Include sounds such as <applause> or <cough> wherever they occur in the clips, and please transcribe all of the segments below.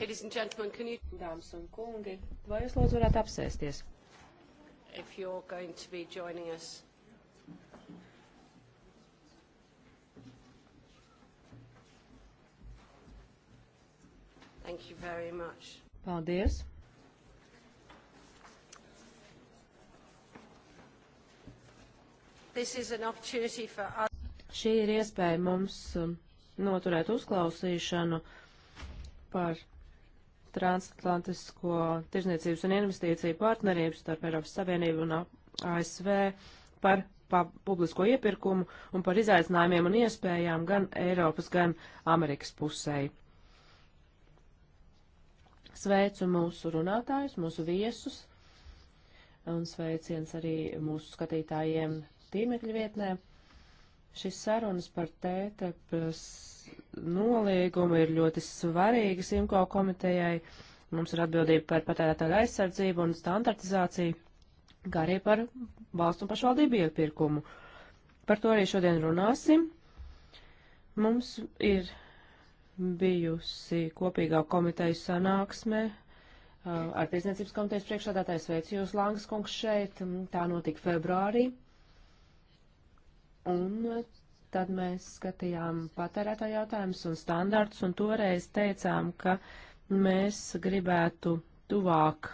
Ladies and gentlemen, can you... Dāmas un kungi, vai jūs lūdzu varētu apsēsties? If you're going to be joining us. Thank you very much. Paldies. This is an opportunity for us. Šī ir iespēja mums um, noturēt uzklausīšanu par transatlantisko tirzniecības un investīciju partnerību starp Eiropas Savienību un ASV par publisko iepirkumu un par izaicinājumiem un iespējām gan Eiropas, gan Amerikas pusē. Sveicu mūsu runātājus, mūsu viesus un sveiciens arī mūsu skatītājiem tīmekļu vietnē. Šis sarunas par tētepas nolīgumi ir ļoti svarīgi Simko komitejai. Mums ir atbildība par patērētāju aizsardzību un standartizāciju, kā arī par valstu un pašvaldību iepirkumu. Par to arī šodien runāsim. Mums ir bijusi kopīgā komitejas sanāksme uh, ar tiesniecības komitejas priekšādātājs veicu jūs Langas kungs šeit. Tā notika februārī. Un Tad mēs skatījām patērētā jautājumus un standartus, un toreiz teicām, ka mēs gribētu tuvāk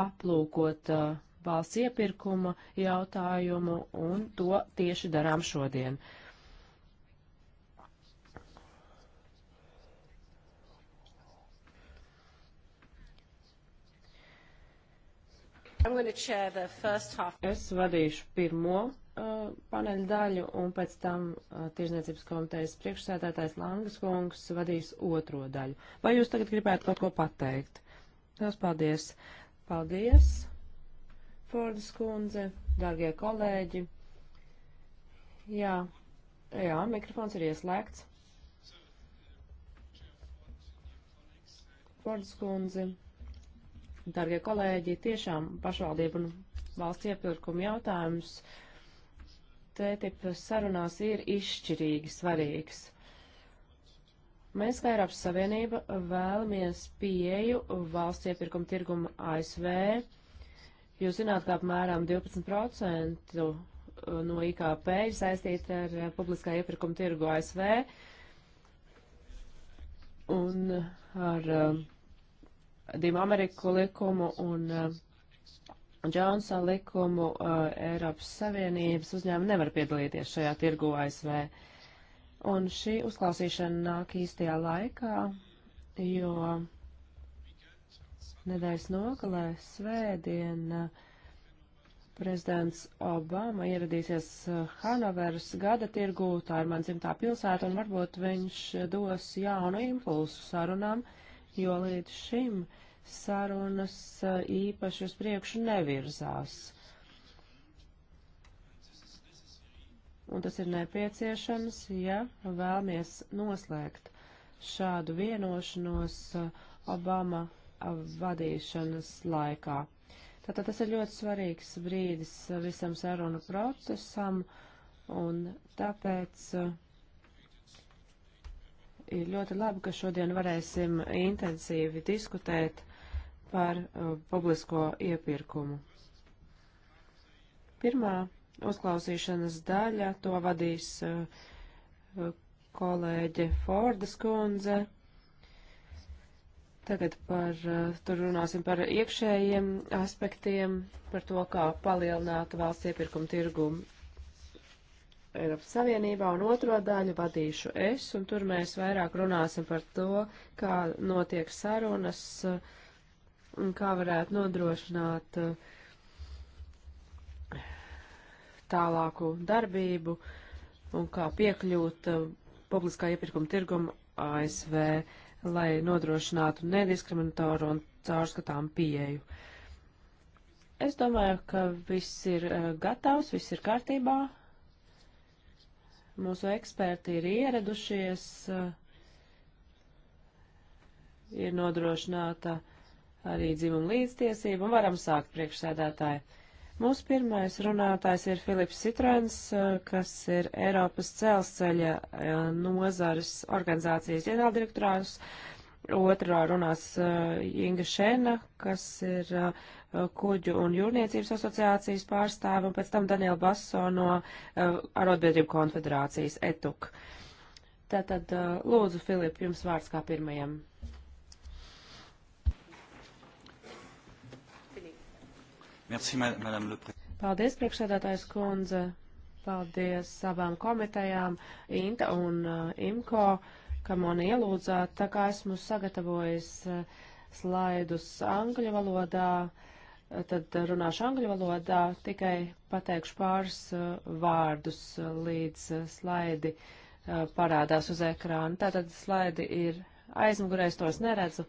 aplūkot uh, valsts iepirkuma jautājumu, un to tieši darām šodien. Es vadīšu pirmo uh, paneļa daļu, un pēc tam uh, Tirzniecības komitejas priekšsēdētājs Langas kungs vadīs otro daļu. Vai jūs tagad gribētu kaut ko pateikt? Jūs paldies. Paldies, Fordas kundze, dārgie kolēģi. Jā, jā, mikrofons ir ieslēgts. Fordas kundze, dārgie kolēģi, tiešām pašvaldību un valsts iepirkuma jautājums. Uh, TTIP sarunās ir izšķirīgi svarīgs. Mēs, kā Eiropas Savienība, vēlamies pieeju valsts iepirkuma tirguma ASV. Jūs zināt, ka apmēram 12% uh, no IKP ir saistīta ar uh, publiskā iepirkuma tirgu ASV un uh, ar Dīma Ameriku likumu un Džonsa likumu uh, Eiropas Savienības uzņēmumi nevar piedalīties šajā tirgu ASV. Un šī uzklausīšana nāk īstajā laikā, jo nedēļas nogalē svētdien uh, prezidents Obama ieradīsies eh, Hanoveras gada tirgū, tā ir man dzimtā pilsēta, un varbūt viņš dos jaunu impulsu sarunām, jo līdz šim uh, sarunas eh, īpaši uz priekšu nevirzās. Un tas ir nepieciešams, ja vēlamies noslēgt šādu vienošanos eh, Obama vadīšanas laikā. Tātad tas ir ļoti svarīgs brīdis eh, visam sarunu procesam, un tāpēc ir ļoti labi, ka šodien varēsim intensīvi diskutēt par uh, publisko iepirkumu. Pirmā uzklausīšanas daļa to vadīs uh, kolēģe Fordas kundze. Tagad par, uh, tur runāsim par iekšējiem aspektiem, par to, kā palielināt valsts iepirkumu tirgumu Eiropas Savienībā, un otro daļu vadīšu es, un tur mēs vairāk runāsim par to, kā notiek sarunas uh, un kā varētu nodrošināt eh, tālāku darbību un kā piekļūt eh, publiskā iepirkuma tirguma ASV, lai nodrošinātu nediskriminatoru un caurskatām pieeju. Es domāju, ka viss ir eh, gatavs, viss ir kārtībā. Mūsu eksperti ir ieradušies, ir nodrošināta uh, arī dzimumu līdztiesību, un varam sākt priekšsēdētāji. Mūsu pirmais runātājs ir Filips Citrons, eh, kas ir Eiropas celsceļa eh, nozares organizācijas ģenerāldirektorārs. Otrā runās eh, Inga Šena, kas ir kuģu un jūrniecības asociācijas pārstāve, un pēc tam Daniela Baso no Arotbiedrību konfederācijas ETUK. Tātad, lūdzu, Filip, jums vārds kā pirmajam. Merci, madame le Paldies, priekšsēdētājs kundze. Paldies abām komitejām, INTA un uh, IMKO, ka man ielūdzāt. Tā kā esmu sagatavojis uh, slaidus angļu valodā, uh, tad runāšu angļu valodā, tikai pateikšu pāris uh, vārdus uh, līdz uh, slaidi uh, parādās uz ekrāna. Tātad slaidi ir aizmugurēs, tos neredzu,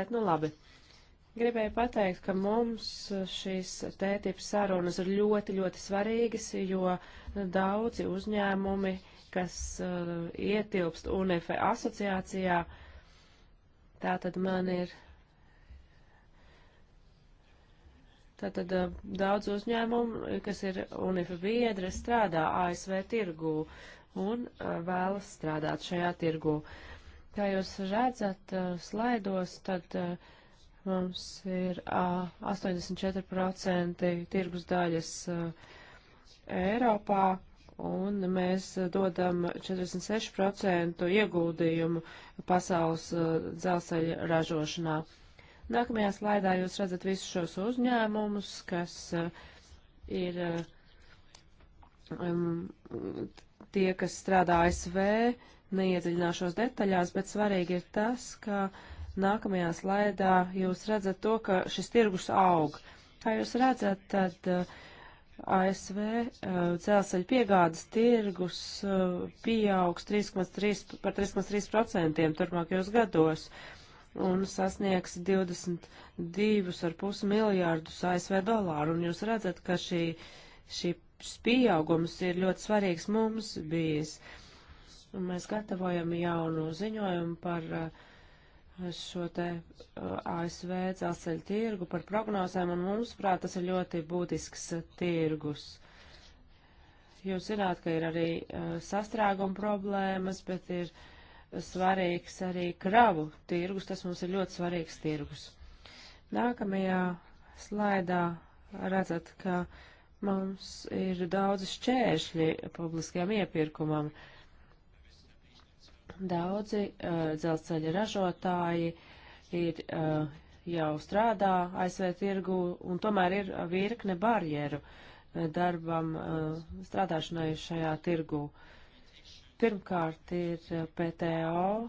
bet nu labi. Uh, Gribēju pateikt, ka mums šīs tētips sarunas ir ļoti, ļoti svarīgas, jo daudzi uzņēmumi, kas uh, ietilpst UNF asociācijā, tātad man ir. Tātad uh, daudz uzņēmumu, kas ir UNIFA biedri, strādā ASV tirgū un uh, vēlas strādāt šajā tirgū. Kā jūs redzat uh, slaidos, tad uh, Mums ir uh, 84% tirgus daļas uh, Eiropā, un mēs dodam 46% ieguldījumu pasaules uh, dzelzceļa ražošanā. Nākamajā slaidā jūs redzat visus šos uzņēmumus, kas uh, ir um, tie, kas strādā ASV, neiedziļināšos detaļās, bet svarīgi ir tas, ka uh, Nākamajā slaidā jūs redzat to, ka šis tirgus aug. Kā jūs redzat, tad uh, eh, ASV uh, eh, dzelzceļa piegādes tirgus uh, pieaugs 3,3 par 3,3% turpmākajos gados un sasniegs 22,5 miljārdus ASV dolāru. Un jūs redzat, ka šī, šis pieaugums ir ļoti svarīgs mums bijis. Un mēs gatavojam jaunu ziņojumu par uh, šo te ASV dzelzceļa tirgu par prognozēm, un mums, prāt, tas ir ļoti būtisks tirgus. Jūs zināt, ka ir arī sastrēguma problēmas, bet ir svarīgs arī kravu tirgus, tas mums ir ļoti svarīgs tirgus. Nākamajā slaidā redzat, ka mums ir daudz šķēršļi publiskajam iepirkumam. Uh, Daudzi uh, dzelzceļa ražotāji ir uh, jau strādā ASV tirgu un tomēr ir virkne barjeru eh, darbam uh, strādāšanai šajā tirgu. Pirmkārt ir PTO uh,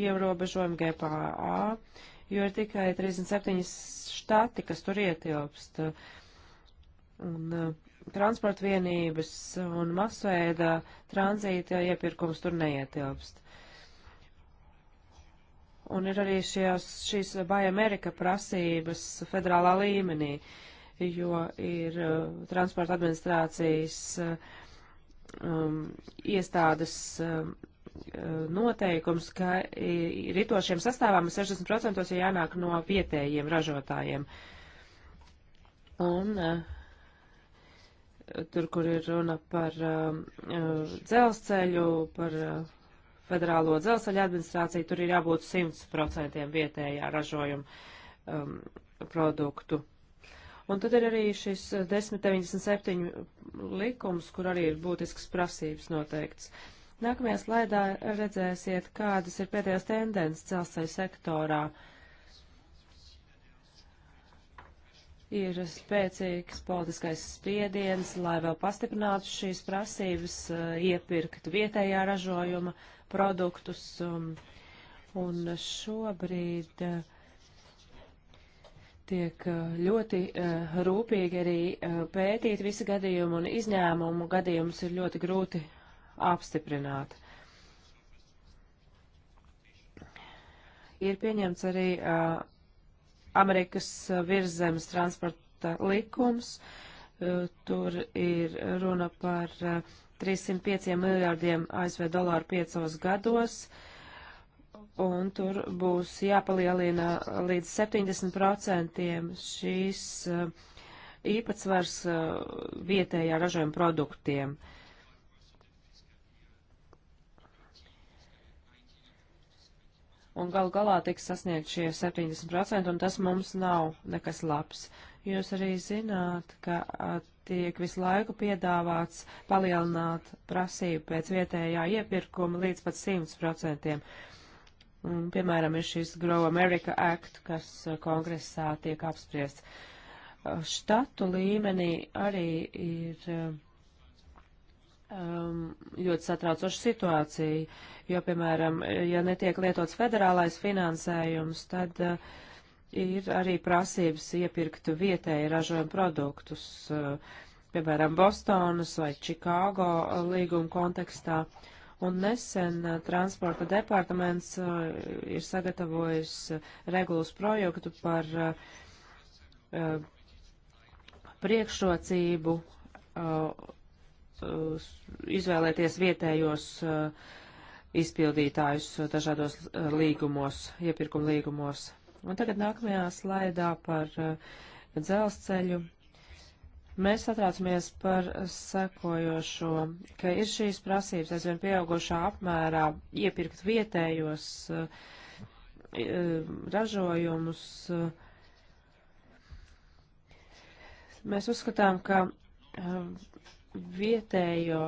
ierobežojumi GPA, jo ir tikai 37 štati, kas tur ietilpst. Un uh, transporta vienības un masveida tranzīta iepirkums tur neietilpst. Un ir arī šīs, šīs Buy America prasības federālā līmenī, jo ir uh, transporta administrācijas uh, um, iestādes um, uh, noteikums, ka ritošiem sastāvām 60% ir jānāk no vietējiem ražotājiem. Un uh, tur, kur ir runa par um, uh, dzelzceļu, par uh, federālo dzelzceļa administrāciju, tur ir jābūt 100% vietējā ražojuma um, produktu. Un tad ir arī šis 1097 likums, kur arī ir būtisks prasības noteikts. Nākamajā slaidā redzēsiet, kādas ir pēdējās tendences dzelzceļa sektorā. Uh, ir spēcīgs politiskais spiediens, lai vēl pastiprinātu šīs prasības, eh, iepirkt vietējā ražojuma produktus. Un, um, un šobrīd eh, tiek eh, ļoti rūpīgi arī pētīt visi gadījumi, un izņēmumu gadījumus ir ļoti grūti apstiprināt. Ir pieņemts arī uh, Amerikas eh, virzemes transporta likums. Eh, tur ir runa par 305 eh, miljārdiem ASV dolāru piecos gados, un tur būs jāpalielina līdz 70% šīs īpatsvars vietējā ražojuma produktiem. Uh, un galu galā tiks sasniegt šie 70%, un tas mums nav nekas labs. Jūs arī zināt, ka tiek visu laiku piedāvāts palielināt prasību pēc vietējā iepirkuma līdz pat 100%. Un, piemēram, ir šis Grow America Act, kas kongresā tiek apspriests. Štatu līmenī arī ir um, ļoti satraucoša situācija, jo, piemēram, ja netiek lietots federālais finansējums, tad uh, ir arī prasības iepirkt vietēji ražojumu produktus, uh, piemēram, Bostonas vai Čikāgo uh, līguma kontekstā. Un nesen uh, transporta departaments uh, ir sagatavojis uh, regulas projektu par uh, uh, priekšrocību uh, Uh, izvēlēties vietējos uh, izpildītājus uh, dažādos līgumos, iepirkuma līgumos. Un tagad nākamajā slaidā par dzelzceļu. Mēs satraucamies par sekojošo, ka ir šīs prasības aizvien pieaugušā apmērā iepirkt vietējos uh, ražojumus. Mēs uzskatām, ka uh, vietējo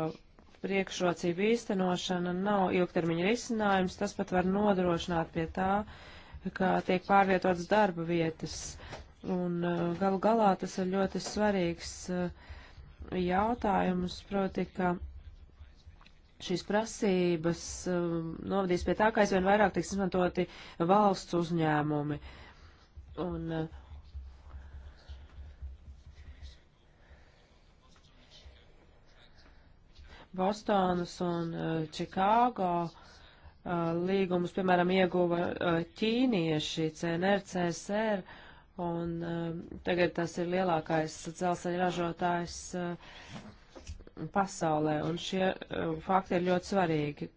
priekšrocību īstenošana nav ilgtermiņa risinājums, tas pat var nodrošināt pie tā, ka tiek pārvietotas darba vietas. Un uh, galu galā tas ir ļoti svarīgs uh, jautājums, proti, ka šīs prasības um, novadīs pie tā, ka aizvien vairāk tiks izmantoti valsts uzņēmumi. Un uh, Bostonas un eh, Čikāgo eh, līgumus, piemēram, ieguva eh, ķīnieši CNR, CSR, un tagad tas ir lielākais dzelzceļa ražotājs pasaulē, un šie fakti ir ļoti svarīgi.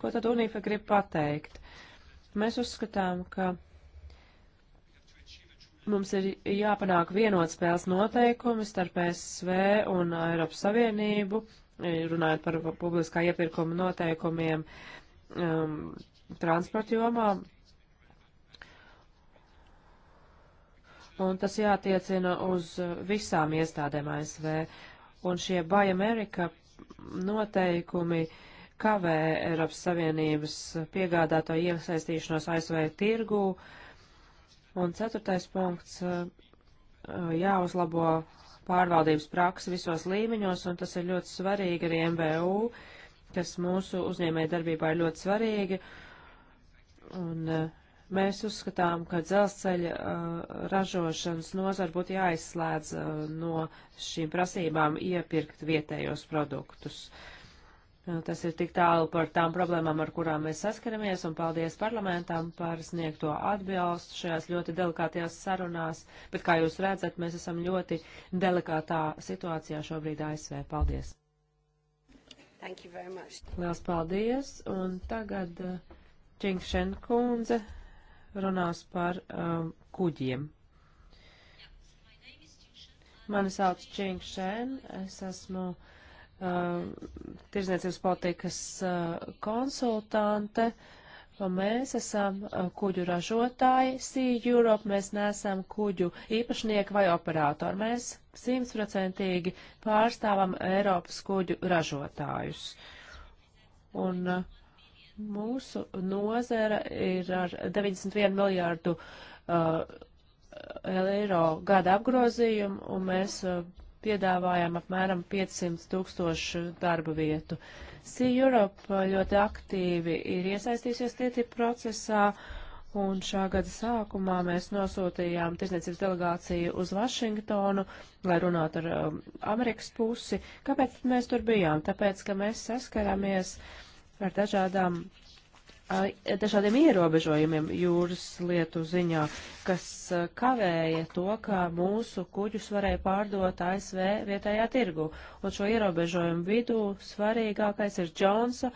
Ko tad UNIFE grib pateikt? Mēs uzskatām, ka mums ir jāpanāk vienot spēles noteikumi starp ESV un Eiropas Savienību Eh, runājot par publiskā iepirkuma noteikumiem um, transporta jomā. Un tas jātiecina uz visām iestādēm ASV. Un šie Buy America noteikumi kavē Eiropas Savienības piegādāto iesaistīšanos ASV tirgū. Un ceturtais punkts eh, jāuzlabo pārvaldības praksi visos līmeņos, un tas ir ļoti svarīgi arī MBU, kas mūsu uzņēmē darbībā ir ļoti svarīgi. Un eh, mēs uzskatām, ka dzelzceļa uh, ražošanas nozara būtu jāizslēdz uh, no šīm prasībām iepirkt vietējos produktus. Uh, Nu, tas ir tik tālu par tām problēmām, ar kurām mēs saskaramies, un paldies parlamentam par sniegto atbilstu šajās ļoti delikātajās sarunās. Bet, kā jūs redzat, mēs esam ļoti delikātā situācijā šobrīd ASV. Paldies! Lielas paldies! Un tagad eh, Čingšen kundze runās par um, kuģiem. Mani sauc Čingšen, es esmu. Uh, tirzniecības politikas uh, konsultante. Mēs esam uh, kuģu ražotāji, Sea Europe, mēs neesam kuģu īpašnieki vai operatori. Mēs simtprocentīgi pārstāvam Eiropas kuģu ražotājus. Un mūsu nozara ir ar 91 miljārdu uh, eiro gada apgrozījumu, un mēs uh, piedāvājām apmēram 500 tūkstošu darba vietu. Sea Europe ļoti aktīvi ir iesaistījusies TTIP procesā, un šā gada sākumā mēs nosūtījām tirsniecības delegāciju uz Vašingtonu, lai runātu ar um, Amerikas pusi. Kāpēc mēs tur bijām? Tāpēc, ka mēs saskaramies ar dažādām dažādiem ierobežojumiem jūras lietu ziņā, kas kavēja to, kā mūsu kuģus varēja pārdot ASV vietējā tirgu. Un šo ierobežojumu vidū svarīgākais ir Džonsa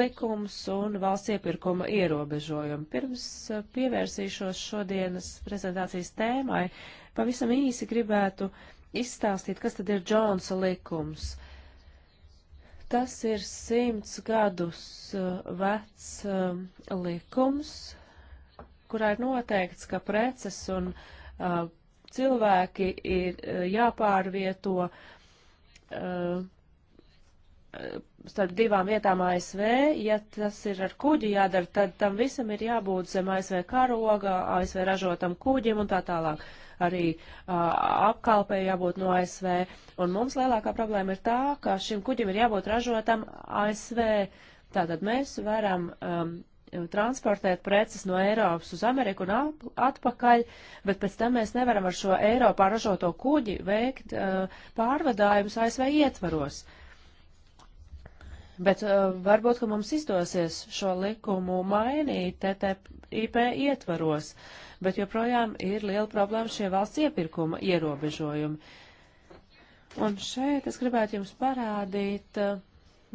likums un valsts iepirkuma ierobežojumi. Pirms pievērsīšos šodienas prezentācijas tēmai, pavisam īsi gribētu izstāstīt, kas tad ir Džonsa likums. Uh, Tas ir simts gadus uh, vecs um, likums, kurā ir noteikts, ka preces un uh, cilvēki ir uh, jāpārvieto uh, starp divām vietām ASV. Ja tas ir ar kuģi jādara, tad tam visam ir jābūt zem ASV karoga, ASV ražotam kuģim un tā tālāk. Uh, arī apkalpē jābūt no ASV. Un mums lielākā problēma ir tā, ka šim kuģim ir jābūt ražotam ASV. Tātad mēs varam um, transportēt preces no Eiropas uz Ameriku un atpakaļ, bet pēc tam mēs nevaram ar šo Eiropā ražoto kuģi veikt uh, pārvadājumus ASV ietvaros. Uh, Bet uh, varbūt, ka mums izdosies šo likumu mainīt TTIP ietvaros, bet joprojām ir liela problēma šie valsts iepirkuma ierobežojumi. Un šeit es gribētu jums parādīt uh,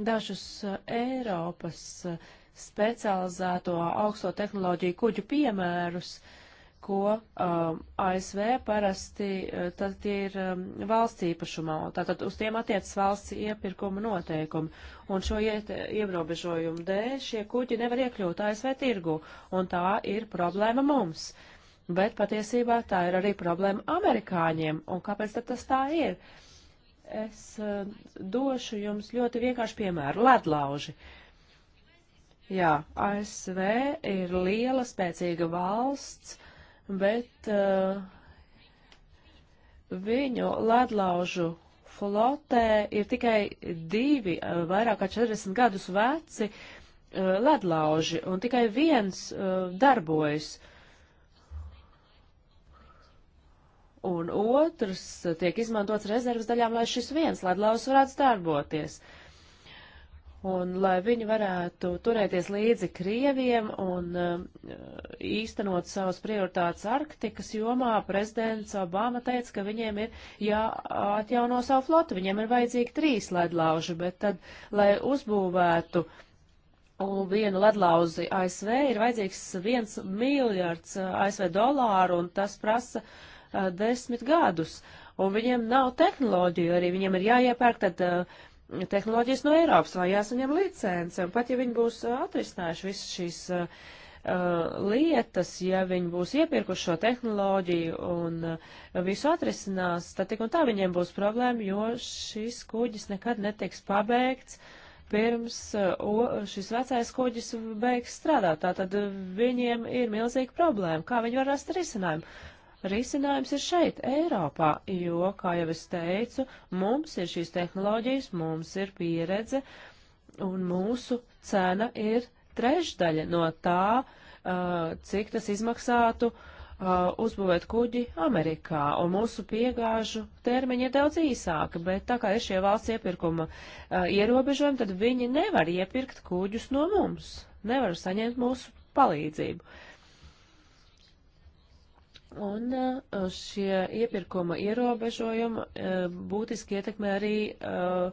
dažus uh, Eiropas uh, specializēto augsto tehnoloģiju kuģu piemērus. Uh, ko um, ASV parasti uh, tad tie ir um, valsts īpašumā, tātad uz tiem attiecas valsts iepirkuma noteikumi. Un šo iet, ierobežojumu dēļ šie kuģi nevar iekļūt ASV tirgu, un tā ir problēma mums. Bet patiesībā tā ir arī problēma amerikāņiem, un kāpēc tad tas tā ir? Es uh, došu jums ļoti vienkāršu piemēru - ledlauži. Jā, ASV ir liela, spēcīga valsts, bet uh, viņu ledlaužu flotē ir tikai divi, uh, vairāk kā 40 gadus veci uh, ledlauži, un tikai viens uh, darbojas. Un otrs uh, tiek izmantots rezerves daļām, lai šis viens ledlauzs varētu darboties. Uh, un lai viņi varētu turēties līdzi Krieviem un eh, īstenot savas prioritātes Arktikas jomā, prezidents Obama teica, ka viņiem ir jāatjauno savu flotu, viņiem ir vajadzīgi trīs ledlauži, bet tad, lai uzbūvētu un vienu ledlauzi ASV ir vajadzīgs viens miljards eh, ASV dolāru, un tas prasa uh, desmit gadus. Un viņiem nav tehnoloģiju, arī viņiem ir jāiepērk tad uh, tehnoloģijas no Eiropas vai jāsaņem licence. Un pat ja viņi būs atrisinājuši visas šīs uh, lietas, ja viņi būs iepirkuši šo tehnoloģiju un uh, visu atrisinās, tad tik un tā viņiem būs problēma, jo šis kuģis nekad netiks pabeigts pirms uh, šis vecais kuģis beigs strādāt. Tātad viņiem ir milzīga problēma, kā viņi var rast risinājumu. Risinājums ir šeit, Eiropā, jo, kā jau es teicu, mums ir šīs tehnoloģijas, mums ir pieredze, un mūsu cena ir trešdaļa no tā, uh, cik tas izmaksātu uh, uzbūvēt kuģi Amerikā, un mūsu piegāžu termiņi ir daudz īsāki, bet tā kā ir šie valsts iepirkuma uh, ierobežojumi, tad viņi nevar iepirkt kuģus no mums, nevar saņemt mūsu palīdzību. Uh, Un uh, šie iepirkuma ierobežojumi uh, būtiski ietekmē arī uh,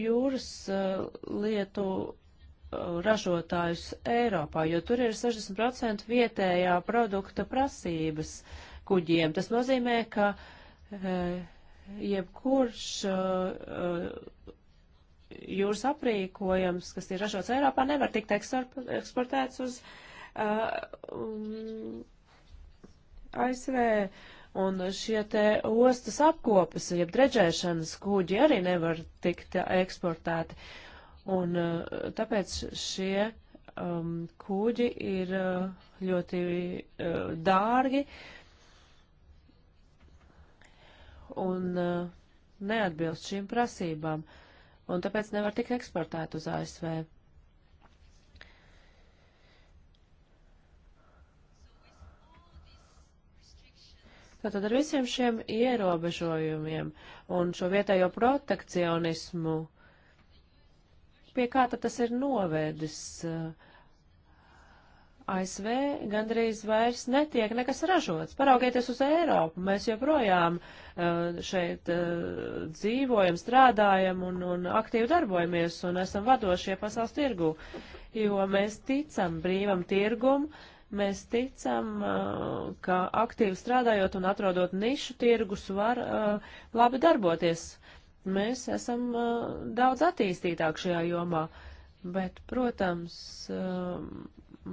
jūras lietu ražotājus Eiropā, jo tur ir 60% vietējā produkta prasības kuģiem. Tas nozīmē, ka jebkurš jūras aprīkojums, kas ir ražots Eiropā, nevar tikt eksportēts uz Eiropu Uh, um, ASV. Un šie te ostas apkopes, jeb dredžēšanas kuģi arī nevar tikt eksportēti. Un uh, tāpēc šie um, kuģi ir uh, ļoti uh, dārgi un uh, neatbilst šīm prasībām. Un tāpēc nevar tikt eksportēt uz ASV. Tātad ar visiem šiem ierobežojumiem un šo vietējo protekcionismu, pie kā tad tas ir novedis? ASV gandrīz vairs netiek nekas ražots. Paraugieties uz Eiropu, mēs joprojām eh, šeit eh, dzīvojam, strādājam un, un aktīvi darbojamies un esam vadošie pasaules tirgū, jo mēs ticam brīvam tirgumu Mēs ticam, ka aktīvi strādājot un atrodot nišu tirgus var labi darboties. Mēs esam daudz attīstītāk šajā jomā, bet, protams,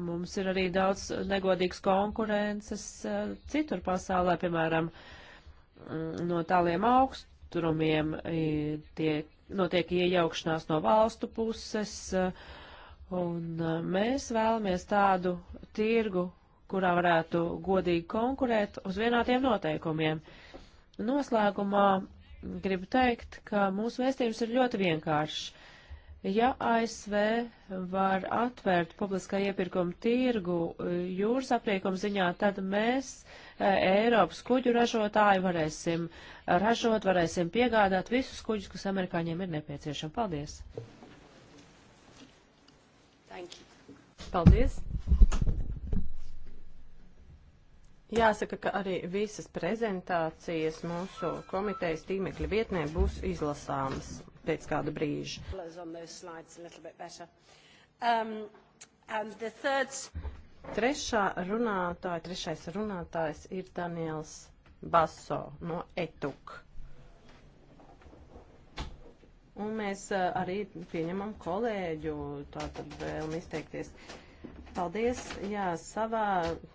mums ir arī daudz negodīgas konkurences citur pasaulē, piemēram, no tāliem augsturumiem tiek, notiek iejaukšanās no valstu puses, uh, Un uh, mēs vēlamies tādu tirgu, kurā varētu godīgi konkurēt uz vienādiem noteikumiem. Noslēgumā gribu teikt, ka mūsu vēstījums ir ļoti vienkāršs. Ja ASV var atvērt publiskā iepirkuma tirgu uh, jūras apriekuma ziņā, tad mēs, uh, Eiropas kuģu ražotāji, varēsim ražot, varēsim piegādāt visus kuģus, kas amerikāņiem ir nepieciešami. Paldies! Thank you. Paldies. Jāsaka, ka arī visas prezentācijas mūsu komitejas tīmekļa vietnē būs izlasāmas pēc kāda brīža. Um, third... Trešā runātāja, trešais runātājs ir Daniels Baso no ETUK. Un mēs arī pieņemam kolēģu tātad vēlmi izteikties. Paldies, jā, savā,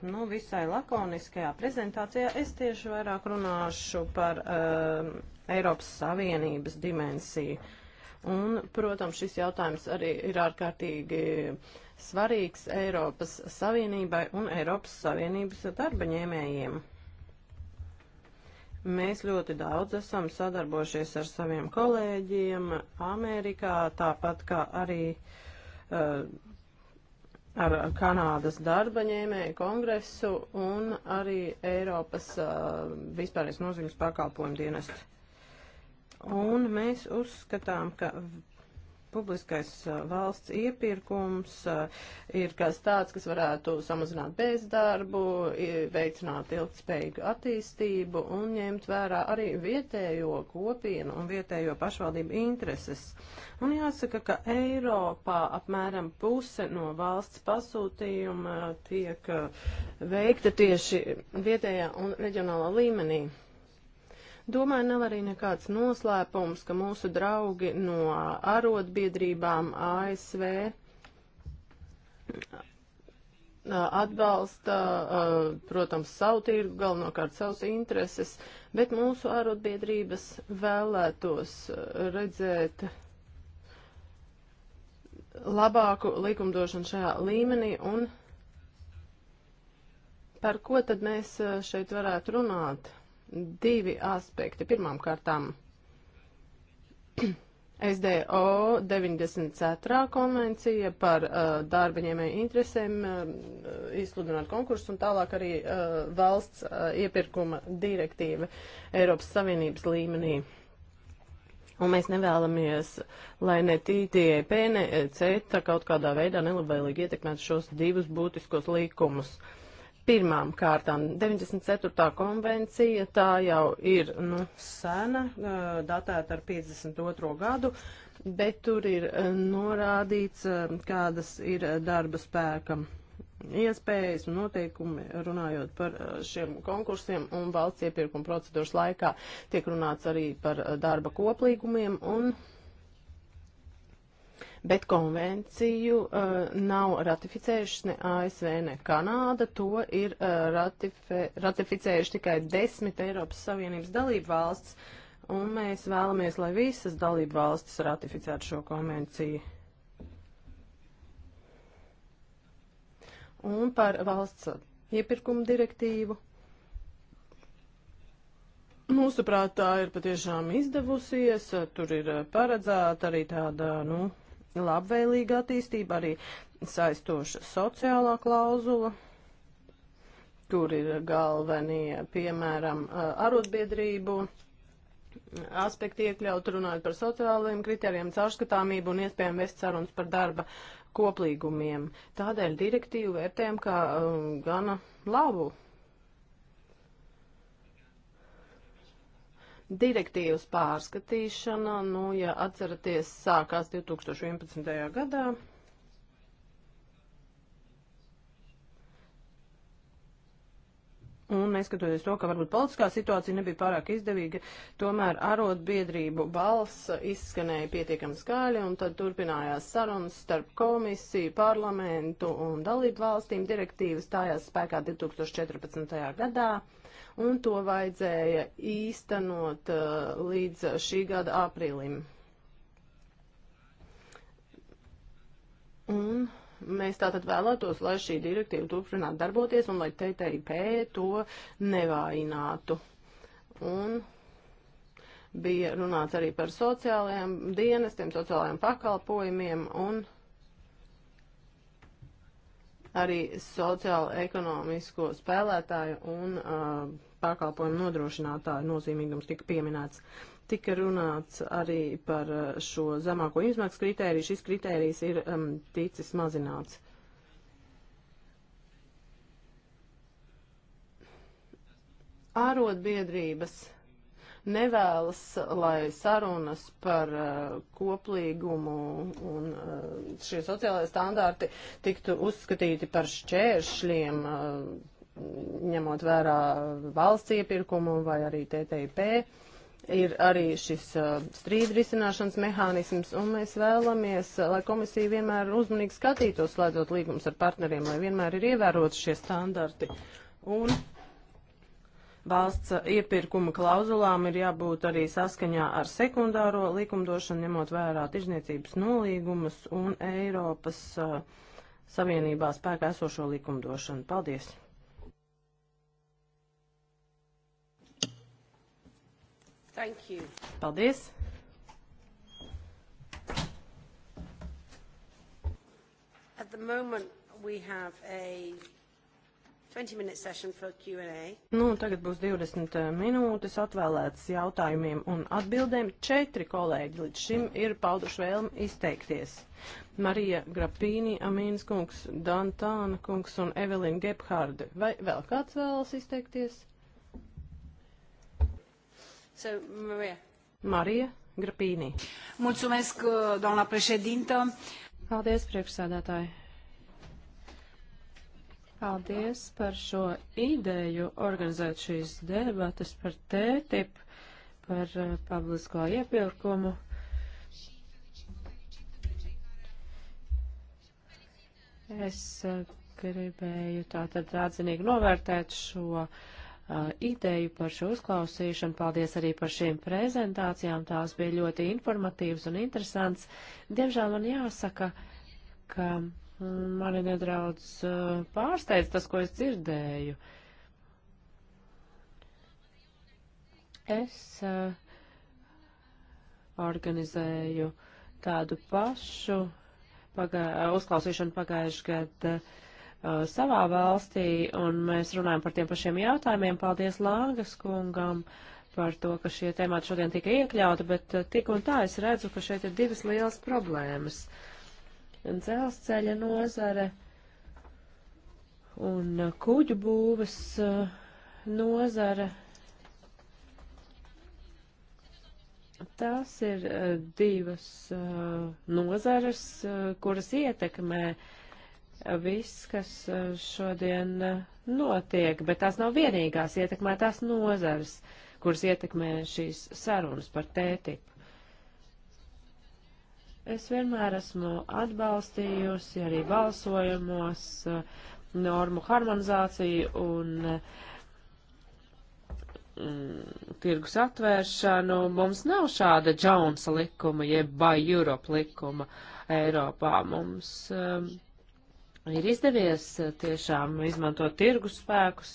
nu, visai lakoniskajā prezentācijā es tieši vairāk runāšu par uh, Eiropas Savienības dimensiju. Un, protams, šis jautājums arī ir ārkārtīgi svarīgs Eiropas Savienībai un Eiropas Savienības darba ņēmējiem. Mēs ļoti daudz esam sadarbojušies ar saviem kolēģiem Amerikā, tāpat kā arī uh, ar Kanādas darba ņēmēju kongresu un arī Eiropas uh, vispārējais nozīmes pakalpojumu dienestu. Un mēs uzskatām, ka publiskais valsts iepirkums ir kas tāds, kas varētu samazināt bezdarbu, veicināt ilgtspējīgu attīstību un ņemt vērā arī vietējo kopienu un vietējo pašvaldību intereses. Un jāsaka, ka Eiropā apmēram puse no valsts pasūtījuma tiek veikta tieši vietējā un reģionālā līmenī. Domāju, nav arī nekāds noslēpums, ka mūsu draugi no arotbiedrībām ASV atbalsta, protams, savu tirgu, galvenokārt savus intereses, bet mūsu arotbiedrības vēlētos redzēt labāku likumdošanu šajā līmenī un par ko tad mēs šeit varētu runāt? divi aspekti. Pirmām kārtām SDO <clears throat> 94. konvencija par uh, darbaņēmēju interesēm uh, izsludināt konkursu un tālāk arī uh, valsts uh, iepirkuma direktīva Eiropas Savienības līmenī. Un mēs nevēlamies, lai ne TTIP, ne CETA kaut kādā veidā nelabvēlīgi ietekmētu šos divus būtiskos līkumus. Uh, Pirmām kārtām 94. konvencija, tā jau ir nu, sena, datēta ar 52. gadu, bet tur ir norādīts, kādas ir darba spēka iespējas un noteikumi runājot par šiem konkursiem un valsts iepirkuma procedūras laikā tiek runāts arī par darba koplīgumiem un bet konvenciju uh, nav ratificējušas ne ASV, ne Kanāda. To ir uh, eh, ratife, ratificējuši tikai desmit Eiropas Savienības dalību valsts, un mēs vēlamies, lai visas dalību valstis ratificētu šo konvenciju. Un par valsts iepirkumu direktīvu. Mūsuprāt, tā ir patiešām izdevusies. Tur ir eh, paredzēta arī tāda, nu, labvēlīga attīstība, arī saistoša sociālā klauzula, kur ir galvenie, piemēram, arotbiedrību aspekti iekļaut, runājot par sociālajiem kritērijiem, caurskatāmību un iespējām vest sarunas par darba koplīgumiem. Tādēļ direktīvu vērtējam kā um, gana labu. Direktīvas pārskatīšana, nu, ja atceraties, sākās 2011. gadā. Un neskatoties to, ka varbūt politiskā situācija nebija pārāk izdevīga, tomēr arotbiedrību balss izskanēja pietiekami skaļi, un tad turpinājās sarunas starp komisiju, parlamentu un dalību valstīm. Direktīvas stājās spēkā 2014. gadā un to vajadzēja īstenot uh, līdz šī gada aprīlim. Un mēs tātad vēlētos, lai šī direktīva turpinātu darboties un lai TTIP to nevājinātu. Un bija runāts arī par sociālajiem dienestiem, sociālajiem pakalpojumiem un arī sociālo-ekonomisko spēlētāju un uh, pakalpojumu nodrošinātāju nozīmīgums tika pieminēts. Tika runāts arī par šo zemāko izmaksu kritēriju. Šis kritērijs ir um, ticis mazināts. Ārotbiedrības nevēlas, lai sarunas par uh, koplīgumu un uh, šie sociālai standarti tiktu uzskatīti par šķēršļiem, uh, ņemot vērā valsts iepirkumu vai arī TTIP. Ir arī šis uh, strīdu risināšanas mehānisms, un mēs vēlamies, uh, lai komisija vienmēr uzmanīgi skatītos, slēdzot līgumus ar partneriem, lai vienmēr ir ievērots šie standarti. Un Valsts iepirkuma klauzulām ir jābūt arī saskaņā ar sekundāro likumdošanu, ņemot vērā tirzniecības nolīgumus un Eiropas uh, Savienībā spēkā esošo likumdošanu. Paldies! Thank you. Paldies! At the moment we have a Nu, tagad būs 20 eh, minūtes atvēlētas jautājumiem un atbildēm. Četri kolēģi līdz šim ir pauduši vēlmi izteikties. Marija Grapīni, Amīnas kungs, Dantāna kungs un Evelina Gebharde. Vai vēl kāds vēlas izteikties? So, Marija. Marija Grapīni. Mulțumesc, doamna președintă. Paldies, priekšsēdētāji. Paldies par šo ideju organizēt šīs debatas par tētip, par uh, publisko iepirkumu. Es uh, gribēju tātad atzinīgi novērtēt šo uh, ideju par šo uzklausīšanu. Paldies arī par šīm prezentācijām. Tās bija ļoti informatīvas un interesants. Diemžēl man jāsaka, ka Mani nedaudz eh, pārsteidz tas, ko es dzirdēju. Es eh, organizēju tādu pašu pagā, uzklausīšanu pagājušajā gadā eh, savā valstī, un mēs runājam par tiem pašiem jautājumiem. Paldies Lāngas kungam par to, ka šie temati šodien tika iekļauti, bet tik un tā es redzu, ka šeit ir divas lielas problēmas. Uh, dzelzceļa nozare un kuģu būvas uh, nozare. Tās ir uh, divas uh, nozares, kuras ietekmē viss, kas šodien notiek, bet tās nav vienīgās ietekmētās nozares, kuras ietekmē šīs sarunas par tētipu. Es vienmēr esmu atbalstījusi arī balsojumos eh, normu harmonizāciju un eh, mm, tirgus atvēršanu. Mums nav šāda Džonsa likuma, jeb Buy Europe likuma Eiropā. Mums um, ir izdevies tiešām izmantot tirgus spēkus,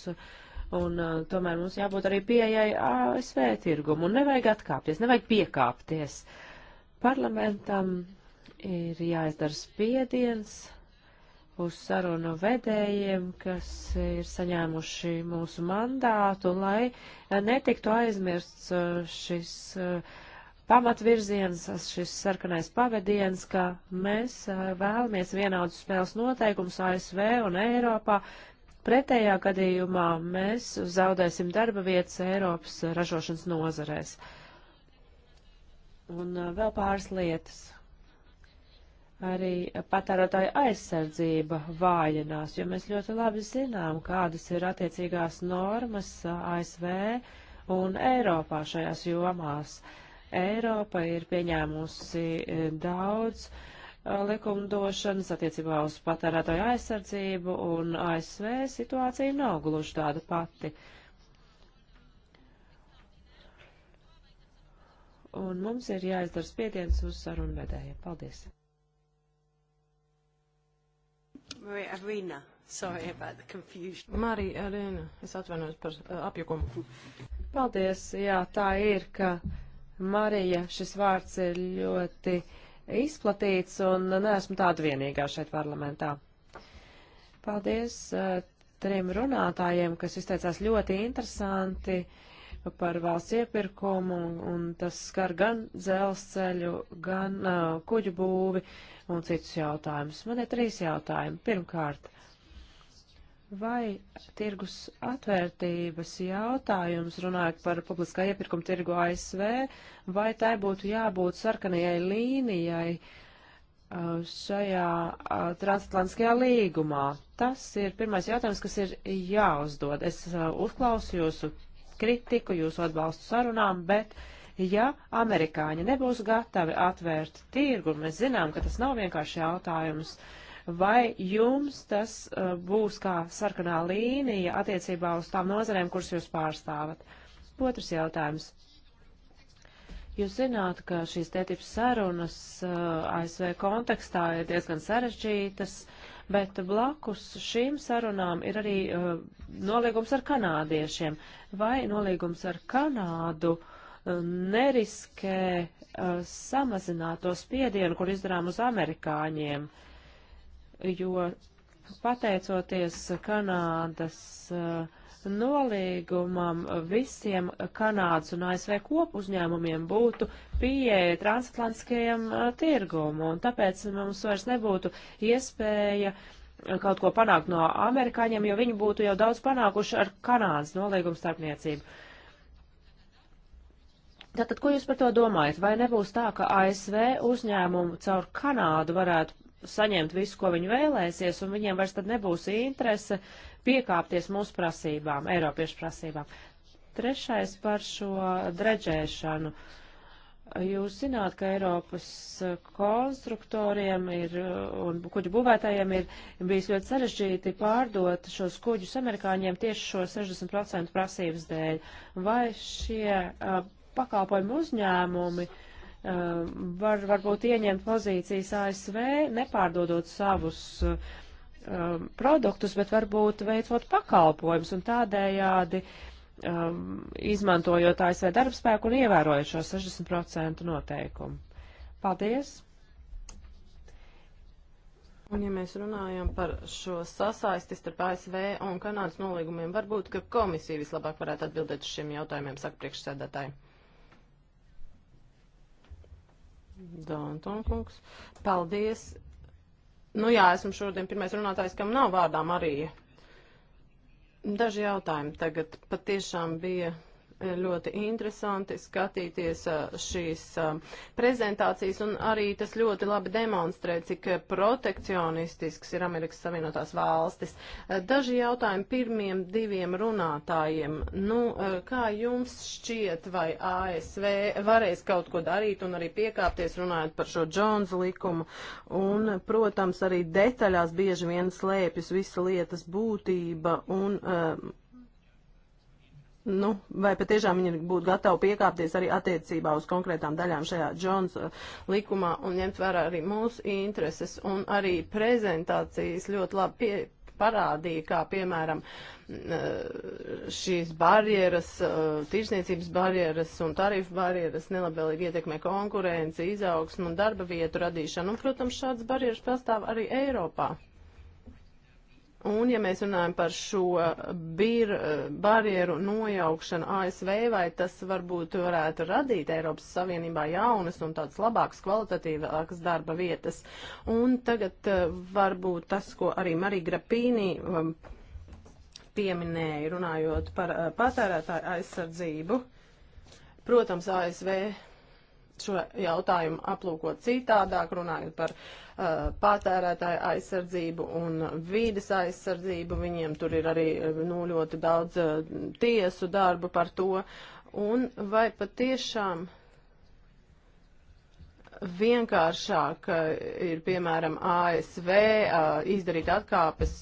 un uh, tomēr mums jābūt arī pieejai ASV tirgumu, un nevajag atkāpties, nevajag piekāpties. Uh, Parlamentam ir jāizdara spiediens uz sarunu vedējiem, kas ir saņēmuši mūsu mandātu, lai eh, netiktu aizmirsts eh, šis eh, pamatvirziens, šis sarkanais pavadiens, ka mēs vēlamies vienādus spēles noteikumus ASV un Eiropā. Pretējā gadījumā mēs zaudēsim darba vietas Eiropas ražošanas nozarēs. Uh, Un vēl pāris lietas. Arī patērētāja aizsardzība vājinās, jo mēs ļoti labi zinām, kādas ir attiecīgās normas ASV un Eiropā šajās jomās. Eiropa ir pieņēmusi daudz likumdošanas attiecībā uz patērētāju aizsardzību, un ASV situācija nav gluži tāda pati. Uh, un mums ir jāizdara spiediens uz sarunu vedējiem. Paldies! Marija Arīna, sorry about the confusion. Marija Arīna, es atvainojos par uh, apjukumu. Paldies, jā, tā ir, ka Marija šis vārds ir ļoti izplatīts un neesmu tāda vienīgā šeit parlamentā. Paldies uh, trim runātājiem, kas izteicās ļoti interesanti. Uh, par valsts iepirkumu, un tas skar gan dzelzceļu, gan uh, kuģu būvi un citus jautājumus. Man ir trīs jautājumi. Pirmkārt, vai tirgus atvērtības jautājums, runājot par publiskā iepirkuma tirgu ASV, vai tai būtu jābūt sarkanajai līnijai uh, šajā uh, transatlantiskajā līgumā? Tas ir pirmais jautājums, kas ir jāuzdod. Es uh, uzklausu jūsu kritiku, jūsu atbalstu sarunām, bet ja amerikāņi nebūs gatavi atvērt tirgu, mēs zinām, ka tas nav vienkārši jautājums, vai jums tas uh, būs kā sarkanā līnija attiecībā uz tām nozarēm, kuras jūs pārstāvat? Otrs jautājums. Jūs zināt, ka šīs tētības sarunas uh, ASV kontekstā ir diezgan sarežģītas. Uh, bet blakus šīm sarunām ir arī uh, nolīgums ar kanādiešiem. Vai nolīgums ar Kanādu uh, neriskē uh, samazināt to spiedienu, kur izdarām uz amerikāņiem, jo pateicoties Kanādas uh, atbalsta nolīgumam visiem Kanādas un ASV kopu uzņēmumiem būtu pieeja transatlantiskajam tirgumu, un tāpēc mums vairs nebūtu iespēja kaut ko panākt no amerikāņiem, jo viņi būtu jau daudz panākuši ar Kanādas nolīgumu starpniecību. Tātad, ko jūs par to domājat? Vai nebūs tā, ka ASV uzņēmumu caur Kanādu varētu saņemt visu, ko viņi vēlēsies, un viņiem vairs tad nebūs interese piekāpties mūsu prasībām, Eiropiešu prasībām. Trešais par šo dredžēšanu. Jūs zināt, ka Eiropas konstruktoriem ir, un kuģu būvētājiem ir bijis ļoti sarežģīti pārdot šos kuģus amerikāņiem tieši šo 60% prasības dēļ. Vai šie uh, pakalpojumu uzņēmumi uh, Uh, var varbūt ieņemt pozīcijas ASV, nepārdodot savus uh, um, produktus, bet varbūt veicot pakalpojumus un tādējādi um, izmantojot ASV darbspēku un ievērojot šo 60% noteikumu. Paldies! Un ja mēs runājam par šo sasaisti starp ASV un Kanādas nolīgumiem, varbūt, ka komisija vislabāk varētu atbildēt uz šiem jautājumiem, saka priekšsēdētāji. Dantonkungs. Paldies. Nu jā, esmu šodien pirmais runātājs, kam nav vārdā Marija. Daži jautājumi tagad patiešām bija ļoti interesanti skatīties šīs prezentācijas, un arī tas ļoti labi demonstrē, cik protekcionistisks ir Amerikas Savienotās valstis. Daži jautājumi pirmiem diviem runātājiem. Nu, kā jums šķiet, vai ASV varēs kaut ko darīt un arī piekāpties runājot par šo Jones likumu? Un, protams, arī detaļās bieži vien slēpjas visa lietas būtība un Nu, vai patiešām viņi būtu gatavi piekāpties arī attiecībā uz konkrētām daļām šajā Jones uh, likumā un ņemt vērā arī mūsu intereses un arī prezentācijas ļoti labi pie, parādīja, kā piemēram uh, šīs barjeras, uh, tirsniecības barjeras un tarifu barjeras nelabvēlīgi ietekmē konkurenci, izaugsmu un darba vietu radīšanu. Un, protams, šāds barjeras pastāv arī Eiropā. Un, ja mēs runājam par šo bir, barjeru nojaukšanu ASV, vai tas varbūt varētu radīt Eiropas Savienībā jaunas un tādas labākas, kvalitatīvākas darba vietas. Un tagad eh, varbūt tas, ko arī Marija Grapīnī um, pieminēja, runājot par eh, patērētāju aizsardzību. Protams, ASV šo jautājumu aplūkot citādāk, runājot par uh, patērētāju aizsardzību un vīdes aizsardzību. Viņiem tur ir arī uh, nu, ļoti daudz uh, tiesu darbu par to. Un vai patiešām vienkāršāk uh, ir, piemēram, ASV uh, izdarīt atkāpes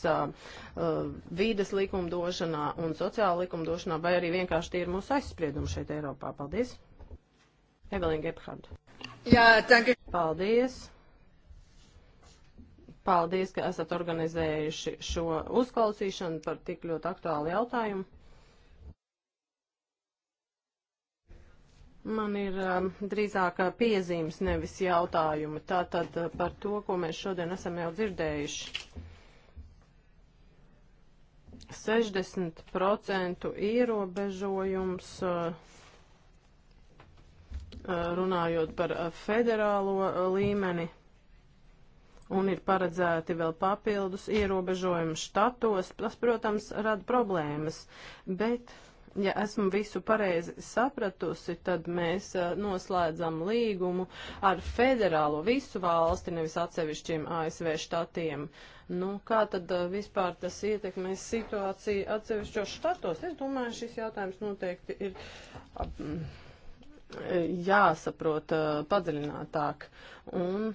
vīdes likumdošanā un sociāla likumdošanā, vai arī vienkārši tie ir mūsu aizspriedumi šeit Eiropā? Paldies! Evelīna Gebhardt. Jā, tagad. Paldies. Paldies, ka esat organizējuši šo uzklausīšanu par tik ļoti aktuālu jautājumu. Man ir um, drīzāk uh, piezīmes, nevis jautājumi. Tātad uh, par to, ko mēs šodien esam jau dzirdējuši. 60% ierobežojums. Uh, Eh, runājot par eh, federālo eh, līmeni, un ir paredzēti vēl papildus ierobežojumi štatos, tas, protams, rada problēmas, bet, ja esmu visu pareizi sapratusi, tad mēs noslēdzam līgumu ar federālo visu valsti, nevis atsevišķiem ASV štatiem. Nu, kā tad vispār tas ietekmēs situāciju atsevišķos štatos? Es domāju, šis jautājums noteikti ir. Ap, jāsaprot padziļinātāk. Un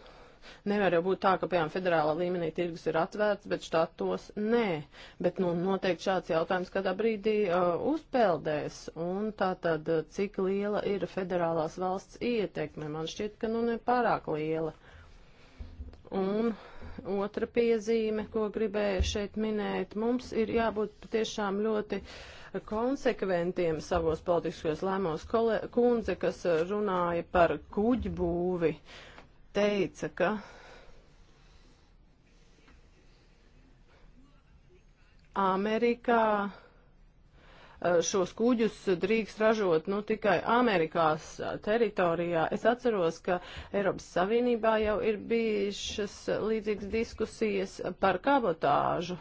nevar jau būt tā, ka, piemēram, federālā līmenī tirgus ir atvērts, bet štatos nē. Bet, nu, noteikti šāds jautājums kādā brīdī uh, uzpeldēs. Un tā tad, cik liela ir federālās valsts ietekme? Man šķiet, ka, nu, nepārāk liela. Un otra piezīme, ko gribēju šeit minēt, mums ir jābūt patiešām ļoti. Uh, konsekventiem savos politiskos lēmos. Kundze, kas runāja par kuģu būvi, teica, ka Amerikā eh, šos kuģus drīkst ražot nu, tikai Amerikās eh, teritorijā. Es atceros, ka Eiropas Savienībā jau ir bijušas līdzīgas diskusijas par kabotāžu.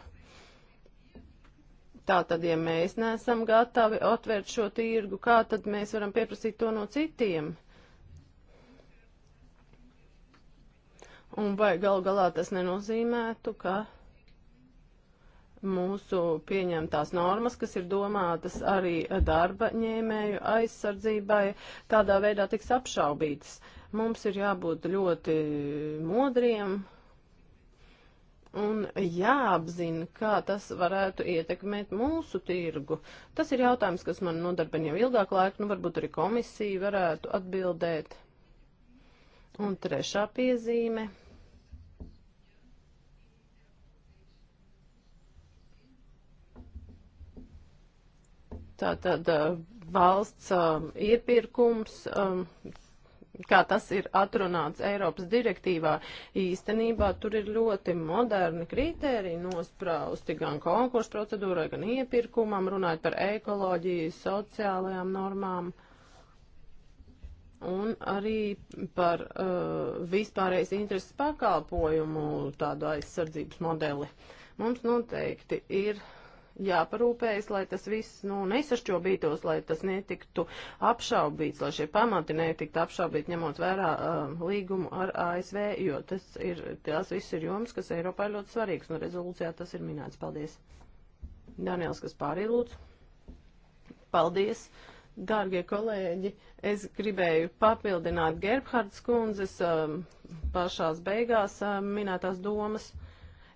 Tātad, ja mēs neesam gatavi atvērt šo tirgu, kā tad mēs varam pieprasīt to no citiem? Un vai gal galā tas nenozīmētu, ka mūsu pieņemtās normas, kas ir domātas arī darba ņēmēju aizsardzībai, tādā veidā tiks apšaubītas? Mums ir jābūt ļoti modriem, un jāapzina, kā tas varētu ietekmēt mūsu tirgu. Tas ir jautājums, kas man nodarbina jau ilgāk laiku, nu varbūt arī komisija varētu atbildēt. Un trešā piezīme. Tātad uh, valsts um, iepirkums, um, kā tas ir atrunāts Eiropas direktīvā, īstenībā tur ir ļoti moderni kriteriji nosprausti gan konkursu procedūrai, gan iepirkumam, runājot par ekoloģiju, sociālajām normām un arī par uh, vispārējais intereses pakalpojumu tādu aizsardzības modeli. Mums noteikti ir jāparūpējas, lai tas viss nu, nesašķobītos, lai tas netiktu apšaubīts, lai šie pamati netiktu apšaubīti, ņemot vērā uh, līgumu ar ASV, jo tas ir, tās viss ir joms, kas Eiropā ir ļoti svarīgs, un no rezolūcijā tas ir minēts. Paldies. Daniels, kas pārī lūdzu. Paldies. Dārgie kolēģi, es gribēju papildināt Gerbhards kundzes um, pašās beigās um, minētās domas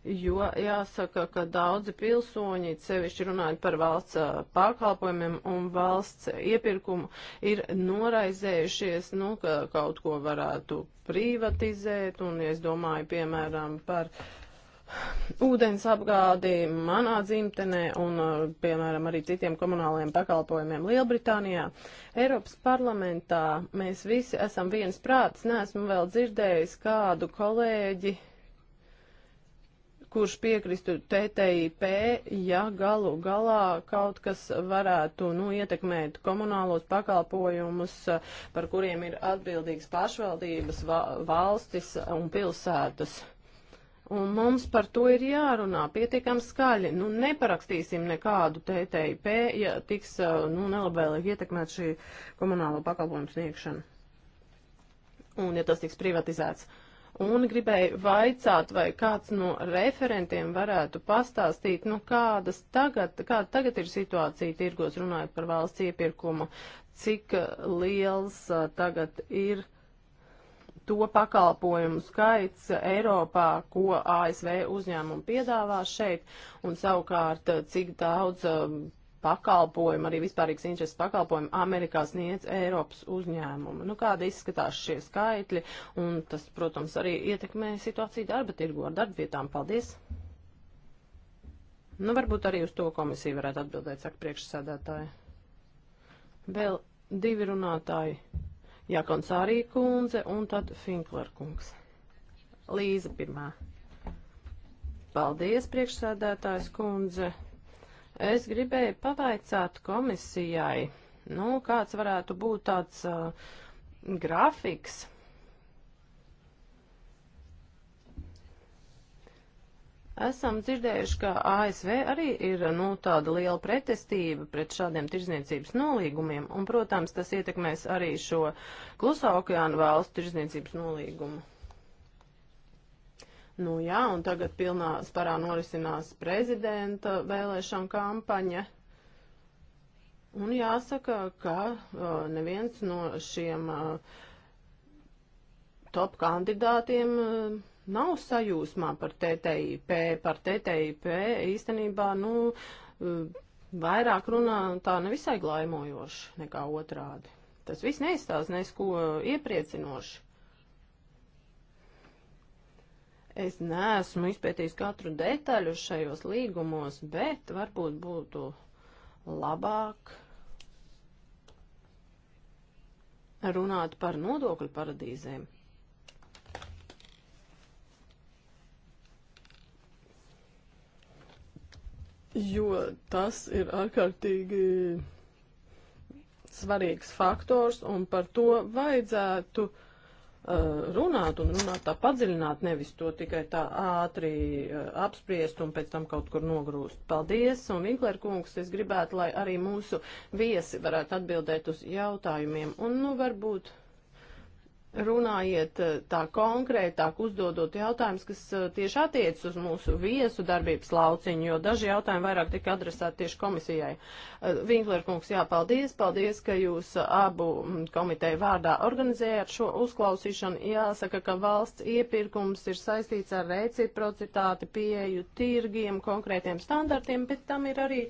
jo jāsaka, ka daudzi pilsoņi, sevišķi runājot par valsts pakalpojumiem un valsts iepirkumu, ir noraizējušies, nu, ka kaut ko varētu privatizēt, un es domāju, piemēram, par ūdens apgādi manā dzimtenē un, piemēram, arī citiem komunālajiem pakalpojumiem Lielbritānijā. Eiropas parlamentā mēs visi esam viens prāts, neesmu vēl dzirdējis kādu kolēģi kurš piekristu TTIP, ja galu galā kaut kas varētu nu, ietekmēt komunālos pakalpojumus, par kuriem ir atbildīgs pašvaldības, valstis un pilsētas. Un mums par to ir jārunā pietiekami skaļi. Nu, neparakstīsim nekādu TTIP, ja tiks nu, nelabvēlīgi ietekmēt šī komunālo pakalpojumu sniegšana. Un ja tas tiks privatizēts. Uh, un gribēju vaicāt, vai kāds no referentiem varētu pastāstīt, nu kādas tagad, kāda tagad ir situācija tirgos runājot par valsts iepirkumu, cik liels uh, tagad ir to pakalpojumu skaits Eiropā, ko ASV uzņēmumi piedāvā šeit, un savukārt cik daudz uh, pakalpojumu, arī vispārīgs intereses pakalpojumu Amerikā sniedz Eiropas uzņēmumu. Nu, kāda izskatās šie skaitļi, un tas, protams, arī ietekmē situāciju darba tirgu ar darbvietām. Paldies! Nu, varbūt arī uz to komisija varētu atbildēt, saka priekšsēdētāji. Vēl divi runātāji - Jākonsārī kundze un tad Finkler kungs. Līza pirmā. Paldies, priekšsēdētājs kundze. Es gribēju pavaicāt komisijai, nu, kāds varētu būt tāds uh, grafiks. Esam dzirdējuši, ka ASV arī ir nu, tāda liela pretestība pret šādiem tirzniecības nolīgumiem, un, protams, tas ietekmēs arī šo klusā okeāna valstu tirzniecības nolīgumu. Nu jā, un tagad pilnā sparā norisinās prezidenta vēlēšana kampaņa. Un jāsaka, ka uh, neviens no šiem uh, top kandidātiem uh, nav sajūsmā par TTIP. Par TTIP īstenībā, nu, uh, vairāk runā tā nevisai glaimojoši nekā otrādi. Tas viss neizstāsta nesko iepriecinoši. Es neesmu izpētījis katru detaļu šajos līgumos, bet varbūt būtu labāk runāt par nodokļu paradīzēm. Jo tas ir ārkārtīgi svarīgs faktors, un par to vajadzētu uh, Uh, runāt un runāt tā padziļināt, nevis to tikai tā ātri uh, apspriest un pēc tam kaut kur nogrūst. Paldies, un Vinklēr kungs, es gribētu, lai arī mūsu viesi varētu atbildēt uz jautājumiem. Un, nu, varbūt runājiet eh, tā konkrētāk, uzdodot jautājumus, kas eh, tieši attiec uz mūsu viesu darbības lauciņu, jo daži jautājumi vairāk tika adresēti tieši komisijai. Vinkler eh, kungs, jā, paldies, paldies, ka jūs abu mm, komiteju vārdā organizējāt šo uzklausīšanu. Jāsaka, ka valsts iepirkums ir saistīts ar reciprocitāti, pieeju tirgiem, konkrētiem standartiem, bet tam ir arī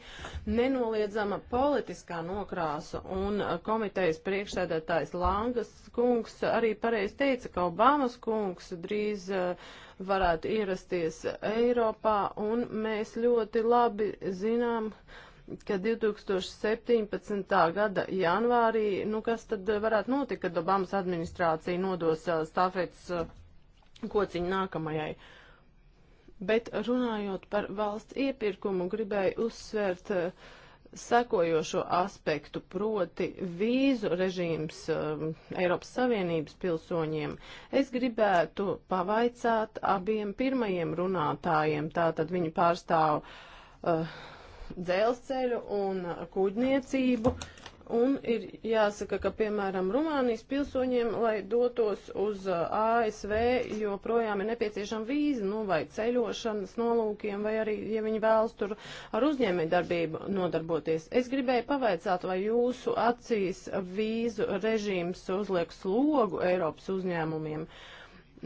nenoliedzama politiskā nokrāsa un komitejas priekšsēdētājs Langas kungs arī pareizi teica, ka Obamas kungs drīz eh, varētu ierasties Eiropā, un mēs ļoti labi zinām, ka 2017. gada janvārī, nu kas tad varētu notikt, kad Obamas administrācija nodos eh, stafets eh, kociņu nākamajai. Bet runājot par valsts iepirkumu, gribēju uzsvērt uh, sekojošo aspektu, proti vīzu režīms um, Eiropas Savienības pilsoņiem. Es gribētu pavaicāt abiem pirmajiem runātājiem, tātad viņi pārstāv uh, dzelzceļu un kuģniecību. Uh, Un ir jāsaka, ka, piemēram, Rumānijas pilsoņiem, lai dotos uz uh, ASV, joprojām ir nepieciešama vīza, nu, vai ceļošanas nolūkiem, vai arī, ja viņi vēlas tur ar uzņēmēju darbību nodarboties. Es gribēju pavaicāt, vai jūsu acīs vīzu režīms uzliek slogu Eiropas uzņēmumiem.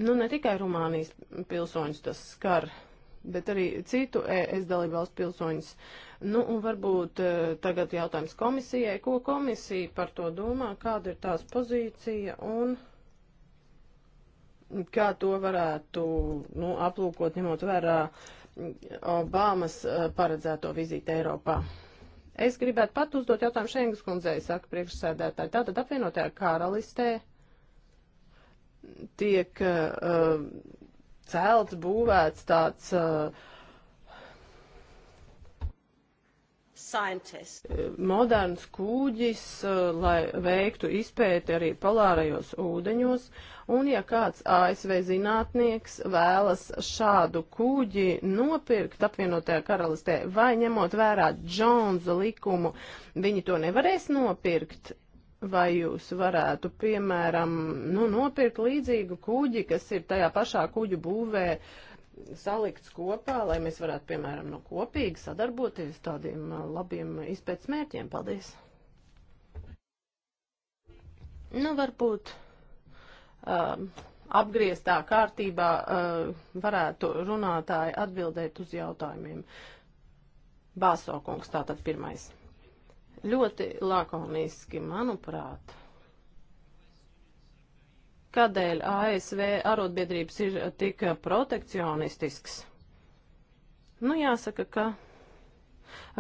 Nu, ne tikai Rumānijas pilsoņus tas skar. Uh, bet arī citu ES dalībvalstu pilsoņus. Nu, un varbūt e, tagad jautājums komisijai, ko komisija par to domā, kāda ir tās pozīcija un kā to varētu nu, aplūkot, ņemot vērā Obamas e, paredzēto vizīti Eiropā. Es gribētu pat uzdot jautājumu Šengas kundzei, saka priekšsēdētāji. Tātad apvienotajā karalistē tiek uh, celts, būvēts tāds uh, moderns kūģis, uh, lai veiktu izpēti arī polārajos ūdeņos. Un ja kāds ASV zinātnieks vēlas šādu kūģi nopirkt apvienotajā karalistē vai ņemot vērā Džonsa likumu, viņi to nevarēs nopirkt Vai jūs varētu, piemēram, nu, nopirkt līdzīgu kuģi, kas ir tajā pašā kuģu būvē salikts kopā, lai mēs varētu, piemēram, no nu, kopīgi sadarboties tādiem uh, labiem izpēc mērķiem? Paldies! Nu, varbūt. Uh, apgrieztā kārtībā uh, varētu runātāji atbildēt uz jautājumiem. Bāso kungs tātad pirmais. Ļoti lakoniski, manuprāt. Kādēļ ASV arotbiedrības ir tik protekcionistisks? Nu, jāsaka, ka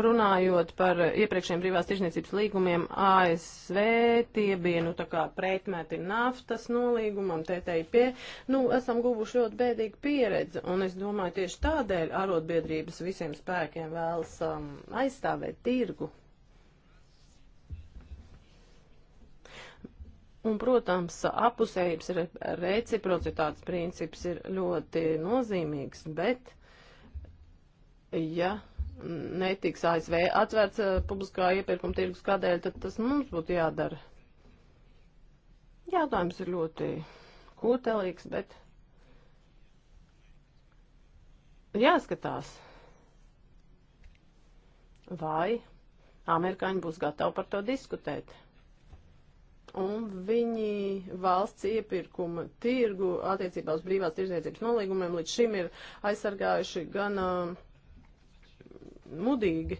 Runājot par iepriekšējiem brīvās tirzniecības līgumiem, ASV tie bija nu, pretmeti naftas nolīgumam, TTIP. Nu, esam guvuši ļoti bēdīgu pieredzi, un es domāju, tieši tādēļ arotbiedrības visiem spēkiem vēlas um, aizstāvēt tirgu. Un, protams, apusējības re reciprocitātes princips ir ļoti nozīmīgs, bet, ja netiks ASV atvērts uh, publiskā iepirkuma tirgus kādēļ, tad tas mums būtu jādara. Jautājums ir ļoti kūtelīgs, bet jāskatās, vai amerikāņi būs gatavi par to diskutēt un viņi valsts iepirkuma tirgu attiecībā uz brīvās tirzniecības nolīgumiem līdz šim ir aizsargājuši gan uh, mudīgi.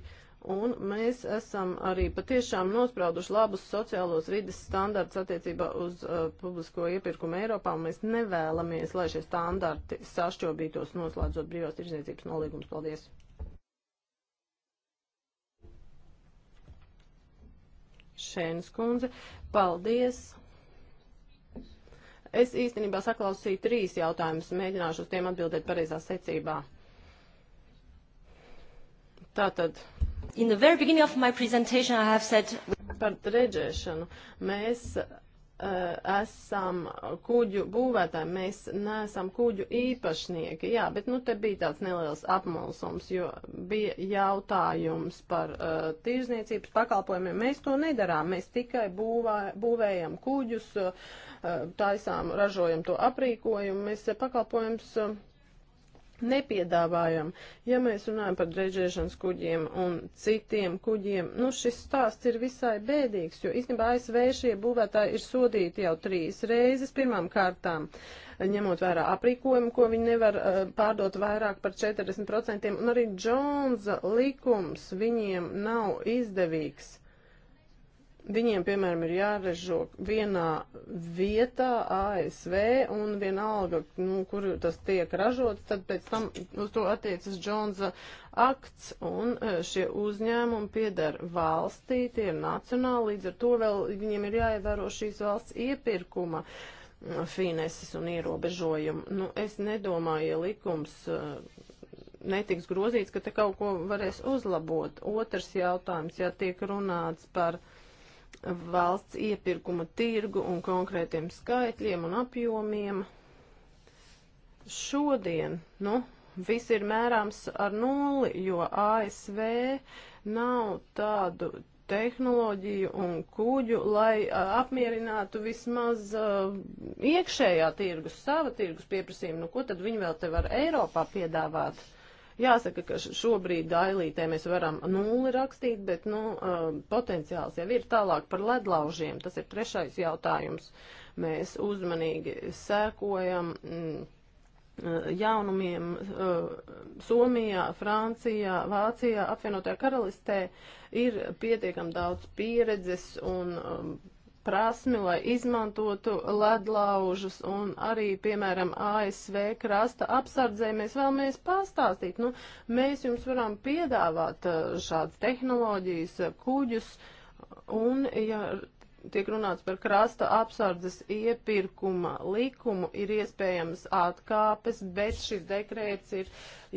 Un mēs esam arī patiešām nosprauduši labus sociālos vides standarts attiecībā uz uh, publisko iepirkumu Eiropā, un mēs nevēlamies, lai šie standarti sašķobītos noslēdzot brīvās tirzniecības nolīgumus. Paldies! Šēnas kundze. Paldies! Es īstenībā saklausīju trīs jautājumus, mēģināšu uz tiem atbildēt pareizā secībā. Tātad. In the very beginning of my presentation I have said. Par redzēšanu. Mēs Eh, esam kuģu būvētāji, mēs neesam kuģu īpašnieki. Jā, bet nu te bija tāds neliels apmalsums, jo bija jautājums par uh, tirzniecības pakalpojumiem. Mēs to nedarām, mēs tikai būvā, būvējam kuģus, uh, taisām, ražojam to aprīkojumu, mēs pakalpojums. Uh, nepiedāvājam. Ja mēs runājam par dreģēšanas kuģiem un citiem kuģiem, nu šis stāsts ir visai bēdīgs, jo īstenībā ASV šie būvētāji ir sodīti jau trīs reizes pirmām kārtām, ņemot vērā aprīkojumu, ko viņi nevar uh, pārdot vairāk par 40%, un arī Džonsa likums viņiem nav izdevīgs viņiem, piemēram, ir jāražo vienā vietā ASV un vienalga, nu, kur tas tiek ražots, tad pēc tam uz to attiecas Džonsa akts un e, šie uzņēmumi piedar valstī, tie ir nacionāli, līdz ar to vēl viņiem ir jāievēro šīs valsts iepirkuma fineses un ierobežojumi. Nu, es nedomāju, ja likums e, netiks grozīts, ka te kaut ko varēs uzlabot. Otrs jautājums, ja tiek runāts par uh, valsts iepirkuma tirgu un konkrētiem skaitļiem un apjomiem. Šodien, nu, viss ir mērāms ar nulli, jo ASV nav tādu tehnoloģiju un kuģu, lai apmierinātu vismaz uh, iekšējā tirgus, sava tirgus pieprasījumu. Nu, ko tad viņi vēl te var Eiropā piedāvāt? Uh, Jāsaka, ka šobrīd dailītē mēs varam nulli rakstīt, bet nu, potenciāls jau ir tālāk par ledlaužiem. Tas ir trešais jautājums. Mēs uzmanīgi sēkojam mm, jaunumiem Somijā, Francijā, Vācijā, apvienotajā karalistē ir pietiekam daudz pieredzes un prasmi, lai izmantotu ledlaužus un arī, piemēram, ASV krasta apsardzē mēs vēlamies pastāstīt. Nu, mēs jums varam piedāvāt uh, šādas tehnoloģijas, kuģus un, ja tiek runāts par krasta apsardzes iepirkuma likumu, ir iespējams atkāpes, bet šis dekrēts ir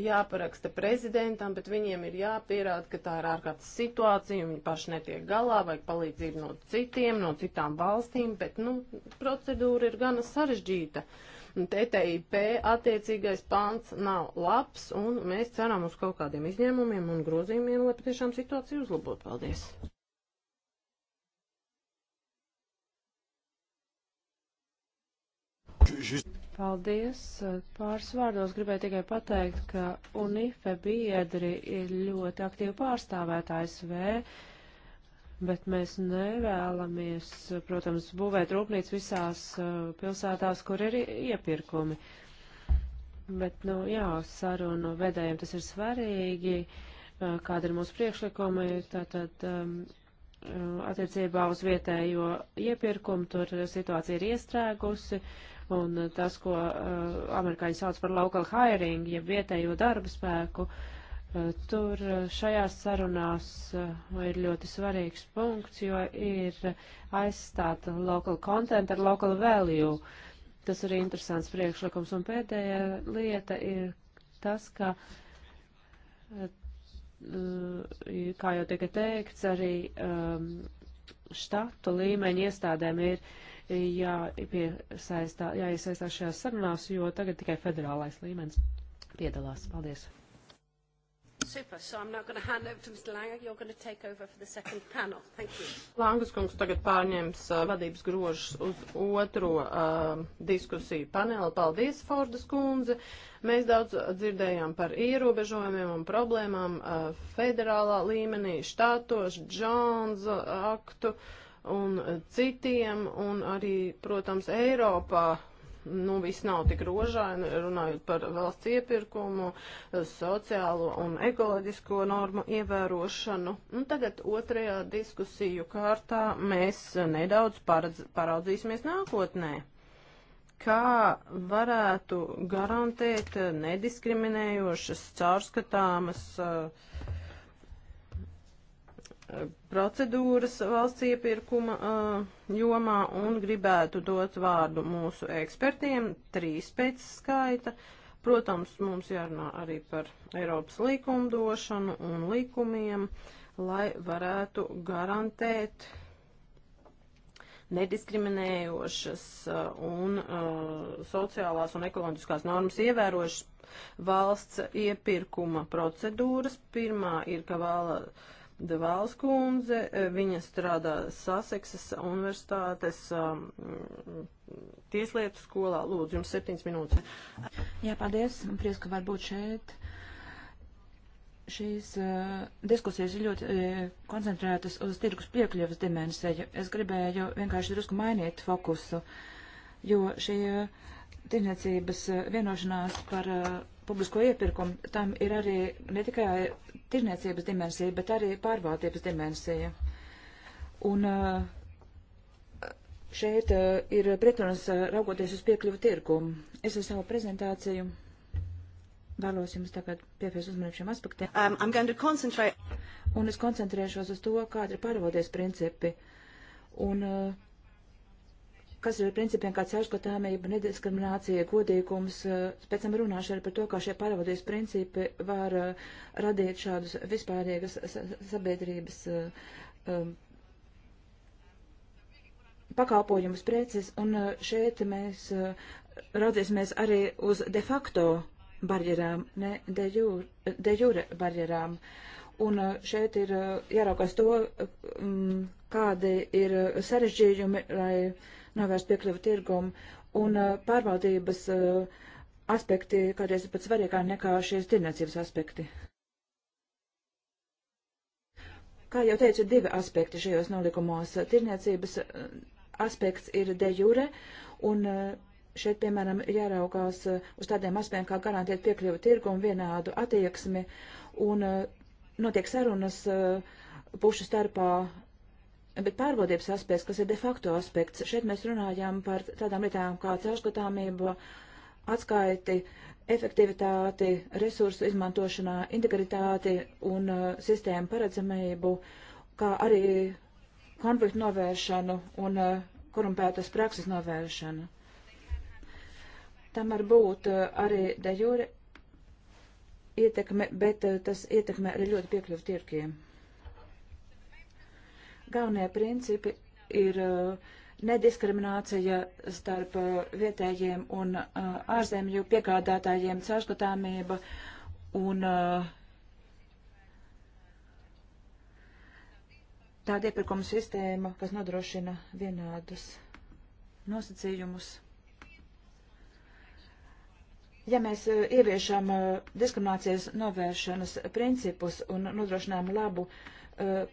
jāparaksta prezidentam, bet viņiem ir jāpierāda, ka tā ir ārkārtas situācija, viņi paši netiek galā, vajag palīdzību no citiem, no citām valstīm, bet, nu, procedūra ir gana sarežģīta. TTIP attiecīgais pants nav labs, un mēs ceram uz kaut kādiem izņēmumiem un grozījumiem, lai patiešām situāciju uzlabotu. Paldies! Paldies. Pāris vārdos gribēju tikai pateikt, ka UNIFE biedri ir ļoti aktīvi pārstāvēt ASV, bet mēs nevēlamies, protams, būvēt rūpnīcu visās uh, pilsētās, kur ir iepirkumi. Bet, nu, jā, sarunu vedējiem tas ir svarīgi, uh, kāda ir mūsu priekšlikumi, tātad um, attiecībā uz vietējo iepirkumu, tur situācija ir iestrēgusi, un tas, ko uh, amerikāņi sauc par local hiring, jeb ja vietējo darba spēku, uh, tur šajās sarunās uh, ir ļoti svarīgs punkts, jo ir aizstāt local content ar local value. Tas ir interesants priekšlikums, un pēdējā lieta ir tas, ka kā jau tika teikts, arī um, štatu līmeņa iestādēm ir jāiesaistās šajās sarunās, jo tagad tikai federālais līmenis piedalās. Paldies! Super. So I'm now going to hand over to Mr. Langer. You're going to take over for the second panel. Thank you. Langas kungs tagad pārņems uh, vadības grožus uz otro uh, diskusiju paneli. Paldies, Fordas kundze. Mēs daudz dzirdējām par ierobežojumiem un problēmām uh, federālā līmenī, štātos, Džonsa aktu un citiem, un arī, protams, Eiropā nu, viss nav tik rožaini, runājot par valsts iepirkumu, sociālo un ekoloģisko normu ievērošanu. Un tagad otrajā diskusiju kārtā mēs nedaudz paradz, paraudzīsimies nākotnē. Kā varētu garantēt nediskriminējošas, caurskatāmas uh, procedūras valsts iepirkuma uh, jomā un gribētu dot vārdu mūsu ekspertiem, trīs pēc skaita. Protams, mums jārunā arī par Eiropas likumdošanu un likumiem, lai varētu garantēt nediskriminējošas un uh, sociālās un ekoloģiskās normas ievērošas valsts iepirkuma procedūras. Pirmā ir, ka valsts Devāls kundze, eh, viņa strādā Saseksas universitātes um, tieslietu skolā. Lūdzu, jums septiņas minūtes. Jā, paldies. Man prieks, ka var būt šeit. Šīs uh, diskusijas ir ļoti uh, koncentrētas uz tirgus piekļuvas dimensiju. Es gribēju vienkārši drusku mainīt fokusu, jo šī uh, tirniecības uh, vienošanās par. Uh, publisko iepirkumu, tam ir arī ne tikai tirniecības dimensija, bet arī pārvaldības dimensija. Un eh, šeit eh, ir pretrunas eh, raugoties uz piekļuvu tirkumu. Es ar savu prezentāciju vēlos jums tagad pievērst uzmanību šiem aspektiem. Um, Un es koncentrēšos uz to, kāda ir pārvaldies principi. Un uh, kas ir principiem kā caurskatāmība, nediskriminācija, godīgums. Eh, pēc tam runāšu arī par to, kā šie paravadīs principi var eh, radīt šādus vispārīgas sabiedrības eh, um, pakalpojumus preces, un šeit mēs raudzēsimies arī uz de facto barjerām, ne de jure, de jure barjerām. Un šeit ir jāraukās to, um, kādi ir sarežģījumi, lai uh, novērst piekļuvu tirgumu, un uh, pārvaldības uh, aspekti kādreiz ir pat svarīgāki nekā šīs tirniecības aspekti. Kā jau teicu, divi aspekti šajos nolikumos. Tirniecības uh, aspekts ir de jure, un šeit, piemēram, jāraugās uz tādiem aspektiem, kā garantēt piekļuvu tirgumu vienādu attieksmi, un notiek sarunas pušu starpā Bet pārvaldības aspekts, kas ir de facto aspekts, šeit mēs runājam par tādām lietām kā caurskatāmība, atskaiti, efektivitāti, resursu izmantošanā, integritāti un uh, sistēmu paredzamību, kā arī konfliktu novēršanu un uh, korumpētas prakses novēršanu. Tam var būt uh, arī de jure ietekme, bet uh, tas ietekme arī ļoti piekļuvu tirkiem. Galvenie principi ir uh, nediskriminācija starp uh, vietējiem un uh, ārzemju piegādātājiem, caurskatāmība un tāda iepirkuma sistēma, kas nodrošina vienādus nosacījumus. Ja mēs ieviešam diskriminācijas novēršanas principus un nodrošinām labu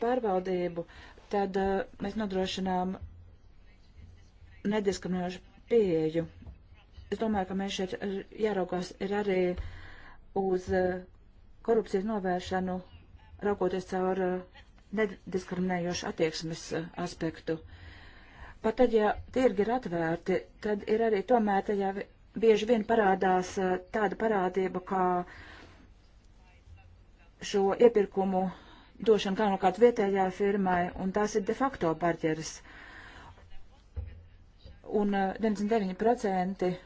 pārvaldību, tad uh, mēs nodrošinām nediskriminējušu pieeju. Es domāju, ka mēs šeit jāraugās ir arī uz uh, korupcijas novēršanu, raugoties caur uh, nediskriminējošu attieksmes aspektu. Pat tad, ja tirgi ir atvērti, tad ir arī tomēr tajā bieži vien parādās tāda parādība, kā šo iepirkumu uh, došana galvenokārt vietējai firmai, un tās ir de facto barjeras. Un 99% eh,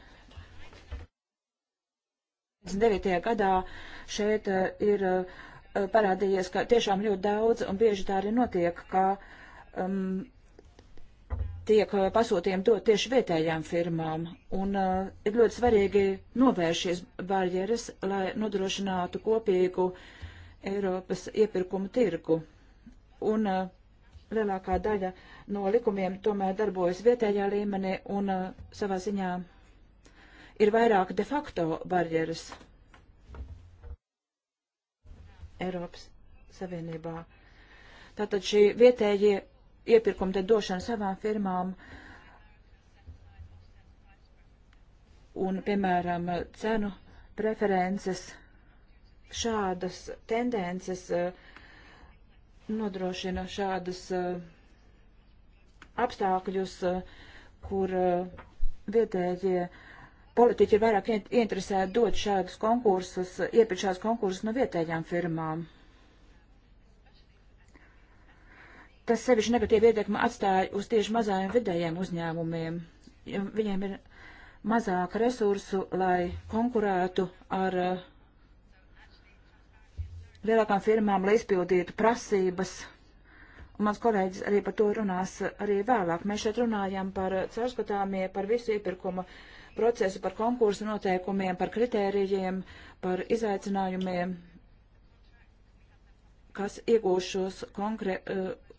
99. gadā šeit eh, ir eh, parādījies, ka tiešām ļoti daudz, un bieži tā arī notiek, ka um, tiek pasūtījumi dot tieši vietējām firmām. Un uh, ir ļoti svarīgi novēršies barjeras, lai nodrošinātu kopīgu uh, Eiropas iepirkumu tirgu. Un uh, lielākā daļa no likumiem tomēr darbojas vietējā līmenī un uh, savā ziņā ir vairāk de facto barjeras Eiropas Savienībā. Tātad šī vietējie iepirkumi te došana savām firmām un, piemēram, cenu preferences šādas tendences eh, nodrošina šādas eh, apstākļus, eh, kur vietējie politiķi ir vairāk interesēti dot šādus konkursus, iepirkt šādus konkursus no vietējām firmām. Tas sevišķi negatīvi ietekmi atstāja uz tieši mazajiem vidējiem uzņēmumiem, jo viņiem ir mazāk resursu, lai konkurētu ar uh, lielākām firmām, lai izpildītu prasības. Un mans kolēģis arī par to runās arī vēlāk. Mēs šeit runājam par caurskatāmie, par visu iepirkumu procesu, par konkursu noteikumiem, par kritērijiem, par izaicinājumiem, kas iegūs šos, konkre, eh,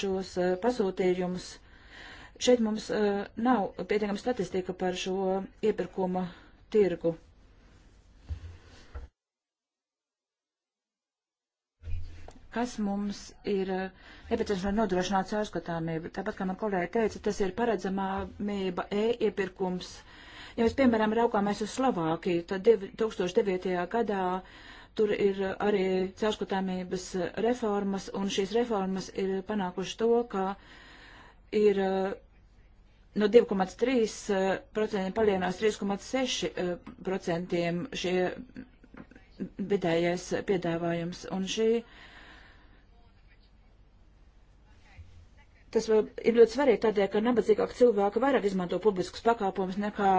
šos eh, pasūtījumus. Šeit mums eh, nav pietiekama statistika par šo iepirkuma tirgu. kas mums ir eh, nepieciešams, lai nodrošinātu caurskatāmību. Tāpat, kā man kolēģi teica, tas ir paredzamāmība, e-iepirkums. Ja mēs, piemēram, raukāmies uz Slovākiju, tad 2009. gadā tur ir arī caurskatāmības reformas, un šīs reformas ir panākuši to, ka ir eh, no 2,3% eh, palielinās 3,6% šie vidējais piedāvājums. Un šī Tas ir ļoti svarīgi tādēļ, ka nabadzīgāk cilvēki vairāk izmanto publiskus pakāpumus nekā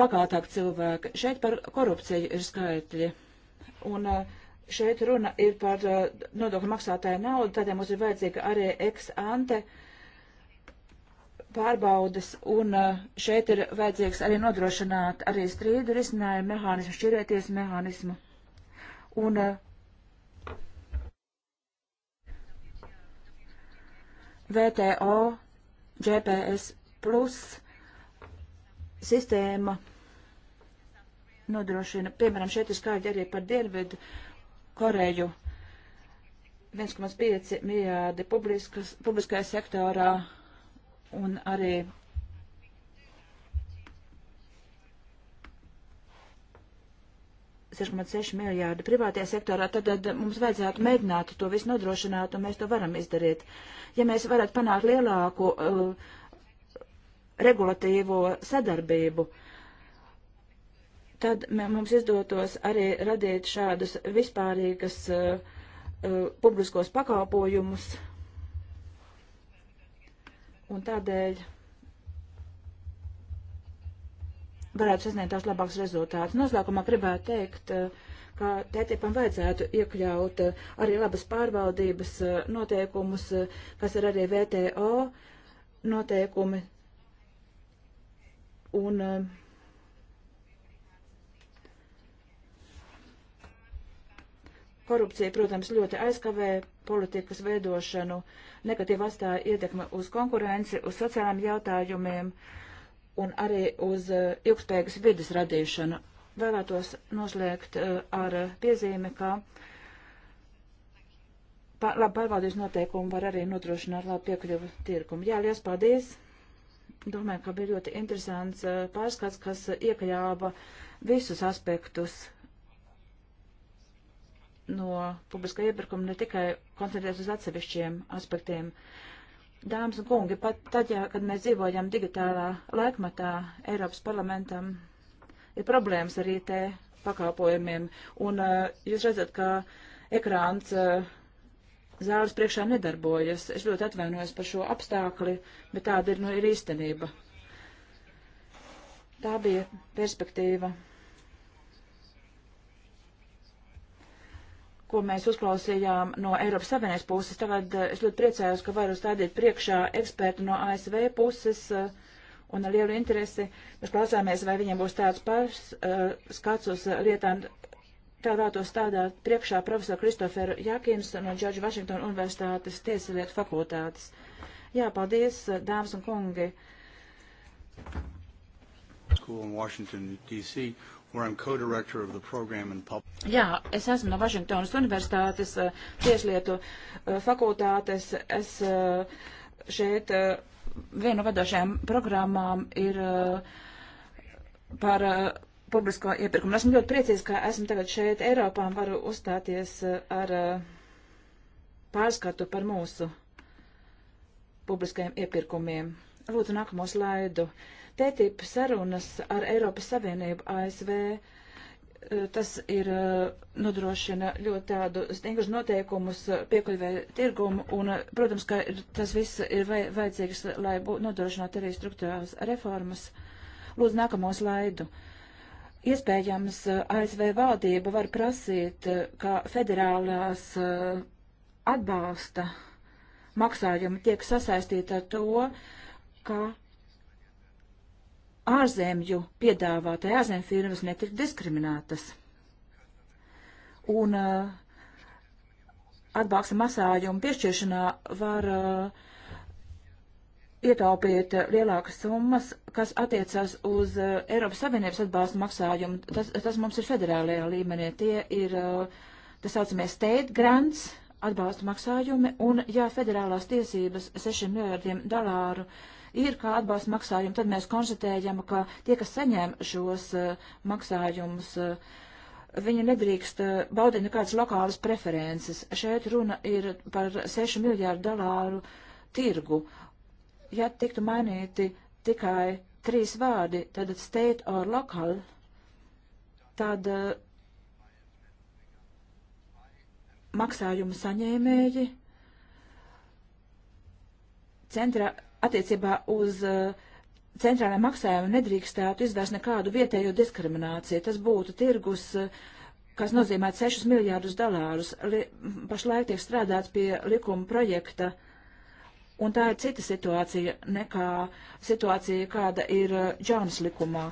bagātāk cilvēki. Šeit par korupciju ir skaitļi. Un eh, šeit runa ir par eh, nodokļu maksātāju naudu, tādēļ mums ir vajadzīga arī ex ante pārbaudas, un eh, šeit ir vajadzīgs arī nodrošināt arī strīdu risinājumu mehānismu, šķirēties mehānismu. Un uh, VTO, GPS plus sistēma nodrošina, piemēram, šeit ir skaidri arī par Dienvidu Koreju 1,5 miljārdi publiskas, publiskajā sektorā un arī 1,6 miljārdi privātajā sektorā, tad, tad mums vajadzētu mēģināt to visu nodrošināt, un mēs to varam izdarīt. Ja mēs varētu panākt lielāku uh, regulatīvo sadarbību, tad mums izdotos arī radīt šādus vispārīgas uh, uh, publiskos pakalpojumus, un tādēļ varētu sasniegt tās labākas rezultātus. Noslēgumā gribētu teikt, eh, ka TTIPam vajadzētu iekļaut eh, arī labas pārvaldības eh, noteikumus, kas ir arī VTO noteikumi. Un korupcija, protams, ļoti aizkavē politikas veidošanu, negatīvi atstāja ietekme uz konkurenci, uz sociālām jautājumiem. Uh, un arī uz eh, ilgspējīgas vidas radīšanu. Vēlētos noslēgt eh, ar piezīmi, ka labi pārvaldības noteikumi var arī nodrošināt labu piekļuvu tirkumu. Jā, liels paldies! Domāju, ka bija ļoti interesants eh, pārskats, kas iekļāva visus aspektus no publiskā iepirkuma, ne tikai koncentrēties uz atsevišķiem aspektiem. Uh, Dāmas un kungi, pat tad, ja, kad mēs dzīvojam digitālā laikmatā, Eiropas parlamentam ir problēmas ar IT pakalpojumiem. Un uh, jūs redzat, ka ekrāns uh, zāles priekšā nedarbojas. Es ļoti atvainojos par šo apstākli, bet tāda ir, nu, ir īstenība. Tā bija perspektīva. ko mēs uzklausījām no Eiropas Savienības puses. Tagad eh, es ļoti priecājos, ka varu stādīt priekšā ekspertu no ASV puses eh, un ar lielu interesi. Mēs klausāmies, vai viņiem būs tāds pars eh, skats uz lietām. Tā vēlētos stādāt priekšā profesoru Kristoferu Jakins no Džordža Vašingtona Universitātes tiesalietu fakultātes. Jā, paldies, dāmas un kungi. School in Washington, D.C where I'm co-director of the program in public. Jā, es esmu no Vašingtonas Universitātes eh, tieslietu eh, fakultātes. Es eh, šeit vienu no vadošajām programmām ir par publisko iepirkumu. Esmu ļoti priecīgs, ka esmu tagad šeit Eiropā un varu uzstāties ar pārskatu par mūsu publiskajiem iepirkumiem. Lūdzu, nākamo slaidu. Uh, TTIP sarunas ar Eiropas Savienību ASV e, tas ir e, nodrošina ļoti tādu stingrus noteikumus e, piekļuvē tirgumu, un, protams, ka tas viss ir vajadzīgs, lai nodrošinātu arī struktūrālas reformas. Lūdzu, nākamo slaidu. Iespējams, ASV valdība var prasīt, ka federālās atbalsta maksājumi tiek sasaistīti ar to, ka ārzemju piedāvātai ārzemju firmas netika diskriminētas. Un uh, atbalsta masājumu piešķiršanā var uh, ietaupīt lielākas summas, kas attiecas uz uh, Eiropas Savienības atbalsta maksājumu. Tas, tas mums ir federālajā līmenī. Tie ir, uh, tas saucamies, state grants, atbalsta maksājumi, un ja federālās tiesības 6 miljardiem dolāru uh, ir kā atbalsta maksājumi, tad mēs konstatējam, ka tie, kas saņem šos eh, maksājumus, eh, viņi nedrīkst eh, baudīt nekādas lokālas preferences. Šeit runa ir par 6 miljārdu dolāru tirgu. Ja tiktu mainīti tikai trīs vārdi, tad state or local, tad uh, maksājumu saņēmēji centra attiecībā uz eh, centrālajiem maksājumiem nedrīkstētu izvērst nekādu vietējo diskrimināciju. Tas būtu tirgus, eh, kas nozīmē 6 miljārdus dolārus. Li pašlaik tiek strādāts pie likuma projekta. Un tā ir cita situācija nekā situācija, kāda ir eh, Džons likumā.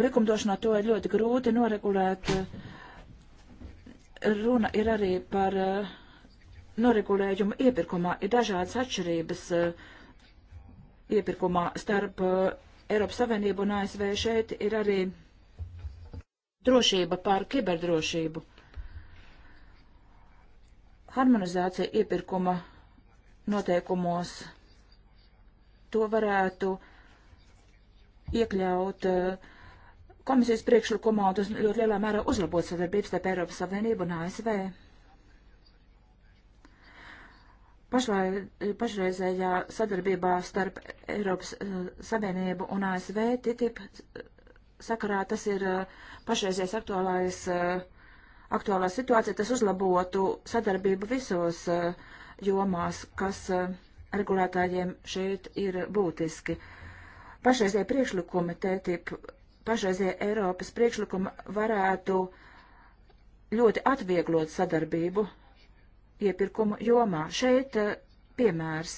Likumdošanā to ir ļoti grūti noregulēt. Runa ir arī par noregulējumu iepirkumā. Ir dažādas atšķirības uh, iepirkumā starp eh, Eiropas Savienību un ASV šeit ir arī drošība pār kiberdrošību. Harmonizācija iepirkuma noteikumos to varētu iekļaut eh, komisijas priekšlikumā un tas ļoti lielā mērā uzlabot sadarbības starp Eiropas Savienību un ASV pašlai, pašreizējā sadarbībā starp Eiropas uh, Savienību un ASV TTIP eh, sakarā tas ir uh, eh, pašreizējais aktuālais, uh, aktuālā situācija, tas uzlabotu sadarbību visos jomās, kas regulētājiem šeit ir būtiski. Pašreizie priekšlikumi TTIP, pašreizie Eiropas priekšlikumi varētu ļoti atvieglot sadarbību iepirkumu jomā. Šeit eh, piemērs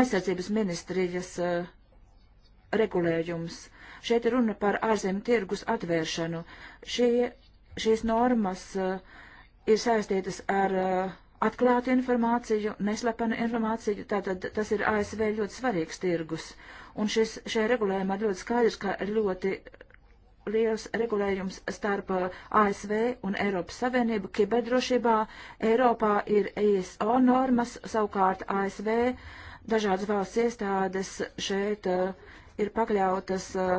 aizsardzības ministrijas eh, regulējums. Šeit ir runa par ārzemju tirgus atvēršanu. Šie, šīs normas eh, ir saistītas ar atklātu informāciju, neslepenu informāciju, tātad tas ir ASV ļoti svarīgs tirgus. Un šis, šajā regulējumā ļoti skaidrs, ka ir ļoti liels regulējums starp uh, ASV un Eiropas Savienību kiberdrošībā. Eiropā ir ISO e normas, savukārt ASV dažādas valsts iestādes šeit uh, ir pakļautas uh,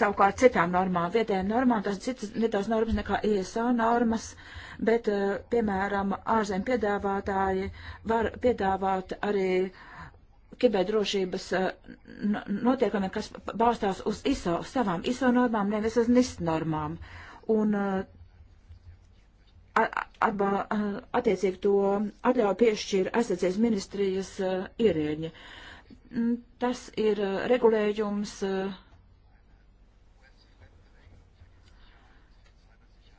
savukārt citām normām, vietējām normām, tas citas nedaudz normas nekā ISO e normas, bet, uh, piemēram, ārzem piedāvātāji var piedāvāt arī uh, kiberdrošības eh, noteikumiem, kas balstās uz ISO, savām ISO normām, nevis uz NIST normām. Un eh, atbā, eh, attiecīgi to atļauju piešķīra aizsardzības ministrijas ierēģi. Mm, tas ir regulējums. Uh,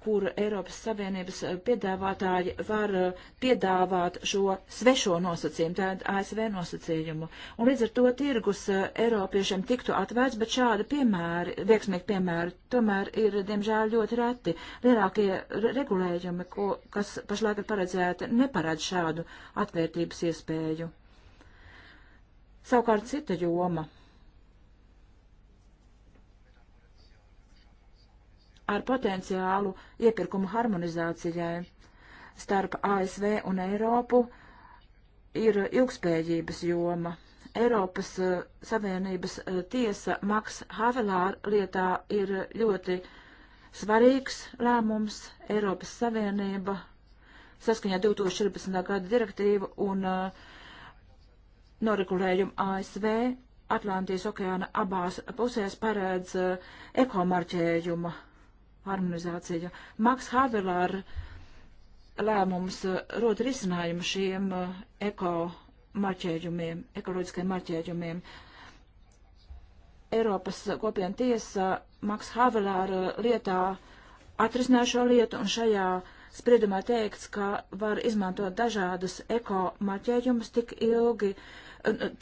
kur Eiropas Savienības eh, piedāvātāji var eh, piedāvāt šo svešo nosacījumu, tātad ASV nosacījumu. Un līdz ar to tirgus eh, Eiropiešiem tiktu atvērts, bet šādi piemēri, veiksmīgi piemēri, tomēr ir, diemžēl, ļoti reti. Lielākie regulējumi, ko, kas pašlaik ir paredzēti, neparāda šādu atvērtības iespēju. Savukārt cita joma ar potenciālu iepirkumu harmonizācijai starp ASV un Eiropu ir ilgspējības joma. Eiropas uh, Savienības uh, tiesa Maks Havelāra lietā ir ļoti svarīgs lēmums Eiropas Savienība saskaņā 2014. gada direktīvu un uh, noregulējumu ASV Atlantijas okeāna abās pusēs paredz ekomarķējuma harmonizācija. Maks Havelāra lēmums eh, rod risinājumu šiem eh, eko marķējumiem, ekoloģiskiem marķējumiem. Eiropas kopiena tiesa Maks Havelāra eh, lietā atrisināja šo lietu un šajā spriedumā teikts, ka var izmantot dažādus eko marķējumus tik ilgi, uh,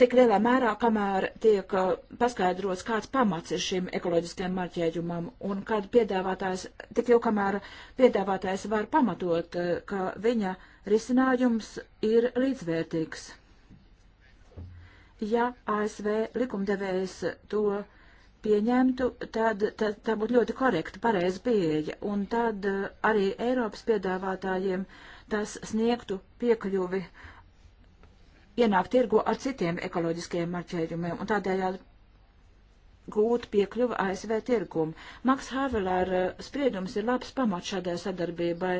tik lielā mērā, kamēr tiek uh, paskaidrots, kāds pamats ir šim ekoloģiskajam marķēģumam un kad piedāvātājs, tik jau kamēr piedāvātājs var pamatot, uh, ka viņa risinājums ir līdzvērtīgs. Ja ASV likumdevējs to pieņemtu, tad, tad tā būtu ļoti korekta, pareiza pieeja, un tad uh, arī Eiropas piedāvātājiem tas sniegtu piekļuvi uh, ienākt tirgu ar citiem ekoloģiskajiem marķējumiem un tādējādi gūt piekļuvu ASV tirgumu. Maks Havelēra eh, spriedums ir labs pamats šādai sadarbībai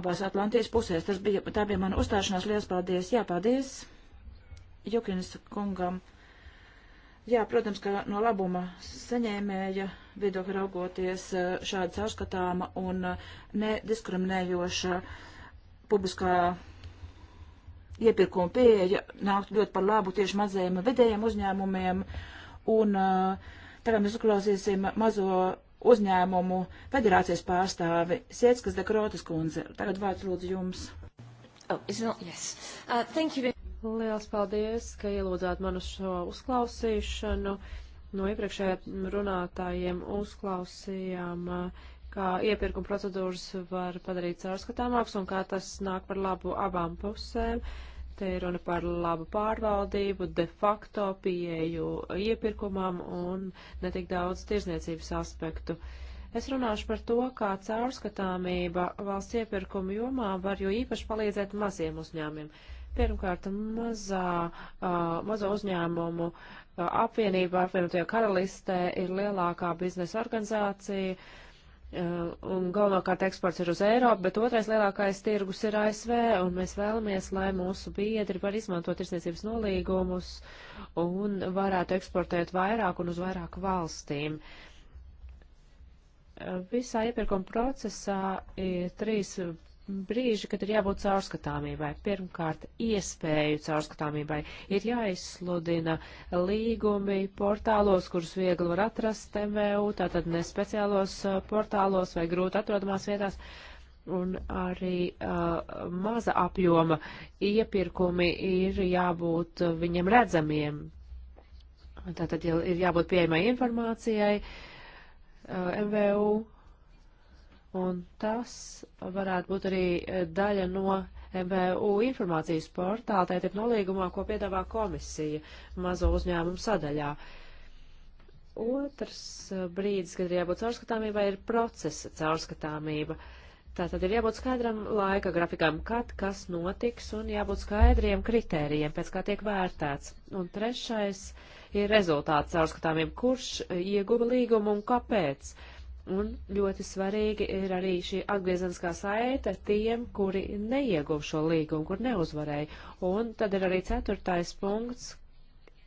abās Atlantijas pusēs. Tas bija, tā bija mana uzstāšanās. Lielas paldies. Jā, paldies Jukins kungam. Jā, protams, ka no labuma saņēmēja viedokļa raugoties eh, šāda caurskatāma un eh, nediskriminējoša publiskā iepirkuma pieeja nāktu ļoti par labu tieši mazajiem vidējiem uzņēmumiem. Un uh, tagad mēs uzklausīsim mazo uzņēmumu federācijas pārstāvi Sietskas de Krotas kundze. Tagad vārds lūdzu jums. Oh, not, yes. uh, thank you. Liels paldies, ka ielūdzāt manu šo uzklausīšanu. No iepriekšējiem runātājiem uzklausījām, eh, kā iepirkuma procedūras var padarīt caurskatāmāks un kā tas nāk par labu abām pusēm. Uh, Te ir runa par labu pārvaldību, de facto pieeju iepirkumam un netik daudz tirzniecības aspektu. Es runāšu par to, kā caurskatāmība valsts iepirkuma jomā var jo īpaši palīdzēt maziem uzņēmumiem. Pirmkārt, mazā, uh, mazo uzņēmumu uh, apvienība apvienotajā karalistē ir lielākā biznesa organizācija. Uh, Eh, un galvenokārt eksports ir uz Eiropu, bet otrais lielākais tirgus ir ASV, un mēs vēlamies, lai mūsu biedri var izmantot tirsniecības nolīgumus un varētu eksportēt vairāk un uz vairāk valstīm. Eh, visā iepirkuma procesā ir trīs brīži, kad ir jābūt caurskatāmībai. Pirmkārt, iespēju caurskatāmībai ir jāizsludina līgumi portālos, kurus viegli var atrast MVU, tātad ne speciālos uh, portālos vai grūti atrodamās vietās. Un arī uh, maza apjoma iepirkumi ir jābūt uh, viņam redzamiem. Tātad ir jābūt pieejamai informācijai uh, MVU Un tas varētu būt arī e, daļa no MVU informācijas portāla, tātad nolīgumā, ko piedāvā komisija mazo uzņēmumu sadaļā. Otrs e, brīdis, kad ir jābūt caurskatāmībai, ir procesa caurskatāmība. Tātad ir jābūt skaidram laika grafikam, kad kas notiks, un jābūt skaidriem kritērijiem, pēc kā tiek vērtēts. Un trešais ir rezultāts caurskatāmība, kurš e, ieguva līgumu un kāpēc. Uh, Un ļoti svarīgi ir arī šī atgriezeniskā saite tiem, kuri neieguv šo līgumu, kur neuzvarēja. Un tad ir arī ceturtais punkts,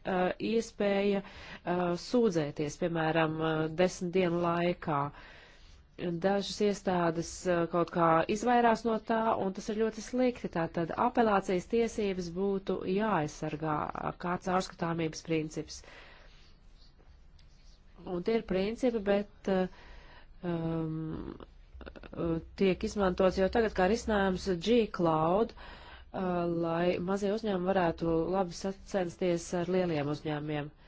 uh, iespēja uh, sūdzēties, piemēram, uh, desmit dienu laikā. Dažas iestādes uh, kaut kā izvairās no tā, un tas ir ļoti slikti. Tātad apelācijas tiesības būtu jāaizsargā kā caurskatāmības princips. Un tie ir principi, bet uh, um, tiek izmantots jau tagad kā risinājums G-Cloud, uh, lai mazie uzņēmumi varētu labi sacensties ar lieliem uzņēmumiem. Uh,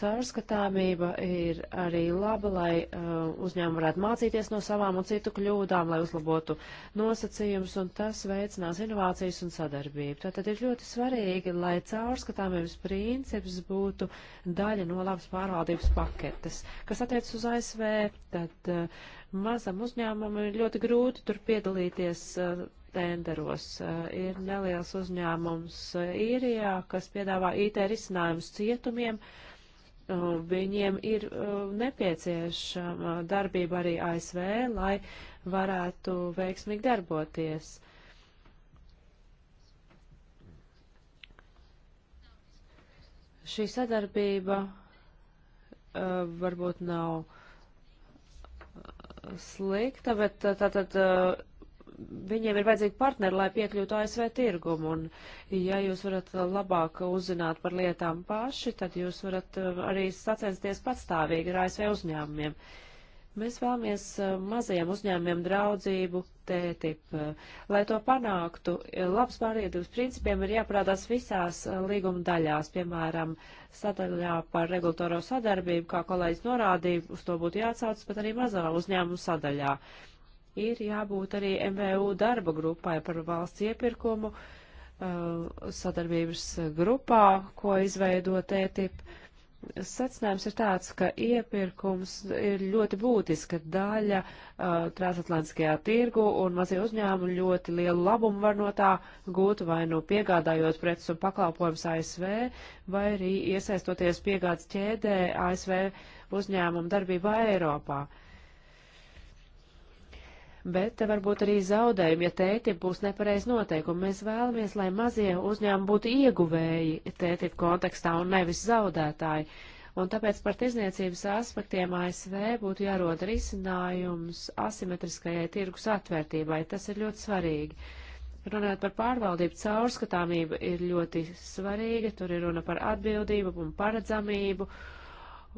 Caurskatāmība ir arī laba, lai uh, uzņēmumi varētu mācīties no savām un citu kļūdām, lai uzlabotu nosacījumus, un tas veicinās inovācijas un sadarbību. Tātad ir ļoti svarīgi, lai caurskatāmības princips būtu daļa no labas pārvaldības paketes. Kas attiecas uz ASV, tad uh, mazam uzņēmumam ir ļoti grūti tur piedalīties uh, tenderos. Uh, ir neliels uzņēmums uh, īrijā, kas piedāvā IT risinājumus cietumiem. Uh, Viņiem ir uh, nepieciešama darbība arī ASV, lai varētu veiksmīgi darboties. Šī sadarbība uh, varbūt nav slikta, bet uh, tātad viņiem ir vajadzīgi partneri, lai piekļūtu ASV tirgumu, un ja jūs varat labāk uzzināt par lietām paši, tad jūs varat uh, arī sacensties patstāvīgi ar ASV uzņēmumiem. Mēs vēlamies uh, mazajiem uzņēmumiem draudzību TTIP. Uh, lai to panāktu, labs pārvietības principiem ir jāparādās visās līguma daļās, piemēram, sadaļā par regulatoro sadarbību, kā kolēģis norādīja, uz to būtu jāatsaucas, bet arī mazā uzņēmuma sadaļā. Uh, ir jābūt arī MVU darba grupai par valsts iepirkumu uh, sadarbības grupā, ko izveido TTIP. Secinājums ir tāds, ka iepirkums ir ļoti būtiska daļa uh, transatlantiskajā tirgu un mazie uzņēmumi ļoti lielu labumu var no tā gūt vai no nu piegādājot preces un pakalpojums ASV vai arī iesaistoties piegādes ķēdē ASV uzņēmumu darbībā Eiropā. Uh, bet te var būt arī zaudējumi, ja tētim būs nepareiz noteikumi. Mēs vēlamies, lai mazie uzņēmumi būtu ieguvēji tētim kontekstā un nevis zaudētāji. Un tāpēc par tirzniecības aspektiem ASV būtu jārod risinājums asimetriskajai tirgus atvērtībai. Tas ir ļoti svarīgi. Runājot par pārvaldību, caurskatāmība ir ļoti svarīga, tur ir runa par atbildību un paredzamību.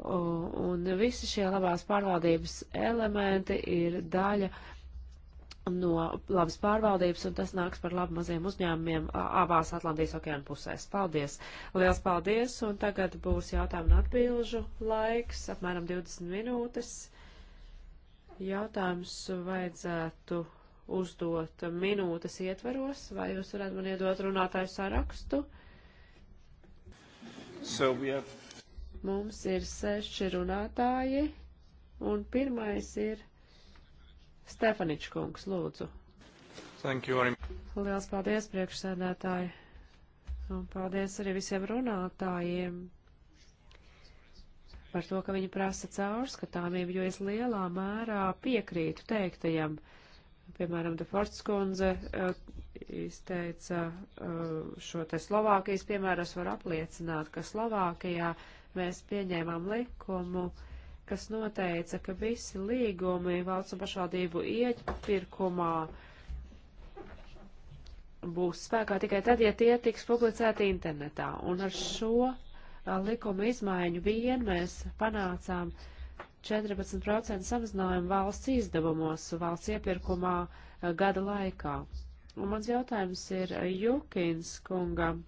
Un visi šie labās pārvaldības elementi ir daļa no labas pārvaldības, un tas nāks par labu maziem uzņēmumiem abās Atlantijas okeāna pusēs. Paldies! Liels paldies! Un tagad būs jautājumu un atbilžu laiks, apmēram 20 minūtes. Jautājums vajadzētu uzdot minūtes ietveros, vai jūs varētu man iedot runātāju sarakstu? So have... Mums ir seši runātāji, un pirmais ir. Stefaničs kungs, lūdzu. Thank you very much. Liels paldies, priekšsēdētāji. Un paldies arī visiem runātājiem par to, ka viņi prasa caurskatāmību, jo es lielā mērā piekrītu teiktajam. Piemēram, De Forts kundze eh, izteica eh, šo te Slovākijas piemēru, es varu apliecināt, ka Slovākijā mēs pieņēmām likumu, uh, kas noteica, ka visi līgumi valsts un pašvaldību iepirkumā būs spēkā tikai tad, ja tie tiks publicēti internetā. Un ar šo uh, likuma izmaiņu vien mēs panācām 14% samazinājumu valsts izdevumos valsts iepirkumā uh, gada laikā. Un mans jautājums ir uh, Jukins kungam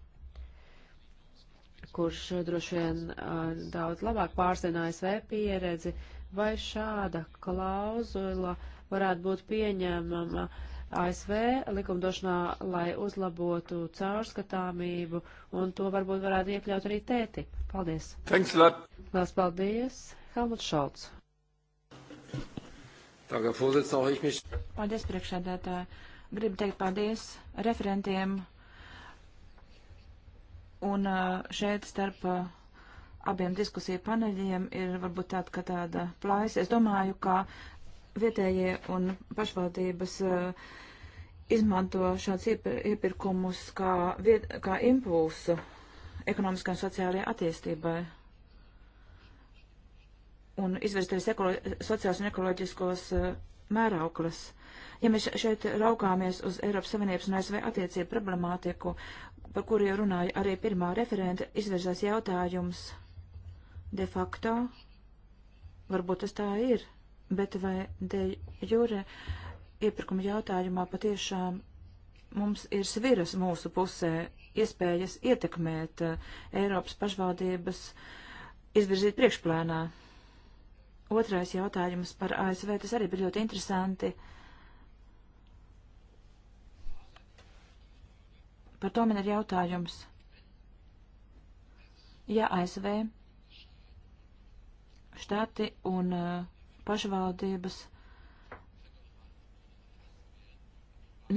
kurš droši vien daudz labāk pārzina ASV pieredzi, vai šāda klauzula varētu būt pieņemama ASV likumdošanā, lai uzlabotu caurskatāmību, un to varbūt varētu iekļaut arī tēti. Paldies! Thanks, Lāp! Lās paldies! Helmut Šalts! Paldies, priekšsēdētāji! Gribu teikt paldies referentiem Un šeit starp abiem diskusiju paneļiem ir varbūt tāda, ka tāda plājas. Es domāju, ka vietējie un pašvaldības izmanto šāds iepirkumus kā, viet, kā impulsu ekonomiskai un sociālajai attīstībai un izvērsties sociālās un ekoloģiskos uh, mērauklas. Ja mēs šeit raugāmies uz Eiropas Savienības un ASV attiecību problemātiku, par kuru jau runāja arī pirmā referenta, izverzās jautājums de facto, varbūt tas tā ir, bet vai de jure iepirkuma jautājumā patiešām mums ir sviras mūsu pusē, iespējas ietekmēt uh, Eiropas pašvaldības izvirzīt priekšplānā. Otrais jautājums par ASV, tas arī bija ļoti interesanti. Uh, Par to man ir jautājums. Ja ASV štati un uh, pašvaldības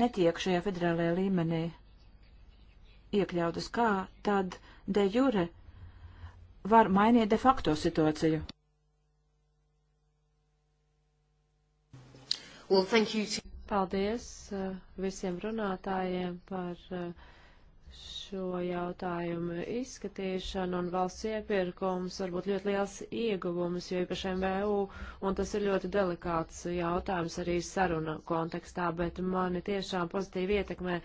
netiek šajā federālajā līmenī iekļautas, kā tad de jure var mainīt de facto situāciju? Well, thank you to... Paldies eh, visiem runātājiem par eh, šo jautājumu izskatīšanu un valsts iepirkums var būt ļoti liels ieguvums, jo īpaši MVU, un tas ir ļoti delikāts jautājums arī saruna kontekstā, bet mani tiešām pozitīvi ietekmē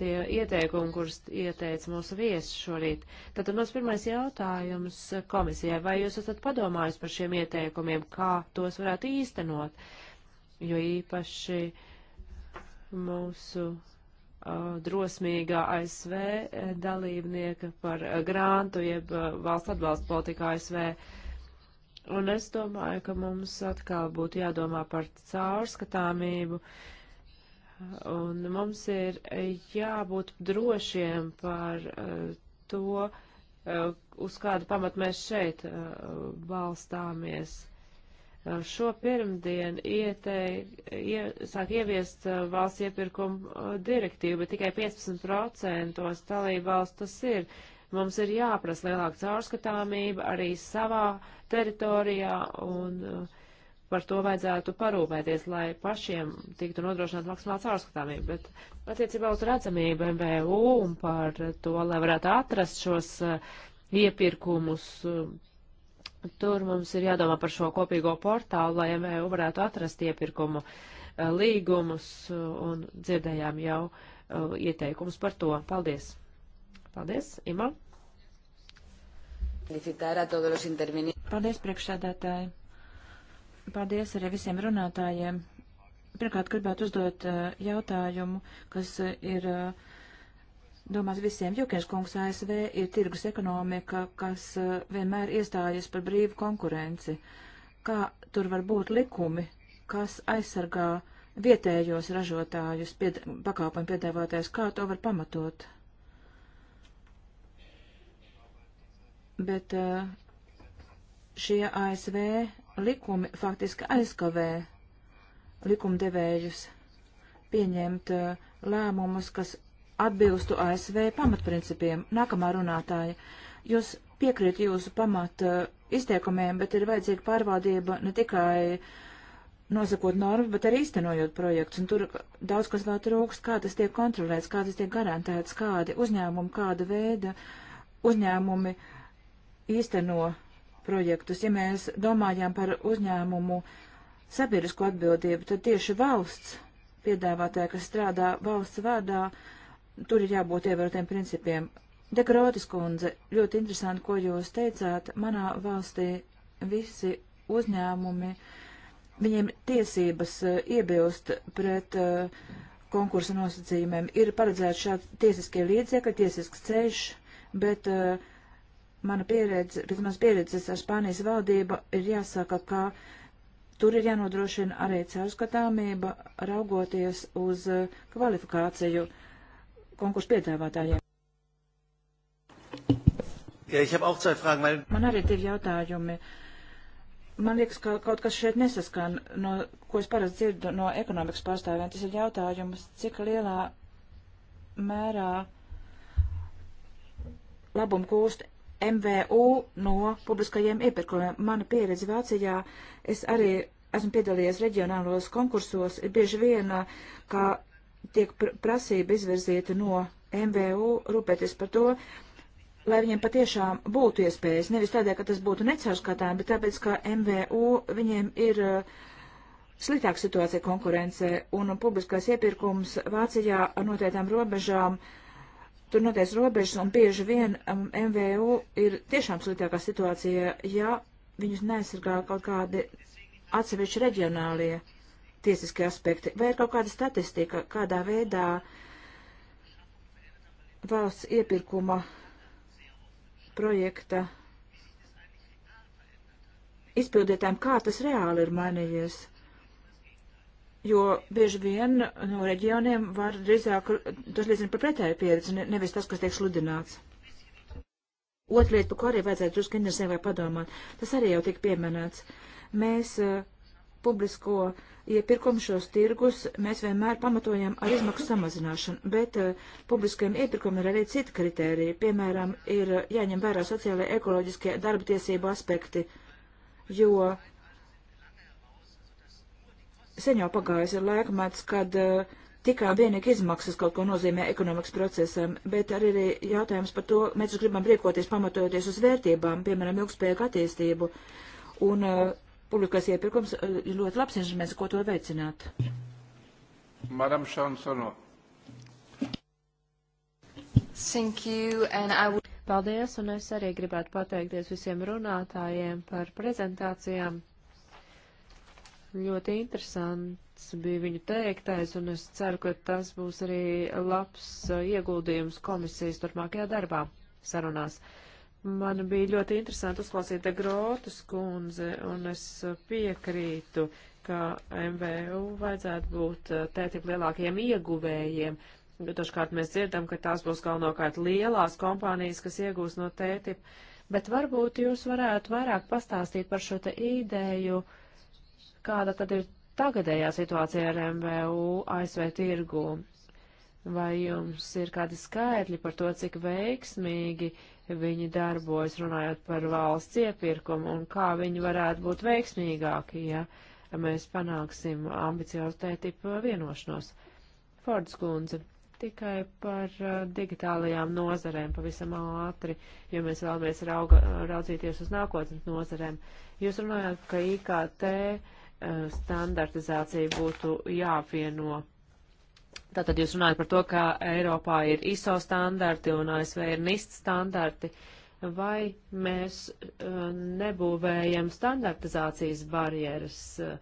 tie ieteikumi, kurus ieteica mūsu viesi šorīt. Tātad mans pirmais jautājums komisijai, vai jūs esat padomājis par šiem ieteikumiem, kā tos varētu īstenot, jo īpaši mūsu uh, drosmīgā ASV dalībnieka par grantu, jeb uh, valsts atbalsta politika ASV. Un es domāju, ka mums atkal būtu jādomā par caurskatāmību, un mums ir jābūt drošiem par uh, to, uz kādu pamatu mēs šeit balstāmies Uh, šo pirmdienu iesāk ieviest uh, valsts iepirkuma uh, direktīvu, bet tikai 15% dalību valsts tas ir. Mums ir jāprasa lielāka caurskatāmība arī savā teritorijā un uh, par to vajadzētu parūpēties, lai pašiem tiktu nodrošināt maksimāls ārskatāmība. Bet attiecībā uz redzamību MVU un par to, lai varētu atrast šos uh, iepirkumus, uh, Tur mums ir jādomā par šo kopīgo portālu, lai MEU varētu atrast iepirkumu eh, līgumus eh, un dzirdējām jau eh, ieteikumus par to. Paldies! Paldies, Ima! Paldies, priekšsēdētāji! Paldies arī visiem runātājiem! Pirmkārt, gribētu uzdot jautājumu, kas ir uh, domās visiem. Jukiešu kungs ASV ir tirgus ekonomika, kas eh, vienmēr iestājas par brīvu konkurenci. Kā tur var būt likumi, kas aizsargā vietējos ražotājus, pied, pakāpojumu piedāvātājs, kā to var pamatot? Bet eh, šie ASV likumi faktiski aizkavē likumdevējus pieņemt eh, lēmumus, kas atbilstu ASV pamatprincipiem. Nākamā runātāja, jūs piekrīt jūsu pamat uh, izteikumiem, bet ir vajadzīga pārvaldība ne tikai nosakot normas, bet arī īstenojot projektus. Un tur daudz kas vēl trūkst, kā tas tiek kontrolēts, kā tas tiek garantēts, kādi uzņēmumi, kāda veida uzņēmumi īsteno projektus. Ja mēs domājām par uzņēmumu sabiedrisko atbildību, tad tieši valsts piedāvātāji, kas strādā valsts vārdā, uh, tur ir jābūt ievērotiem principiem. Dekrotis kundze, ļoti interesanti, ko jūs teicāt. Manā valstī visi uzņēmumi, viņiem tiesības eh, iebilst pret uh, konkursa nosacījumiem. Ir paredzēts šādi tiesiskie līdzekļi, tiesisks ceļš, bet uh, mana pieredze, pēc manas pieredzes ar Spānijas valdību ir jāsaka, ka tur ir jānodrošina arī caurskatāmība, raugoties uz uh, kvalifikāciju. Uh, konkursu piedāvātājiem. Ja, ich auch zwei Fragen, weil... Man arī divi jautājumi. Man liekas, ka kaut kas šeit nesaskan, no, ko es parasti dzirdu no ekonomikas pārstāvjiem. Tas ir jautājums, cik lielā mērā labumu kūst MVU no publiskajiem iepirkumiem. Mana pieredze Vācijā, es arī esmu piedalījies reģionālos konkursos, ir bieži viena, ka tiek pr prasība izvirzīta no MVU rūpēties par to, lai viņiem patiešām būtu iespējas. Nevis tādēļ, ka tas būtu necaurskatām, bet tāpēc, ka MVU viņiem ir uh, sliktāka situācija konkurence un publiskais iepirkums Vācijā ar noteiktām robežām. Tur noteikts robežas un bieži vien um, MVU ir tiešām sliktākā situācija, ja viņus nesargā kaut kādi atsevišķi reģionālie tiesiskie aspekti. Vai ir kaut kāda statistika, kādā veidā valsts iepirkuma projekta izpildītājiem, kā tas reāli ir mainījies? Jo bieži vien no reģioniem var drīzāk, tas liecina par pretēju pieredzi, nevis tas, kas tiek sludināts. Otra lieta, par ko arī vajadzētu drusku interesē vai padomāt, tas arī jau tika pieminēts. Mēs uh, publisko iepirkumu šos tirgus mēs vienmēr pamatojam ar izmaksu samazināšanu, bet uh, eh, publiskajiem iepirkumiem ir arī citi kriteriji. Piemēram, ir eh, jāņem vērā sociālai ekoloģiskie darba tiesību aspekti, jo sen jau pagājis ir laikmets, kad uh, eh, tikai vienīgi izmaksas kaut ko nozīmē ekonomikas procesam, bet arī ir jautājums par to, mēs gribam rīkoties pamatojoties uz vērtībām, piemēram, ilgspējīgu attīstību. Un uh, publiskais iepirkums ir eh, ļoti labs instruments, ko to veicināt. Madam Šansono. Thank you, and I would... Paldies, un es arī gribētu pateikties visiem runātājiem par prezentācijām. Ļoti interesants bija viņu teiktais, un es ceru, ka tas būs arī labs eh, ieguldījums komisijas turpmākajā darbā sarunās. Uh, Man bija ļoti interesanti uzklausīt te Grotas kundze, un es piekrītu, ka MVU vajadzētu būt eh, tētiem lielākiem ieguvējiem. Dažkārt mēs dzirdam, ka tās būs galvenokārt lielās kompānijas, kas iegūs no tētiem, bet varbūt jūs varētu vairāk pastāstīt par šo te ideju, kāda tad ir tagadējā situācija ar MVU ASV tirgu. Vai jums ir kādi skaitļi par to, cik veiksmīgi uh, viņi darbojas runājot par valsts iepirkumu un kā viņi varētu būt veiksmīgāki, ja mēs panāksim ambiciozu tētipu vienošanos. Fords kundze, tikai par uh, digitālajām nozarēm pavisam ātri, jo mēs vēlamies rauga, raudzīties uz nākotnes nozarēm. Jūs runājāt, ka IKT uh, standartizācija būtu jāapvieno Tātad jūs runājat par to, ka Eiropā ir ISO standarti un ASV ir NIST standarti. Vai mēs uh, nebūvējam standartizācijas barjeras, uh,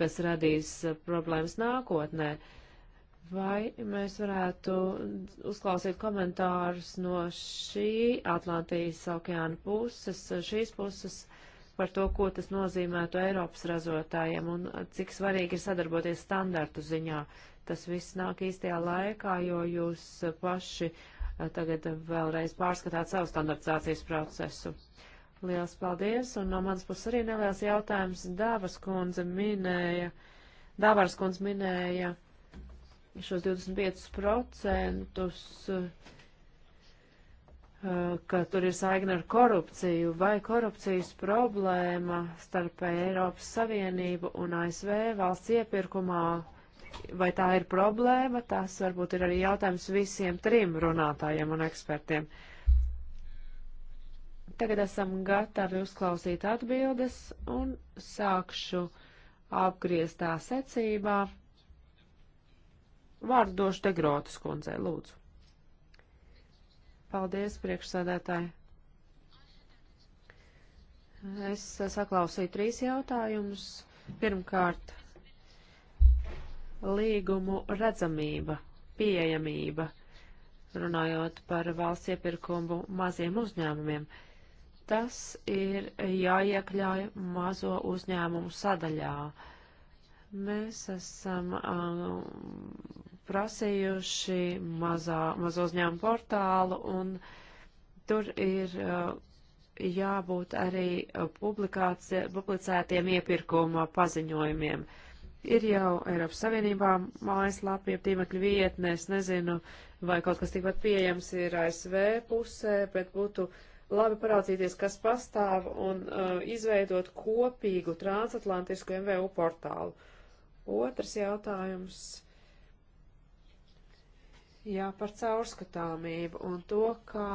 kas radīs uh, problēmas nākotnē? Vai mēs varētu uzklausīt komentārus no šī Atlantijas okeāna puses, uh, šīs puses par to, ko tas nozīmētu Eiropas razotājiem un uh, cik svarīgi ir sadarboties standartu ziņā, Tas viss nāk īstajā laikā, jo jūs paši eh, tagad vēlreiz pārskatāt savu standartizācijas procesu. Liels paldies, un no manas puses arī neliels jautājums. Dāvas kundze minēja, Dāvars kundze minēja šos 25%, eh, ka tur ir saikna ar korupciju, vai korupcijas problēma starp Eiropas Savienību un ASV valsts iepirkumā vai tā ir problēma, tas varbūt ir arī jautājums visiem trim runātājiem un ekspertiem. Tagad esam gatavi uzklausīt atbildes un sākšu apgrieztā secībā. Vārdu došu Degrotas kundzei, lūdzu. Paldies, priekšsādētāji. Es saklausīju trīs jautājumus. Pirmkārt, līgumu redzamība, pieejamība, runājot par valsts iepirkumu maziem uzņēmumiem. Tas ir jāiekļauj mazo uzņēmumu sadaļā. Mēs esam uh, prasījuši mazā, mazo uzņēmumu portālu, un tur ir uh, jābūt arī uh, publicētiem iepirkuma paziņojumiem. Uh, Ir jau Eiropas Savienībā mājaslapie, tīmekļu vietnē, es nezinu, vai kaut kas tikpat pieejams ir ASV pusē, bet būtu labi paraudzīties, kas pastāv un uh, izveidot kopīgu transatlantisku MVU portālu. Otrs jautājums. Jā, par caurskatāmību un to, kā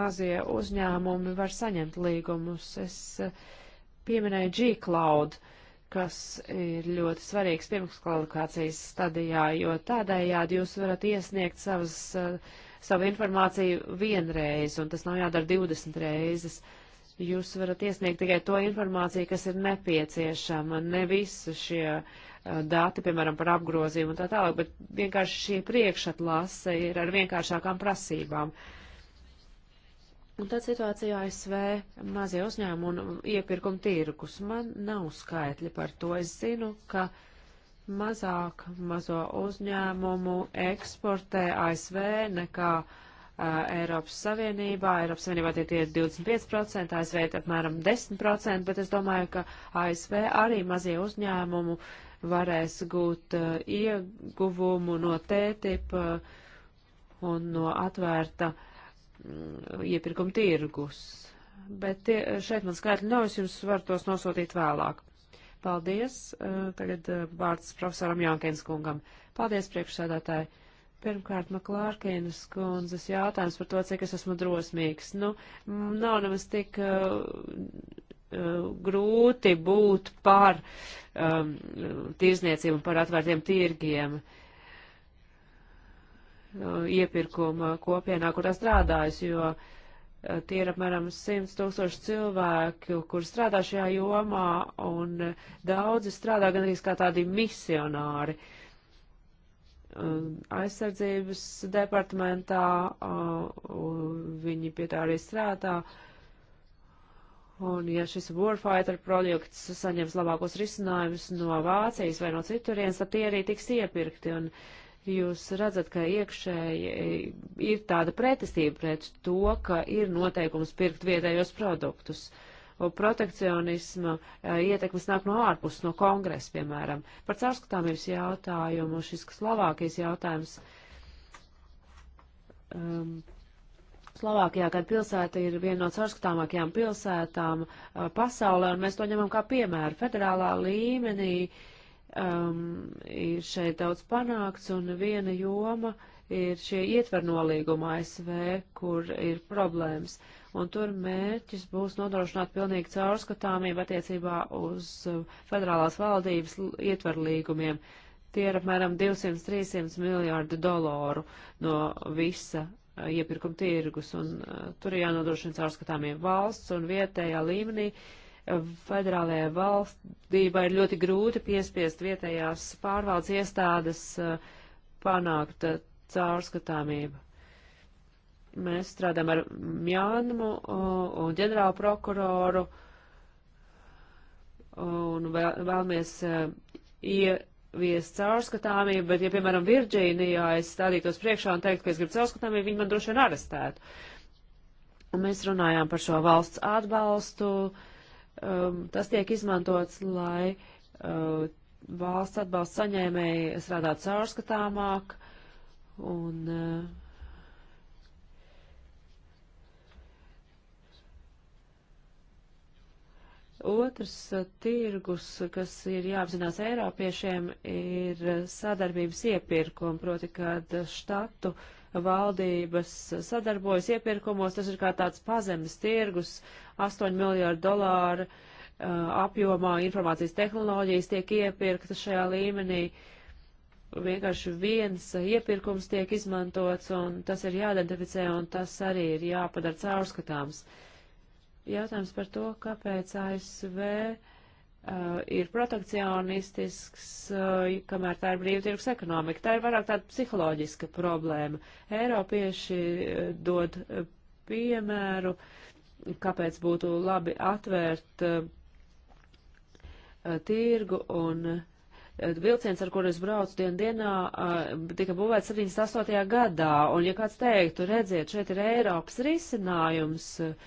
mazie uzņēmumi var saņemt līgumus. Es uh, pieminēju G-Cloud. Uh, kas ir ļoti svarīgs pirmskvalifikācijas stadijā, jo tādējādi jūs varat iesniegt savas, eh, savu informāciju vienreiz, un tas nav jādara 20 reizes. Jūs varat iesniegt tikai to informāciju, kas ir nepieciešama, ne visu šie eh, dati, piemēram, par apgrozījumu un tā tālāk, bet vienkārši šī priekšatlase ir ar vienkāršākām prasībām. Uh, Un tā situācija ASV mazie uzņēmumi un iepirkuma tirgus. Man nav skaitļi par to. Es zinu, ka mazāk mazo uzņēmumu eksportē ASV nekā uh, Eiropas Savienībā. Eiropas Savienībā tie ir 25%, ASV ir apmēram 10%, bet es domāju, ka ASV arī mazie uzņēmumu varēs gūt uh, ieguvumu no TTIP uh, un no atvērta uh, Mm, iepirkuma tirgus. Bet tie, šeit man skaitļi nav, es jums varu tos nosūtīt vēlāk. Paldies. Eh, tagad eh, vārds profesoram Jankenskungam. Paldies, priekšsēdētāji. Pirmkārt, Maklārkīnas kundzes jautājums par to, cik es esmu drosmīgs. Nu, nav nemaz tik uh, grūti būt par um, tirzniecību, par atvērtiem tirgiem. Uh, Uh, iepirkuma kopienā, kurā strādājas, jo uh, tie ir apmēram 100 tūkstoši cilvēku, kur strādā šajā jomā, un uh, daudzi strādā gan arī kā tādi misionāri. Aizsardzības departamentā viņi pie tā arī strādā. Un, ja šis Warfighter projekts saņems labākos risinājumus no Vācijas vai no citurienes, tad tie arī tiks iepirkti. Un jūs redzat, ka iekšēji ir tāda pretestība pret to, ka ir noteikums pirkt vietējos produktus. Protekcionisma eh, ietekmes nāk no ārpuses, no kongresa, piemēram. Par caurskatāmības jautājumu šis Slovākijas jautājums. Um, Slovākijā, kad pilsēta ir viena no caurskatāmākajām pilsētām uh, pasaulē, un mēs to ņemam kā piemēru federālā līmenī. Uh, um, ir šeit daudz panākts, un viena joma ir šie ietvarnolīguma ASV, kur ir problēmas. Un tur mērķis būs nodrošināt pilnīgi caurskatāmību attiecībā uz uh, federālās valdības ietvarlīgumiem. Tie ir apmēram 200-300 miljārdi dolāru no visa uh, iepirkuma tirgus, un uh, tur ir jānodrošina caurskatāmība valsts un vietējā līmenī. Uh, federālajai valstībai ir ļoti grūti piespiest vietējās pārvaldes iestādes uh, panākt uh, caurskatāmību. Mēs strādājam ar Mjānmu uh, un ģenerālu prokuroru un vēl, vēlamies ieviest caurskatāmību, bet, ja, piemēram, Virģīnijā es stādītos priekšā un teiktu, ka es gribu caurskatāmību, viņi man droši vien arestētu. Un mēs runājām par šo valsts atbalstu, uh, um, tas tiek izmantots, lai uh, valsts atbalsta saņēmēji strādātu caurskatāmāk un uh, Otrs uh, tirgus, kas ir jāapzinās Eiropiešiem, ir uh, sadarbības iepirkuma, proti, kad uh, štatu uh, valdības sadarbojas iepirkumos, tas ir kā tāds pazemes tirgus, 8 miljārdu dolāru uh, apjomā informācijas tehnoloģijas tiek iepirktas šajā līmenī. Vienkārši viens iepirkums tiek izmantots, un tas ir jāidentificē, un tas arī ir jāpadara caurskatāms. Jautājums par to, kāpēc ASV uh, uh, ir protekcionistisks, uh, kamēr tā ir brīvtirgus ekonomika. Tā ir vairāk tāda psiholoģiska problēma. Eiropieši uh, dod uh, piemēru, kāpēc būtu labi atvērt uh, uh tirgu un uh, vilciens, ar kuru es braucu dienu dienā, uh, tika būvēts 78. gadā, un ja kāds teiktu, redziet, šeit ir Eiropas risinājums, uh,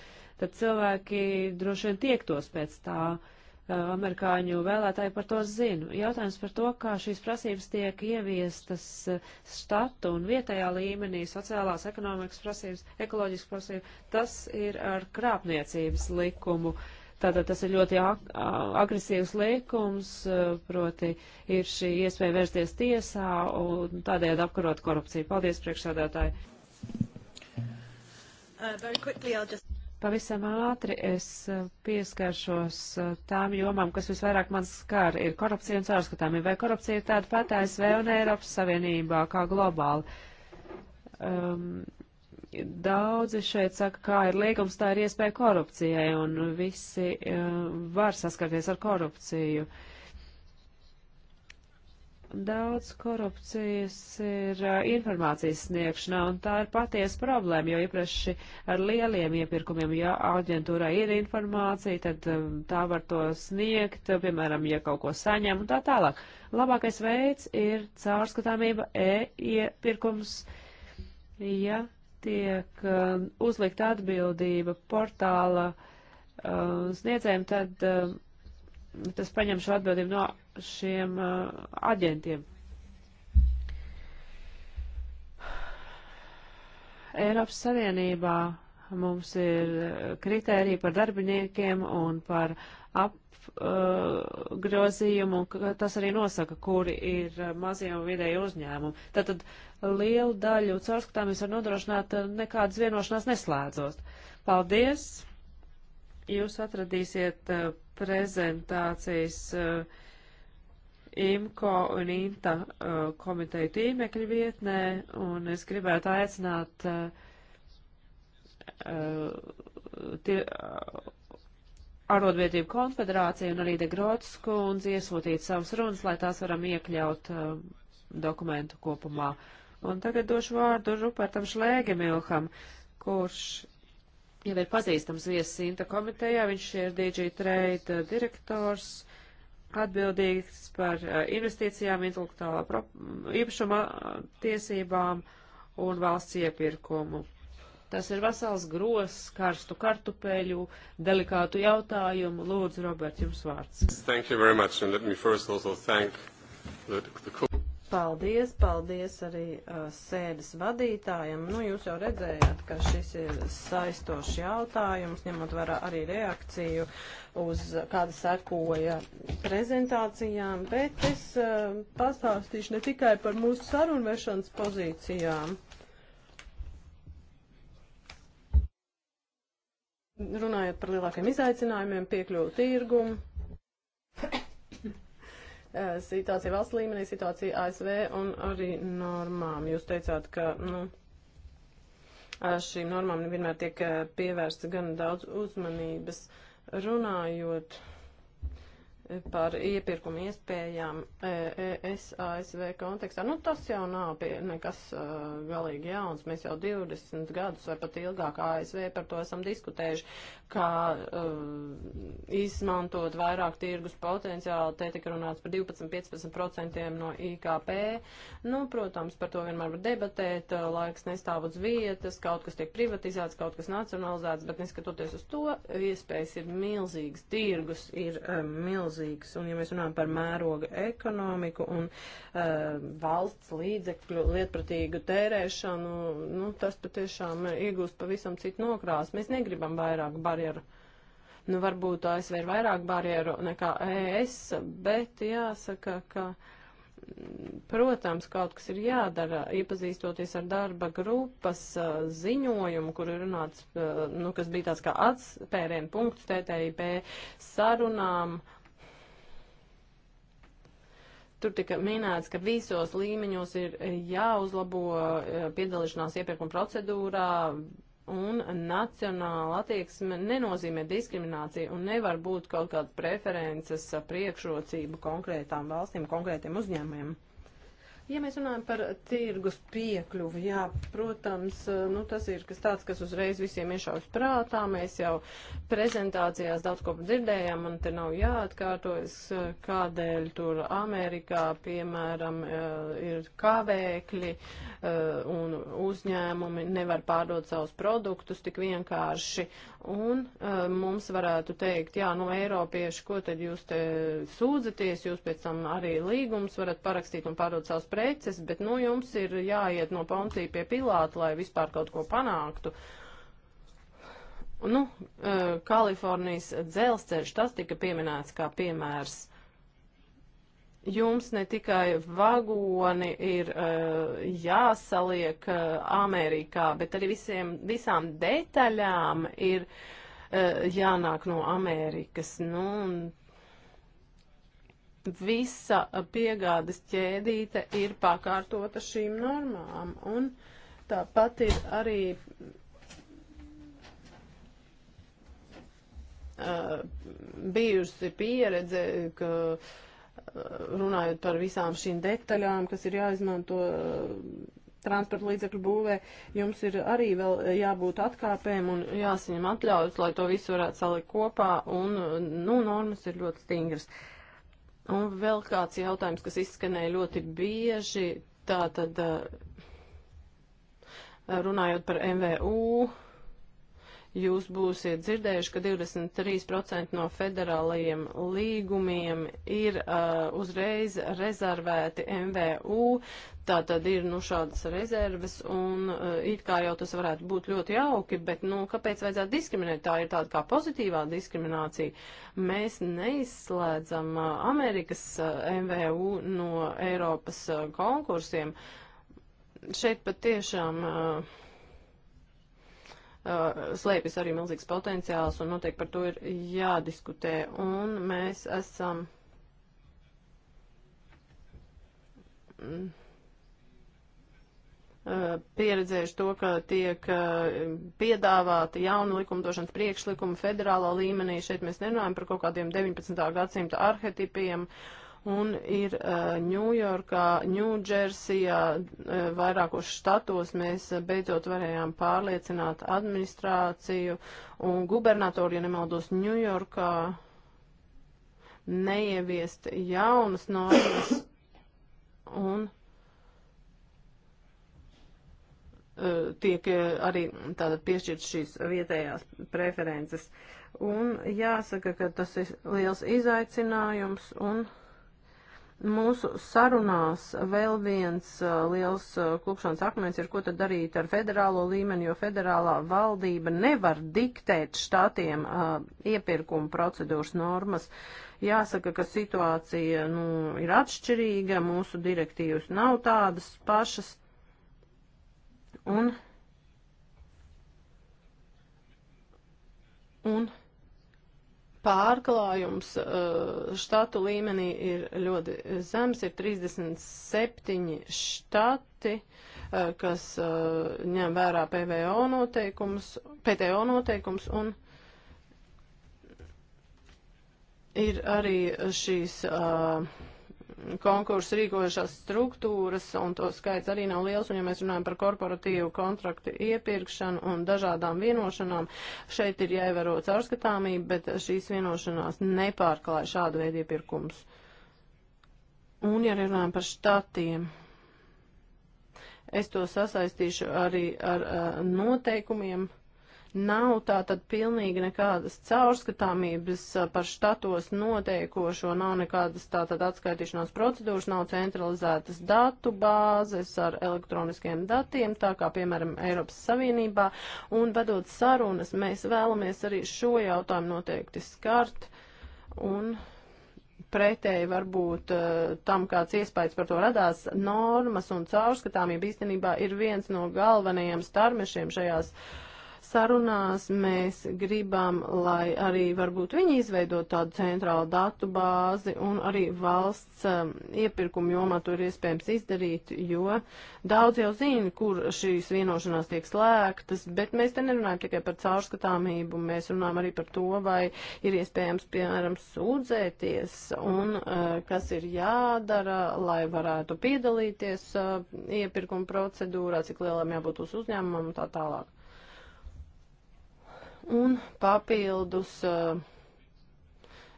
tad cilvēki droši vien tiektos pēc tā. Uh, amerikāņu vēlētāji par to zinu. Jautājums par to, kā šīs prasības tiek ieviestas štatu un vietējā līmenī, sociālās ekonomikas prasības, ekoloģiskas prasības, tas ir ar krāpniecības likumu. Tātad tas ir ļoti agresīvs likums, proti ir šī iespēja vērsties tiesā un tādējādi apkarot korupciju. Paldies, priekšsādātāji! Uh, very quickly, I'll just... Pavisam ātri es eh, pieskaršos eh, tām jomām, kas visvairāk man skar, ir korupcija un caurskatāmība. Vai korupcija ir tāda pat ASV un Eiropas Savienībā kā globāli? Um, daudzi šeit saka, kā ir liegums, tā ir iespēja korupcijai, un visi uh, var saskarties ar korupciju. Uh, Daudz korupcijas ir uh, informācijas sniegšanā, un tā ir patiesa problēma, jo iepriekši ar lieliem iepirkumiem, ja aģentūrā ir informācija, tad um, tā var to sniegt, piemēram, ja kaut ko saņem un tā tālāk. Labākais veids ir caurskatāmība e-iepirkums, ja tiek uh, uzlikt atbildība portāla uh, sniedzējiem, tad. Uh, bet es paņemšu atbildību no šiem uh, aģentiem. Eiropas Savienībā mums ir kritērija par darbiniekiem un par apgrozījumu, uh, un tas arī nosaka, kuri ir mazie un vidēji uzņēmumi. Tātad lielu daļu caurskatāmies var nodrošināt uh, nekādas vienošanās neslēdzot. Paldies! Jūs atradīsiet uh, prezentācijas uh, IMCO un INTA uh, komiteju tīmekļa vietnē, un es gribētu aicināt uh, tie, Arotbiedrību konfederācija un arī De Grots kundze iesūtīt savas runas, lai tās varam iekļaut um, dokumentu kopumā. Un tagad došu vārdu Rupertam Šlēgemilham, kurš jau ir pazīstams viesis Inta komitejā, viņš ir DG Trade direktors, atbildīgs par uh, investīcijām, intelektuālā īpašuma uh, tiesībām un valsts iepirkumu. Tas ir vesels gros, karstu kartupeļu, delikātu jautājumu. Lūdzu, Robert, jums vārds. Thank you very much, and let me first also thank the, the... Paldies, paldies arī uh, sēdes vadītājiem. Nu, jūs jau redzējāt, ka šis ir saistošs jautājums, ņemot vērā arī reakciju uz kāda sekoja prezentācijām, bet es uh, pastāstīšu ne tikai par mūsu sarunvešanas pozīcijām. Runājot par lielākiem izaicinājumiem, piekļuvu tirgumu situācija valsts līmenī, situācija ASV un arī normām. Jūs teicāt, ka nu, šīm normām nevienmēr tiek pievērsta gan daudz uzmanības runājot par iepirkumu iespējām ES, e, ASV kontekstā. Nu, tas jau nav pie, nekas uh, galīgi jauns. Mēs jau 20 gadus vai pat ilgāk ASV par to esam diskutējuši, kā uh, izmantot vairāk tirgus potenciālu. Te tika runāts par 12-15% no IKP. Nu, protams, par to vienmēr var debatēt. Laiks nestāv uz vietas, kaut kas tiek privatizēts, kaut kas nacionalizēts, bet neskatoties uz to, iespējas ir milzīgas, tirgus ir um, milzīgs milzīgas. Un, ja mēs runājam par mēroga ekonomiku un uh, valsts līdzekļu lietpratīgu tērēšanu, nu, tas patiešām iegūst pavisam citu nokrāsu. Mēs negribam vairāk barjeru. Nu, varbūt ASV ir vairāk barjeru nekā ES, bet jāsaka, ka. Protams, kaut kas ir jādara, iepazīstoties ar darba grupas eh, ziņojumu, kur ir runāts, eh, nu, kas bija tāds kā atspērienu punkts TTIP sarunām Tur tika minēts, ka visos līmeņos ir e, jāuzlabo e, piedalīšanās iepirkuma procedūrā, un nacionāla attieksme nenozīmē diskrimināciju un nevar būt kaut kāda preferences e, priekšrocība konkrētām valstīm, konkrētiem uzņēmumiem. Ja mēs runājam par tirgus piekļuvi, jā, protams, nu, tas ir kas tāds, kas uzreiz visiem iešaujas prātā. Mēs jau prezentācijās daudz ko dzirdējām, man te nav jāatkārtojas, kādēļ tur Amerikā, piemēram, eh, ir kavēkļi eh, un uzņēmumi nevar pārdot savus produktus tik vienkārši. Un eh, mums varētu teikt, jā, nu, Eiropieši, ko tad jūs te sūdzaties, jūs pēc tam arī līgumus varat parakstīt un pārdot savus produktus preces, bet nu jums ir jāiet no Poncija pie Pilāta, lai vispār kaut ko panāktu. Nu, e, Kalifornijas dzelzceļš, tas tika pieminēts kā piemērs jums ne tikai vagoni ir uh, jāsaliek uh, Amerikā, bet arī visiem, visām detaļām ir uh, jānāk no Amerikas. Nu, visa piegādes ķēdīte ir pakārtota šīm normām. Un tāpat ir arī uh, bijusi pieredze, ka uh, runājot par visām šīm detaļām, kas ir jāizmanto uh, transporta līdzekļu būvē, jums ir arī vēl jābūt atkāpēm un jāsaņem atļaujas, lai to visu varētu salikt kopā, un, uh, nu, normas ir ļoti stingras. Uh, Un vēl kāds jautājums, kas izskanēja ļoti bieži, tā tad eh, runājot par MVU jūs būsiet dzirdējuši, ka 23% no federālajiem līgumiem ir uh, uzreiz rezervēti MVU, tā tad ir nu šādas rezerves, un uh, it kā jau tas varētu būt ļoti jauki, bet nu kāpēc vajadzētu diskriminēt? Tā ir tāda kā pozitīvā diskriminācija. Mēs neizslēdzam uh, Amerikas uh, MVU no Eiropas uh, konkursiem. Šeit pat tiešām. Uh, Eh, slēpjas arī milzīgs potenciāls, un noteikti par to ir jādiskutē. Un mēs esam. Mm, eh, pieredzējuši to, ka tiek eh, piedāvāti jauni likumdošanas priekšlikumi federālā līmenī. Šeit mēs nerunājam par kaut kādiem 19. gadsimta arhetipiem un ir Ņujorkā, uh, Ņūdžersijā, uh, vairākos štatos mēs beidzot varējām pārliecināt administrāciju un gubernatoru, ja nemaldos, Ņujorkā neieviest jaunas normas un uh, tiek arī tātad piešķirts šīs vietējās preferences. Un jāsaka, ka tas ir liels izaicinājums un Mūsu sarunās vēl viens uh, liels uh, klupšanas akmens ir, ko tad darīt ar federālo līmeni, jo federālā valdība nevar diktēt štatiem uh, iepirkuma procedūras normas. Jāsaka, ka situācija nu, ir atšķirīga, mūsu direktīvas nav tādas pašas. Un, un pārklājums eh, štatu līmenī ir ļoti zems, ir 37 štati, eh, kas eh, ņem vērā PVO noteikums, PTO noteikums un ir arī šīs uh, konkursu rīkojušās struktūras, un to skaits arī nav liels, un ja mēs runājam par korporatīvu kontraktu iepirkšanu un dažādām vienošanām, šeit ir jāievēro caurskatāmība, bet šīs vienošanās nepārklāja šādu veidu iepirkums. Un, ja runājam par štatiem, es to sasaistīšu arī ar, ar eh, noteikumiem Nav tā tad pilnīgi nekādas caurskatāmības par štatos noteikošo, nav nekādas tā tad atskaitīšanās procedūras, nav centralizētas datu bāzes ar elektroniskiem datiem, tā kā piemēram Eiropas Savienībā, un vedot sarunas, mēs vēlamies arī šo jautājumu noteikti skart. Un pretēji varbūt tam kāds iespējas par to radās, normas un caurskatāmība īstenībā ir viens no galvenajiem starmešiem šajās uh, sarunās mēs gribam, lai arī varbūt viņi izveido tādu centrālu datu bāzi un arī valsts um, iepirkumu jomā to ir iespējams izdarīt, jo daudz jau zina, kur šīs vienošanās tiek slēgtas, bet mēs te nerunājam tikai par caurskatāmību, mēs runājam arī par to, vai ir iespējams, piemēram, sūdzēties un uh, kas ir jādara, lai varētu piedalīties uh, iepirkumu procedūrā, cik lielam jābūt uz uzņēmumam un tā tālāk un papildus eh,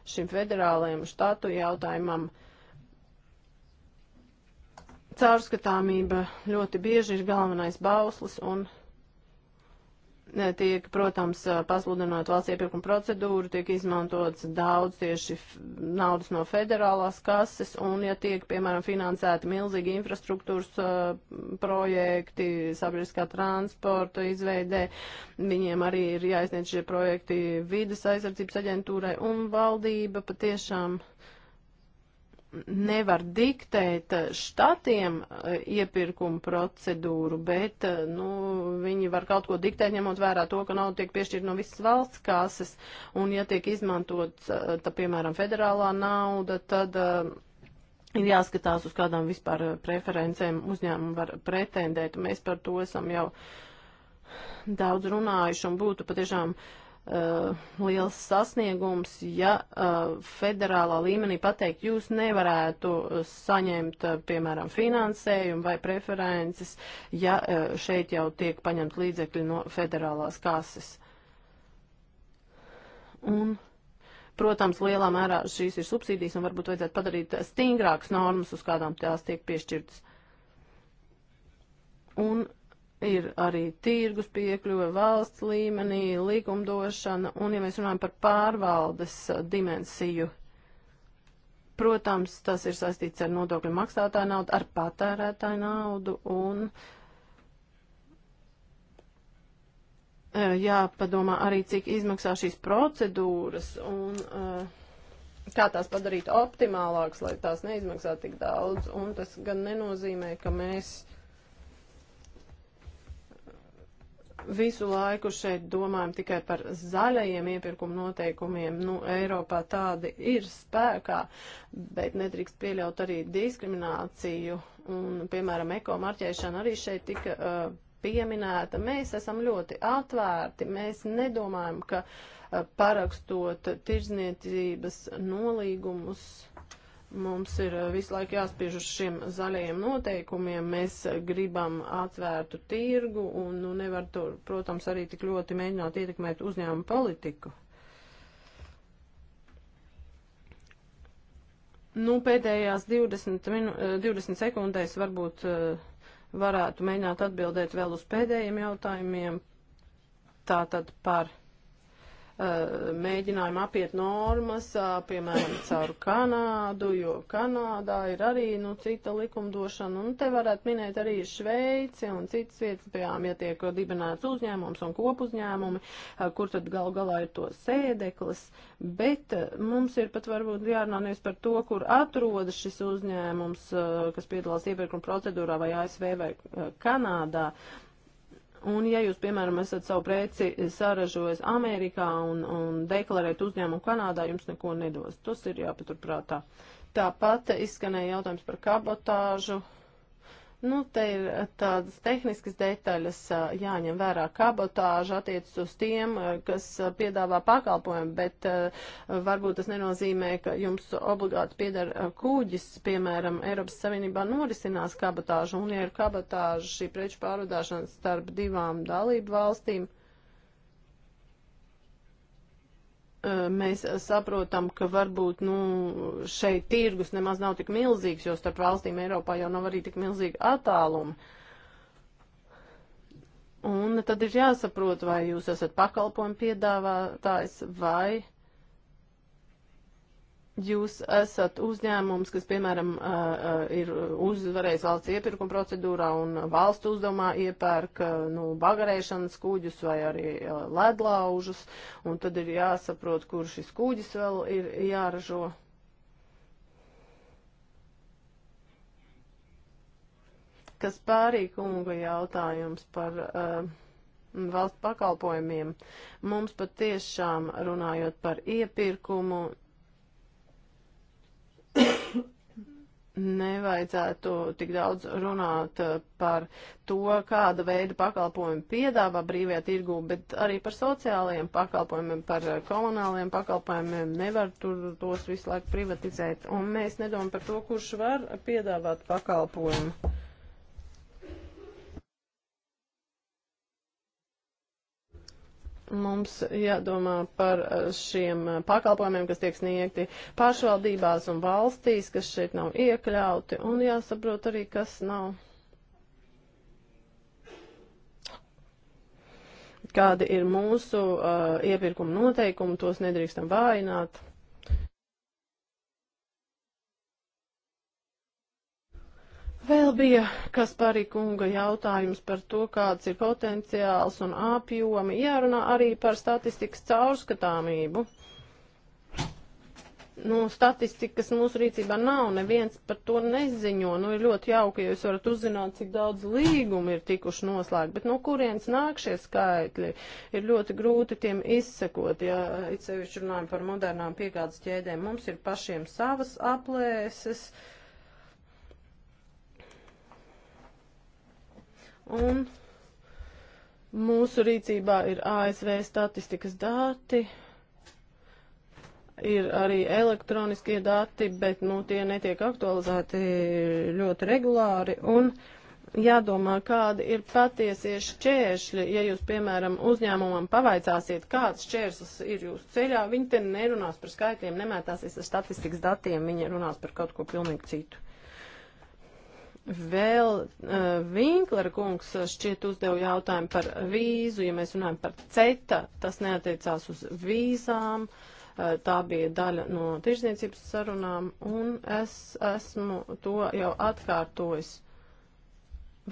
šim federālajiem štatu jautājumam. Caurskatāmība ļoti bieži ir galvenais bauslis un tiek, protams, pasludinot valsts iepirkuma procedūru, tiek izmantots daudz tieši naudas no federālās kases, un ja tiek, piemēram, finansēti milzīgi infrastruktūras uh, projekti, sabiedriskā transporta izveidē, viņiem arī ir jāizniedz šie projekti vidas aizsardzības aģentūrai, un valdība patiešām. Uh, nevar diktēt štatiem eh, iepirkumu procedūru, bet eh, nu, viņi var kaut ko diktēt, ņemot vērā to, ka nauda tiek piešķirta no visas valsts kases, un ja tiek izmantots, eh, tā, piemēram, federālā nauda, tad ir jāskatās, uz kādām vispār preferencēm uzņēmumi var pretendēt, un mēs par to esam jau daudz runājuši, un būtu patiešām uh, Uh, liels sasniegums, ja uh, federālā līmenī pateikt, jūs nevarētu eh, saņemt, uh, piemēram, finansējumu vai preferences, ja šeit jau tiek paņemt līdzekļi no federālās kases. Un, protams, lielā mērā šīs ir subsīdijas un varbūt vajadzētu padarīt stingrākas normas, uz kādām tās tiek piešķirtas. Un ir arī tirgus piekļuve valsts līmenī, likumdošana, un ja mēs runājam par pārvaldes uh, dimensiju, protams, tas ir saistīts ar nodokļu maksātāju naudu, ar patērētāju naudu, un uh, jāpadomā arī, cik izmaksā šīs procedūras, un uh, kā tās padarīt optimālākas, lai tās neizmaksā tik daudz, un tas gan nenozīmē, ka mēs visu laiku šeit domājam tikai par zaļajiem iepirkuma noteikumiem. Nu, Eiropā tādi ir spēkā, bet nedrīkst pieļaut arī diskrimināciju. Un, piemēram, eko marķēšana arī šeit tika uh, pieminēta. Mēs esam ļoti atvērti. Mēs nedomājam, ka uh, parakstot tirzniecības nolīgumus Mums ir eh, visu laiku jāspiež uz šiem zaļajiem noteikumiem. Mēs eh, gribam atvērtu tirgu un nu, nevar, to, protams, arī tik ļoti mēģināt ietekmēt uzņēmumu politiku. Nu, pēdējās 20, minu, 20 eh, sekundēs varbūt varētu mēģināt atbildēt vēl uz pēdējiem jautājumiem. Tātad par Eh, mēģinājumu apiet normas, eh, piemēram, caur Kanādu, jo Kanādā ir arī nu, cita likumdošana, un te varētu minēt arī Šveici un citas vietas, piemēram, ja tiek dibināts uzņēmums un kopuzņēmumi, eh, kur tad gal galā ir to sēdeklis, bet mums ir pat varbūt jārunā nevis par to, kur atrodas šis uzņēmums, kas piedalās iepirkuma procedūrā vai ASV vai Kanādā, Un ja jūs, piemēram, esat savu preci saražojis Amerikā un, un deklarēt uzņēmumu Kanādā, jums neko nedos. Tas ir jāpaturprātā. Tāpat izskanēja jautājums par kabotāžu. Uh, Nu, te ir eh, tādas tehniskas detaļas eh, jāņem vērā. Kabotāža attiecas uz tiem, eh, kas piedāvā pakalpojumu, bet varbūt tas nenozīmē, ka jums obligāti pieder kūģis. Piemēram, Eiropas Savienībā norisinās kabotāžu, un ja ir kabotāža šī preču pārvadāšana starp divām dalību valstīm, mēs saprotam, ka varbūt nu, šeit tirgus nemaz nav tik milzīgs, jo starp valstīm Eiropā jau nav arī tik milzīga attāluma. Un tad ir jāsaprot, vai jūs esat pakalpojumu piedāvātājs vai jūs esat uzņēmums, kas, piemēram, ir uzvarējis valsts iepirkuma procedūrā un valsts uzdevumā iepērk nu, bagarēšanas kuģus vai arī ledlaužus, un tad ir jāsaprot, kur šis kuģis vēl ir jāražo. Kas pārī kunga jautājums par uh, valsts pakalpojumiem. Mums pat tiešām runājot par iepirkumu, nevajadzētu tik daudz runāt eh, par to, kāda veida pakalpojumi piedāvā brīvajā tirgū, bet arī par sociālajiem pakalpojumiem, par eh, komunāliem pakalpojumiem nevar tur tos visu laiku privatizēt. Un mēs nedomājam par to, kurš var piedāvāt pakalpojumu. Mums jādomā par eh, šiem eh, pakalpojumiem, kas tiek sniegti pašvaldībās un valstīs, kas šeit nav iekļauti, un jāsaprot arī, kas nav. Kādi ir mūsu uh, iepirkuma noteikumi, tos nedrīkstam vājināt. bija Kasparī kunga jautājums par to, kāds ir potenciāls un apjomi. Jārunā arī par statistikas caurskatāmību. Nu, statistikas mūsu rīcībā nav, neviens par to neziņo. Nu, ir ļoti jauki, ja jūs varat uzzināt, cik daudz līgumu ir tikuši noslēgti, bet no kurienes nāk šie skaitļi? Ir ļoti grūti tiem izsekot, ja it sevišķi runājam par modernām piegādes ķēdēm. Mums ir pašiem savas aplēses. Uh, un mūsu rīcībā ir ASV statistikas dati, ir arī elektroniskie dati, bet, nu, tie netiek aktualizēti ļoti regulāri, un jādomā, kādi ir patiesie šķēršļi, ja jūs, piemēram, uzņēmumam pavaicāsiet, kāds šķērslis ir jūsu ceļā, viņi te nerunās par skaitļiem, nemētāsies ar statistikas datiem, viņi runās par kaut ko pilnīgi citu. Vēl uh, eh, Vinklera kungs šķiet uzdeva jautājumu par vīzu, ja mēs runājam par CETA, tas neatiecās uz vīzām, uh, tā bija daļa no tirzniecības sarunām, un es esmu to jau atkārtojis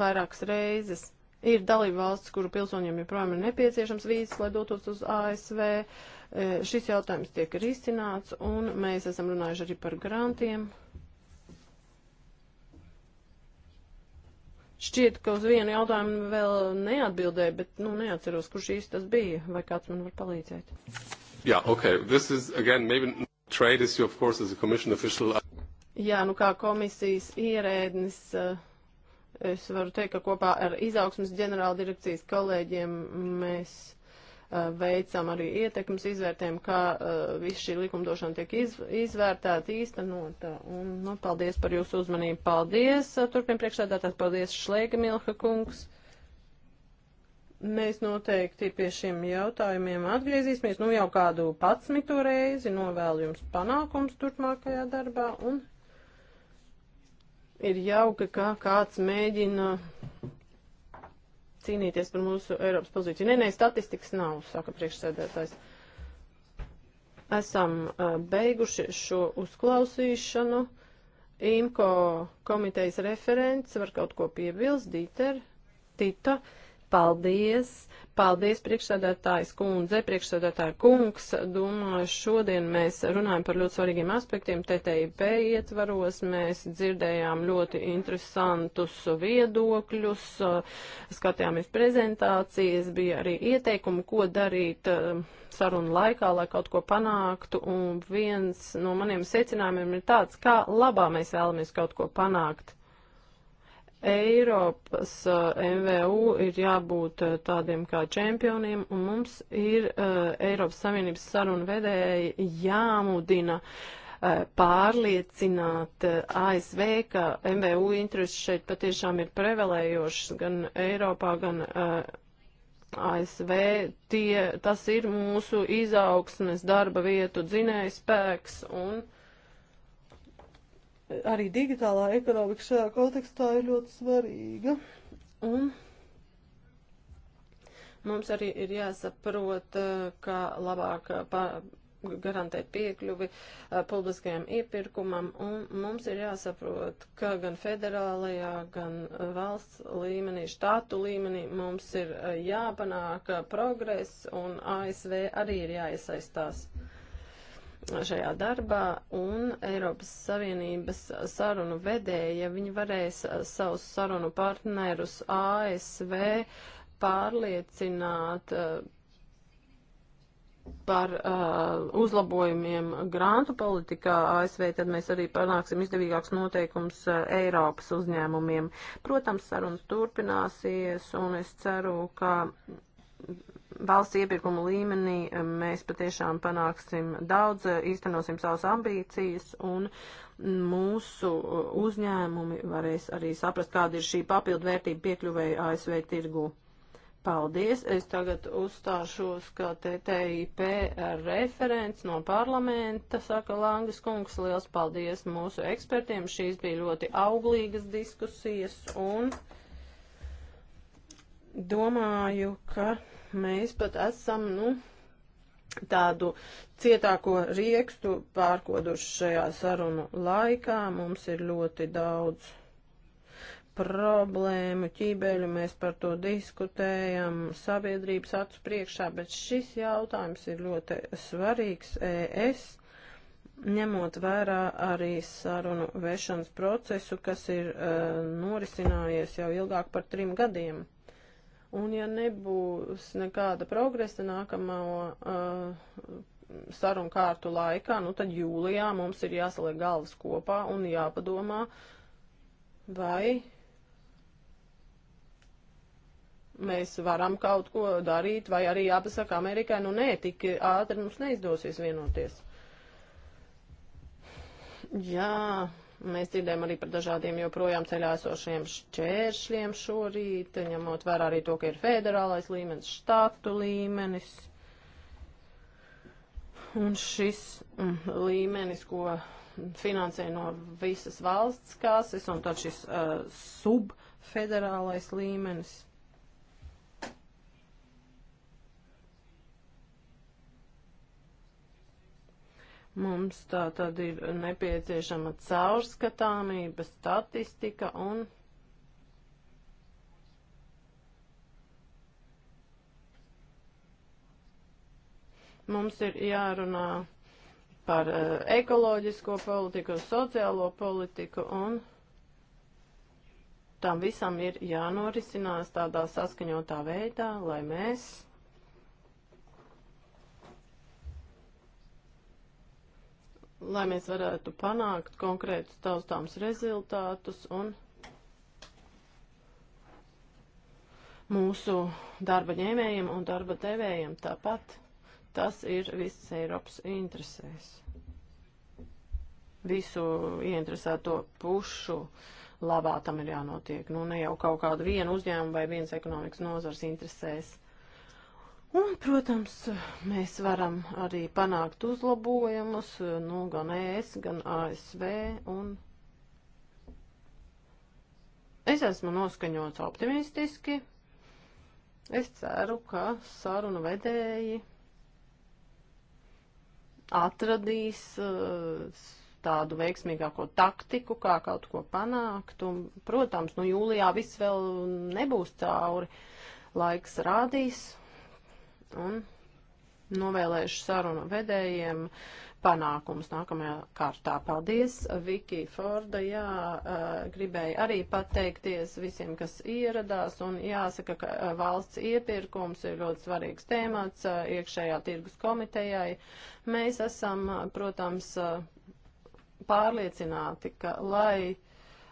vairākas reizes. Ir dalība valsts, kuru pilsoņiem joprojām ir nepieciešams vīzas, lai dotos uz ASV. Uh, eh, šis jautājums tiek risināts, un mēs esam runājuši arī par grantiem. Uh, Šķiet, ka uz vienu jautājumu vēl neatbildēju, bet nu, neatceros, kurš īsti tas bija, vai kāds man var palīdzēt. Jā, yeah, ok. This is, again, maybe trade issue, of course, as a commission official. Jā, nu kā komisijas ierēdnis. Uh, Es varu teikt, ka kopā ar izaugsmas ģenerāla direkcijas kolēģiem mēs Eh, veicam arī ietekmes izvērtējumu, kā eh, viss šī likumdošana tiek iz, izvērtēta, īstenota. Un, nu, paldies par jūsu uzmanību. Paldies, eh, turpin priekšsēdētājs, paldies Šleiga Milha kungs. Mēs noteikti pie šiem jautājumiem atgriezīsimies. Nu jau kādu patsmito reizi novēlu jums panākums turpmākajā darbā un ir jauka, ka kāds mēģina cīnīties par mūsu Eiropas pozīciju. Nē, nē, statistikas nav, saka priekšsēdētājs. Esam uh, beiguši šo uzklausīšanu. IMCO komitejas referents var kaut ko piebilst, Dīter, Tita. Uh, Paldies! Paldies, priekšsēdētājs kundze, priekšsēdētāja kungs. Domāju, šodien mēs runājam par ļoti svarīgiem aspektiem. TTIP ietvaros mēs dzirdējām ļoti interesantus viedokļus, skatījāmies prezentācijas, bija arī ieteikumi, ko darīt um, sarunu laikā, lai kaut ko panāktu, un viens no maniem secinājumiem ir tāds, kā labā mēs vēlamies kaut ko panākt. Eiropas eh, MVU ir jābūt eh, tādiem kā čempioniem, un mums ir eh, Eiropas Savienības sarunu vedēji jāmudina pārliecināt ASV, ka MVU intereses šeit patiešām ir prevelējošas gan Eiropā, gan ASV. Tie, tas ir mūsu izaugsmes darba vietu dzinējspēks un arī digitālā ekonomika šajā kontekstā ir ļoti svarīga. Un mums arī ir jāsaprot, eh, kā labāk eh, garantēt piekļuvi eh, publiskajam iepirkumam, un mums ir jāsaprot, ka gan federālajā, gan valsts līmenī, štātu līmenī mums ir jāpanāk progress, un ASV arī ir jāiesaistās šajā darbā, un Eiropas Savienības sarunu vedēja, viņi varēs savus sarunu partnerus ASV pārliecināt par uh, uzlabojumiem grantu politikā ASV, tad mēs arī panāksim izdevīgāks noteikums uh, Eiropas uzņēmumiem. Protams, sarunas turpināsies, un es ceru, ka valsts iepirkumu līmenī eh, mēs patiešām panāksim daudz, eh, īstenosim savas ambīcijas un mūsu eh, uzņēmumi varēs arī saprast, kāda ir šī papildu vērtība piekļuvēja ASV tirgu. Paldies! Es tagad uzstāšos, ka TTIP referents no parlamenta, saka Langas kungs, liels paldies mūsu ekspertiem. Šīs bija ļoti auglīgas diskusijas un domāju, ka. Mēs pat esam, nu, tādu cietāko riekstu pārkoduši šajā sarunu laikā. Mums ir ļoti daudz problēmu, ķībeļu, mēs par to diskutējam sabiedrības acu priekšā, bet šis jautājums ir ļoti svarīgs. Es ņemot vērā arī sarunu vešanas procesu, kas ir uh, norisinājies jau ilgāk par trim gadiem. Un ja nebūs nekāda progresa nākamā uh, sarunu kārtu laikā, nu tad jūlijā mums ir jāsaliek galvas kopā un jāpadomā, vai mēs varam kaut ko darīt, vai arī jāpasaka Amerikai, nu nē, tik ātri mums neizdosies vienoties. Jā. Yeah Mēs dzirdējām arī par dažādiem joprojām ceļā esošiem šķēršļiem šorīt, ņemot vērā arī to, ka ir federālais līmenis, štātu līmenis. Un šis mm, līmenis, ko finansē no visas valsts kases, un tad šis uh, subfederālais līmenis. Mums tā tad ir nepieciešama caurskatāmība, statistika un. Mums ir jārunā par uh, ekoloģisko politiku, sociālo politiku un tam visam ir jānorisinās tādā saskaņotā veidā, lai mēs lai mēs varētu panākt konkrētus taustāms rezultātus un mūsu darba ņēmējiem un darba devējiem tāpat. Tas ir viss Eiropas interesēs. Visu ieinteresēto pušu labā tam ir jānotiek. Nu, ne jau kaut kādu vienu uzņēmumu vai vienas ekonomikas nozars interesēs. Uh, Un, protams, mēs varam arī panākt uzlabojumus, nu, gan ES, gan ASV, un es esmu noskaņots optimistiski. Es ceru, ka sarunu vedēji atradīs uh, tādu veiksmīgāko taktiku, kā kaut ko panākt. Un, protams, nu, jūlijā viss vēl nebūs cauri. Laiks rādīs, Un novēlēšu sarunu vedējiem panākums nākamajā kārtā. Paldies, Viki Forda, jā, gribēju arī pateikties visiem, kas ieradās, un jāsaka, ka valsts iepirkums ir ļoti svarīgs tēmats iekšējā tirgus komitejai. Mēs esam, protams, pārliecināti, ka lai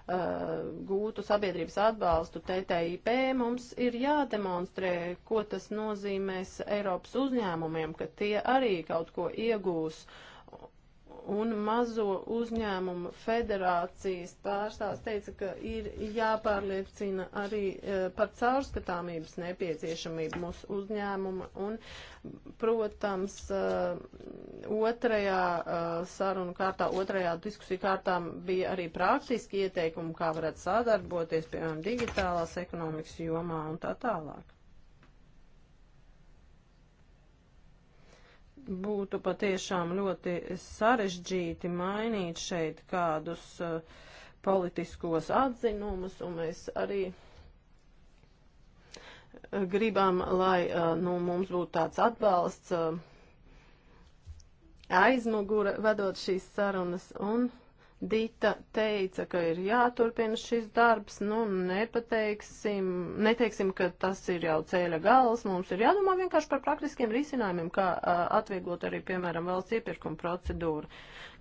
Uh, gūtu sabiedrības atbalstu TTIP, mums ir jādemonstrē, ko tas nozīmēs Eiropas uzņēmumiem, ka tie arī kaut ko iegūs. Uh, un mazo uzņēmumu federācijas pārstāvs teica, ka ir jāpārliecina arī e, par caurskatāmības nepieciešamību mūsu uzņēmuma un, protams, e, otrajā e, sarunu kārtā, otrajā diskusiju kārtā bija arī praktiski ieteikumi, kā varētu sadarboties, piemēram, digitālās ekonomikas jomā un tā tālāk. būtu patiešām ļoti sarežģīti mainīt šeit kādus uh, politiskos atzinumus, un mēs arī uh, gribam, lai uh, nu, mums būtu tāds atbalsts aizmugure vedot šīs sarunas, un Dita teica, ka ir jāturpina šis darbs, nu nepateiksim, neteiksim, ka tas ir jau ceļa gals, mums ir jādomā vienkārši par praktiskiem risinājumiem, kā uh, atvieglot arī, piemēram, valsts iepirkuma procedūru,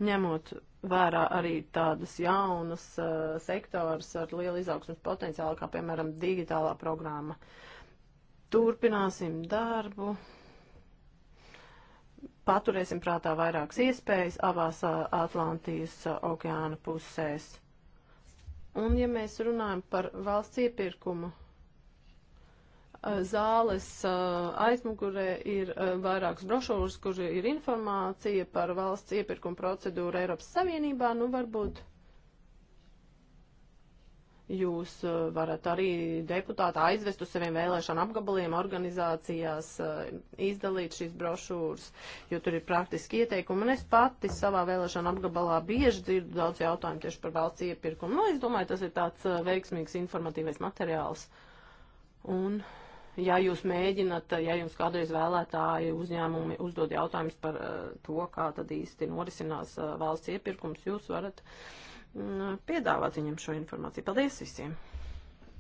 ņemot vērā arī tādas jaunas uh, sektors ar lielu izaugsmas potenciālu, kā, piemēram, digitālā programma. Turpināsim darbu paturēsim prātā vairākas iespējas abās Atlantijas okeāna pusēs. Un ja mēs runājam par valsts iepirkumu, zāles aizmugurē ir vairākas brošūras, kur ir informācija par valsts iepirkumu procedūru Eiropas Savienībā. Nu, varbūt Jūs uh, varat arī deputātu aizvest uz saviem vēlēšanu apgabaliem, organizācijās uh, izdalīt šīs brošūras, jo tur ir praktiski ieteikumi. Un es pati savā vēlēšanu apgabalā bieži dzirdu daudz jautājumu tieši par valsts iepirkumu. Nu, es domāju, tas ir tāds uh, veiksmīgs informatīvais materiāls. Un, ja jūs mēģinat, ja jums kādreiz vēlētāji uzņēmumi uzdod jautājumus par to, kā tad īsti norisinās valsts iepirkums, jūs varat. Uh, Eh, piedāvāt viņam šo informāciju. Paldies visiem!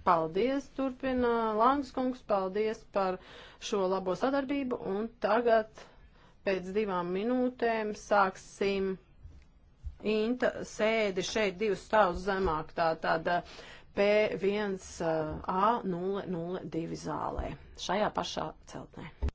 Paldies, turpina Langskungs, paldies par šo labo sadarbību, un tagad pēc divām minūtēm sāksim Inta sēdi šeit divus stāvus zemāk, tā tāda eh, eh, P1A002 zālē, šajā pašā celtnē.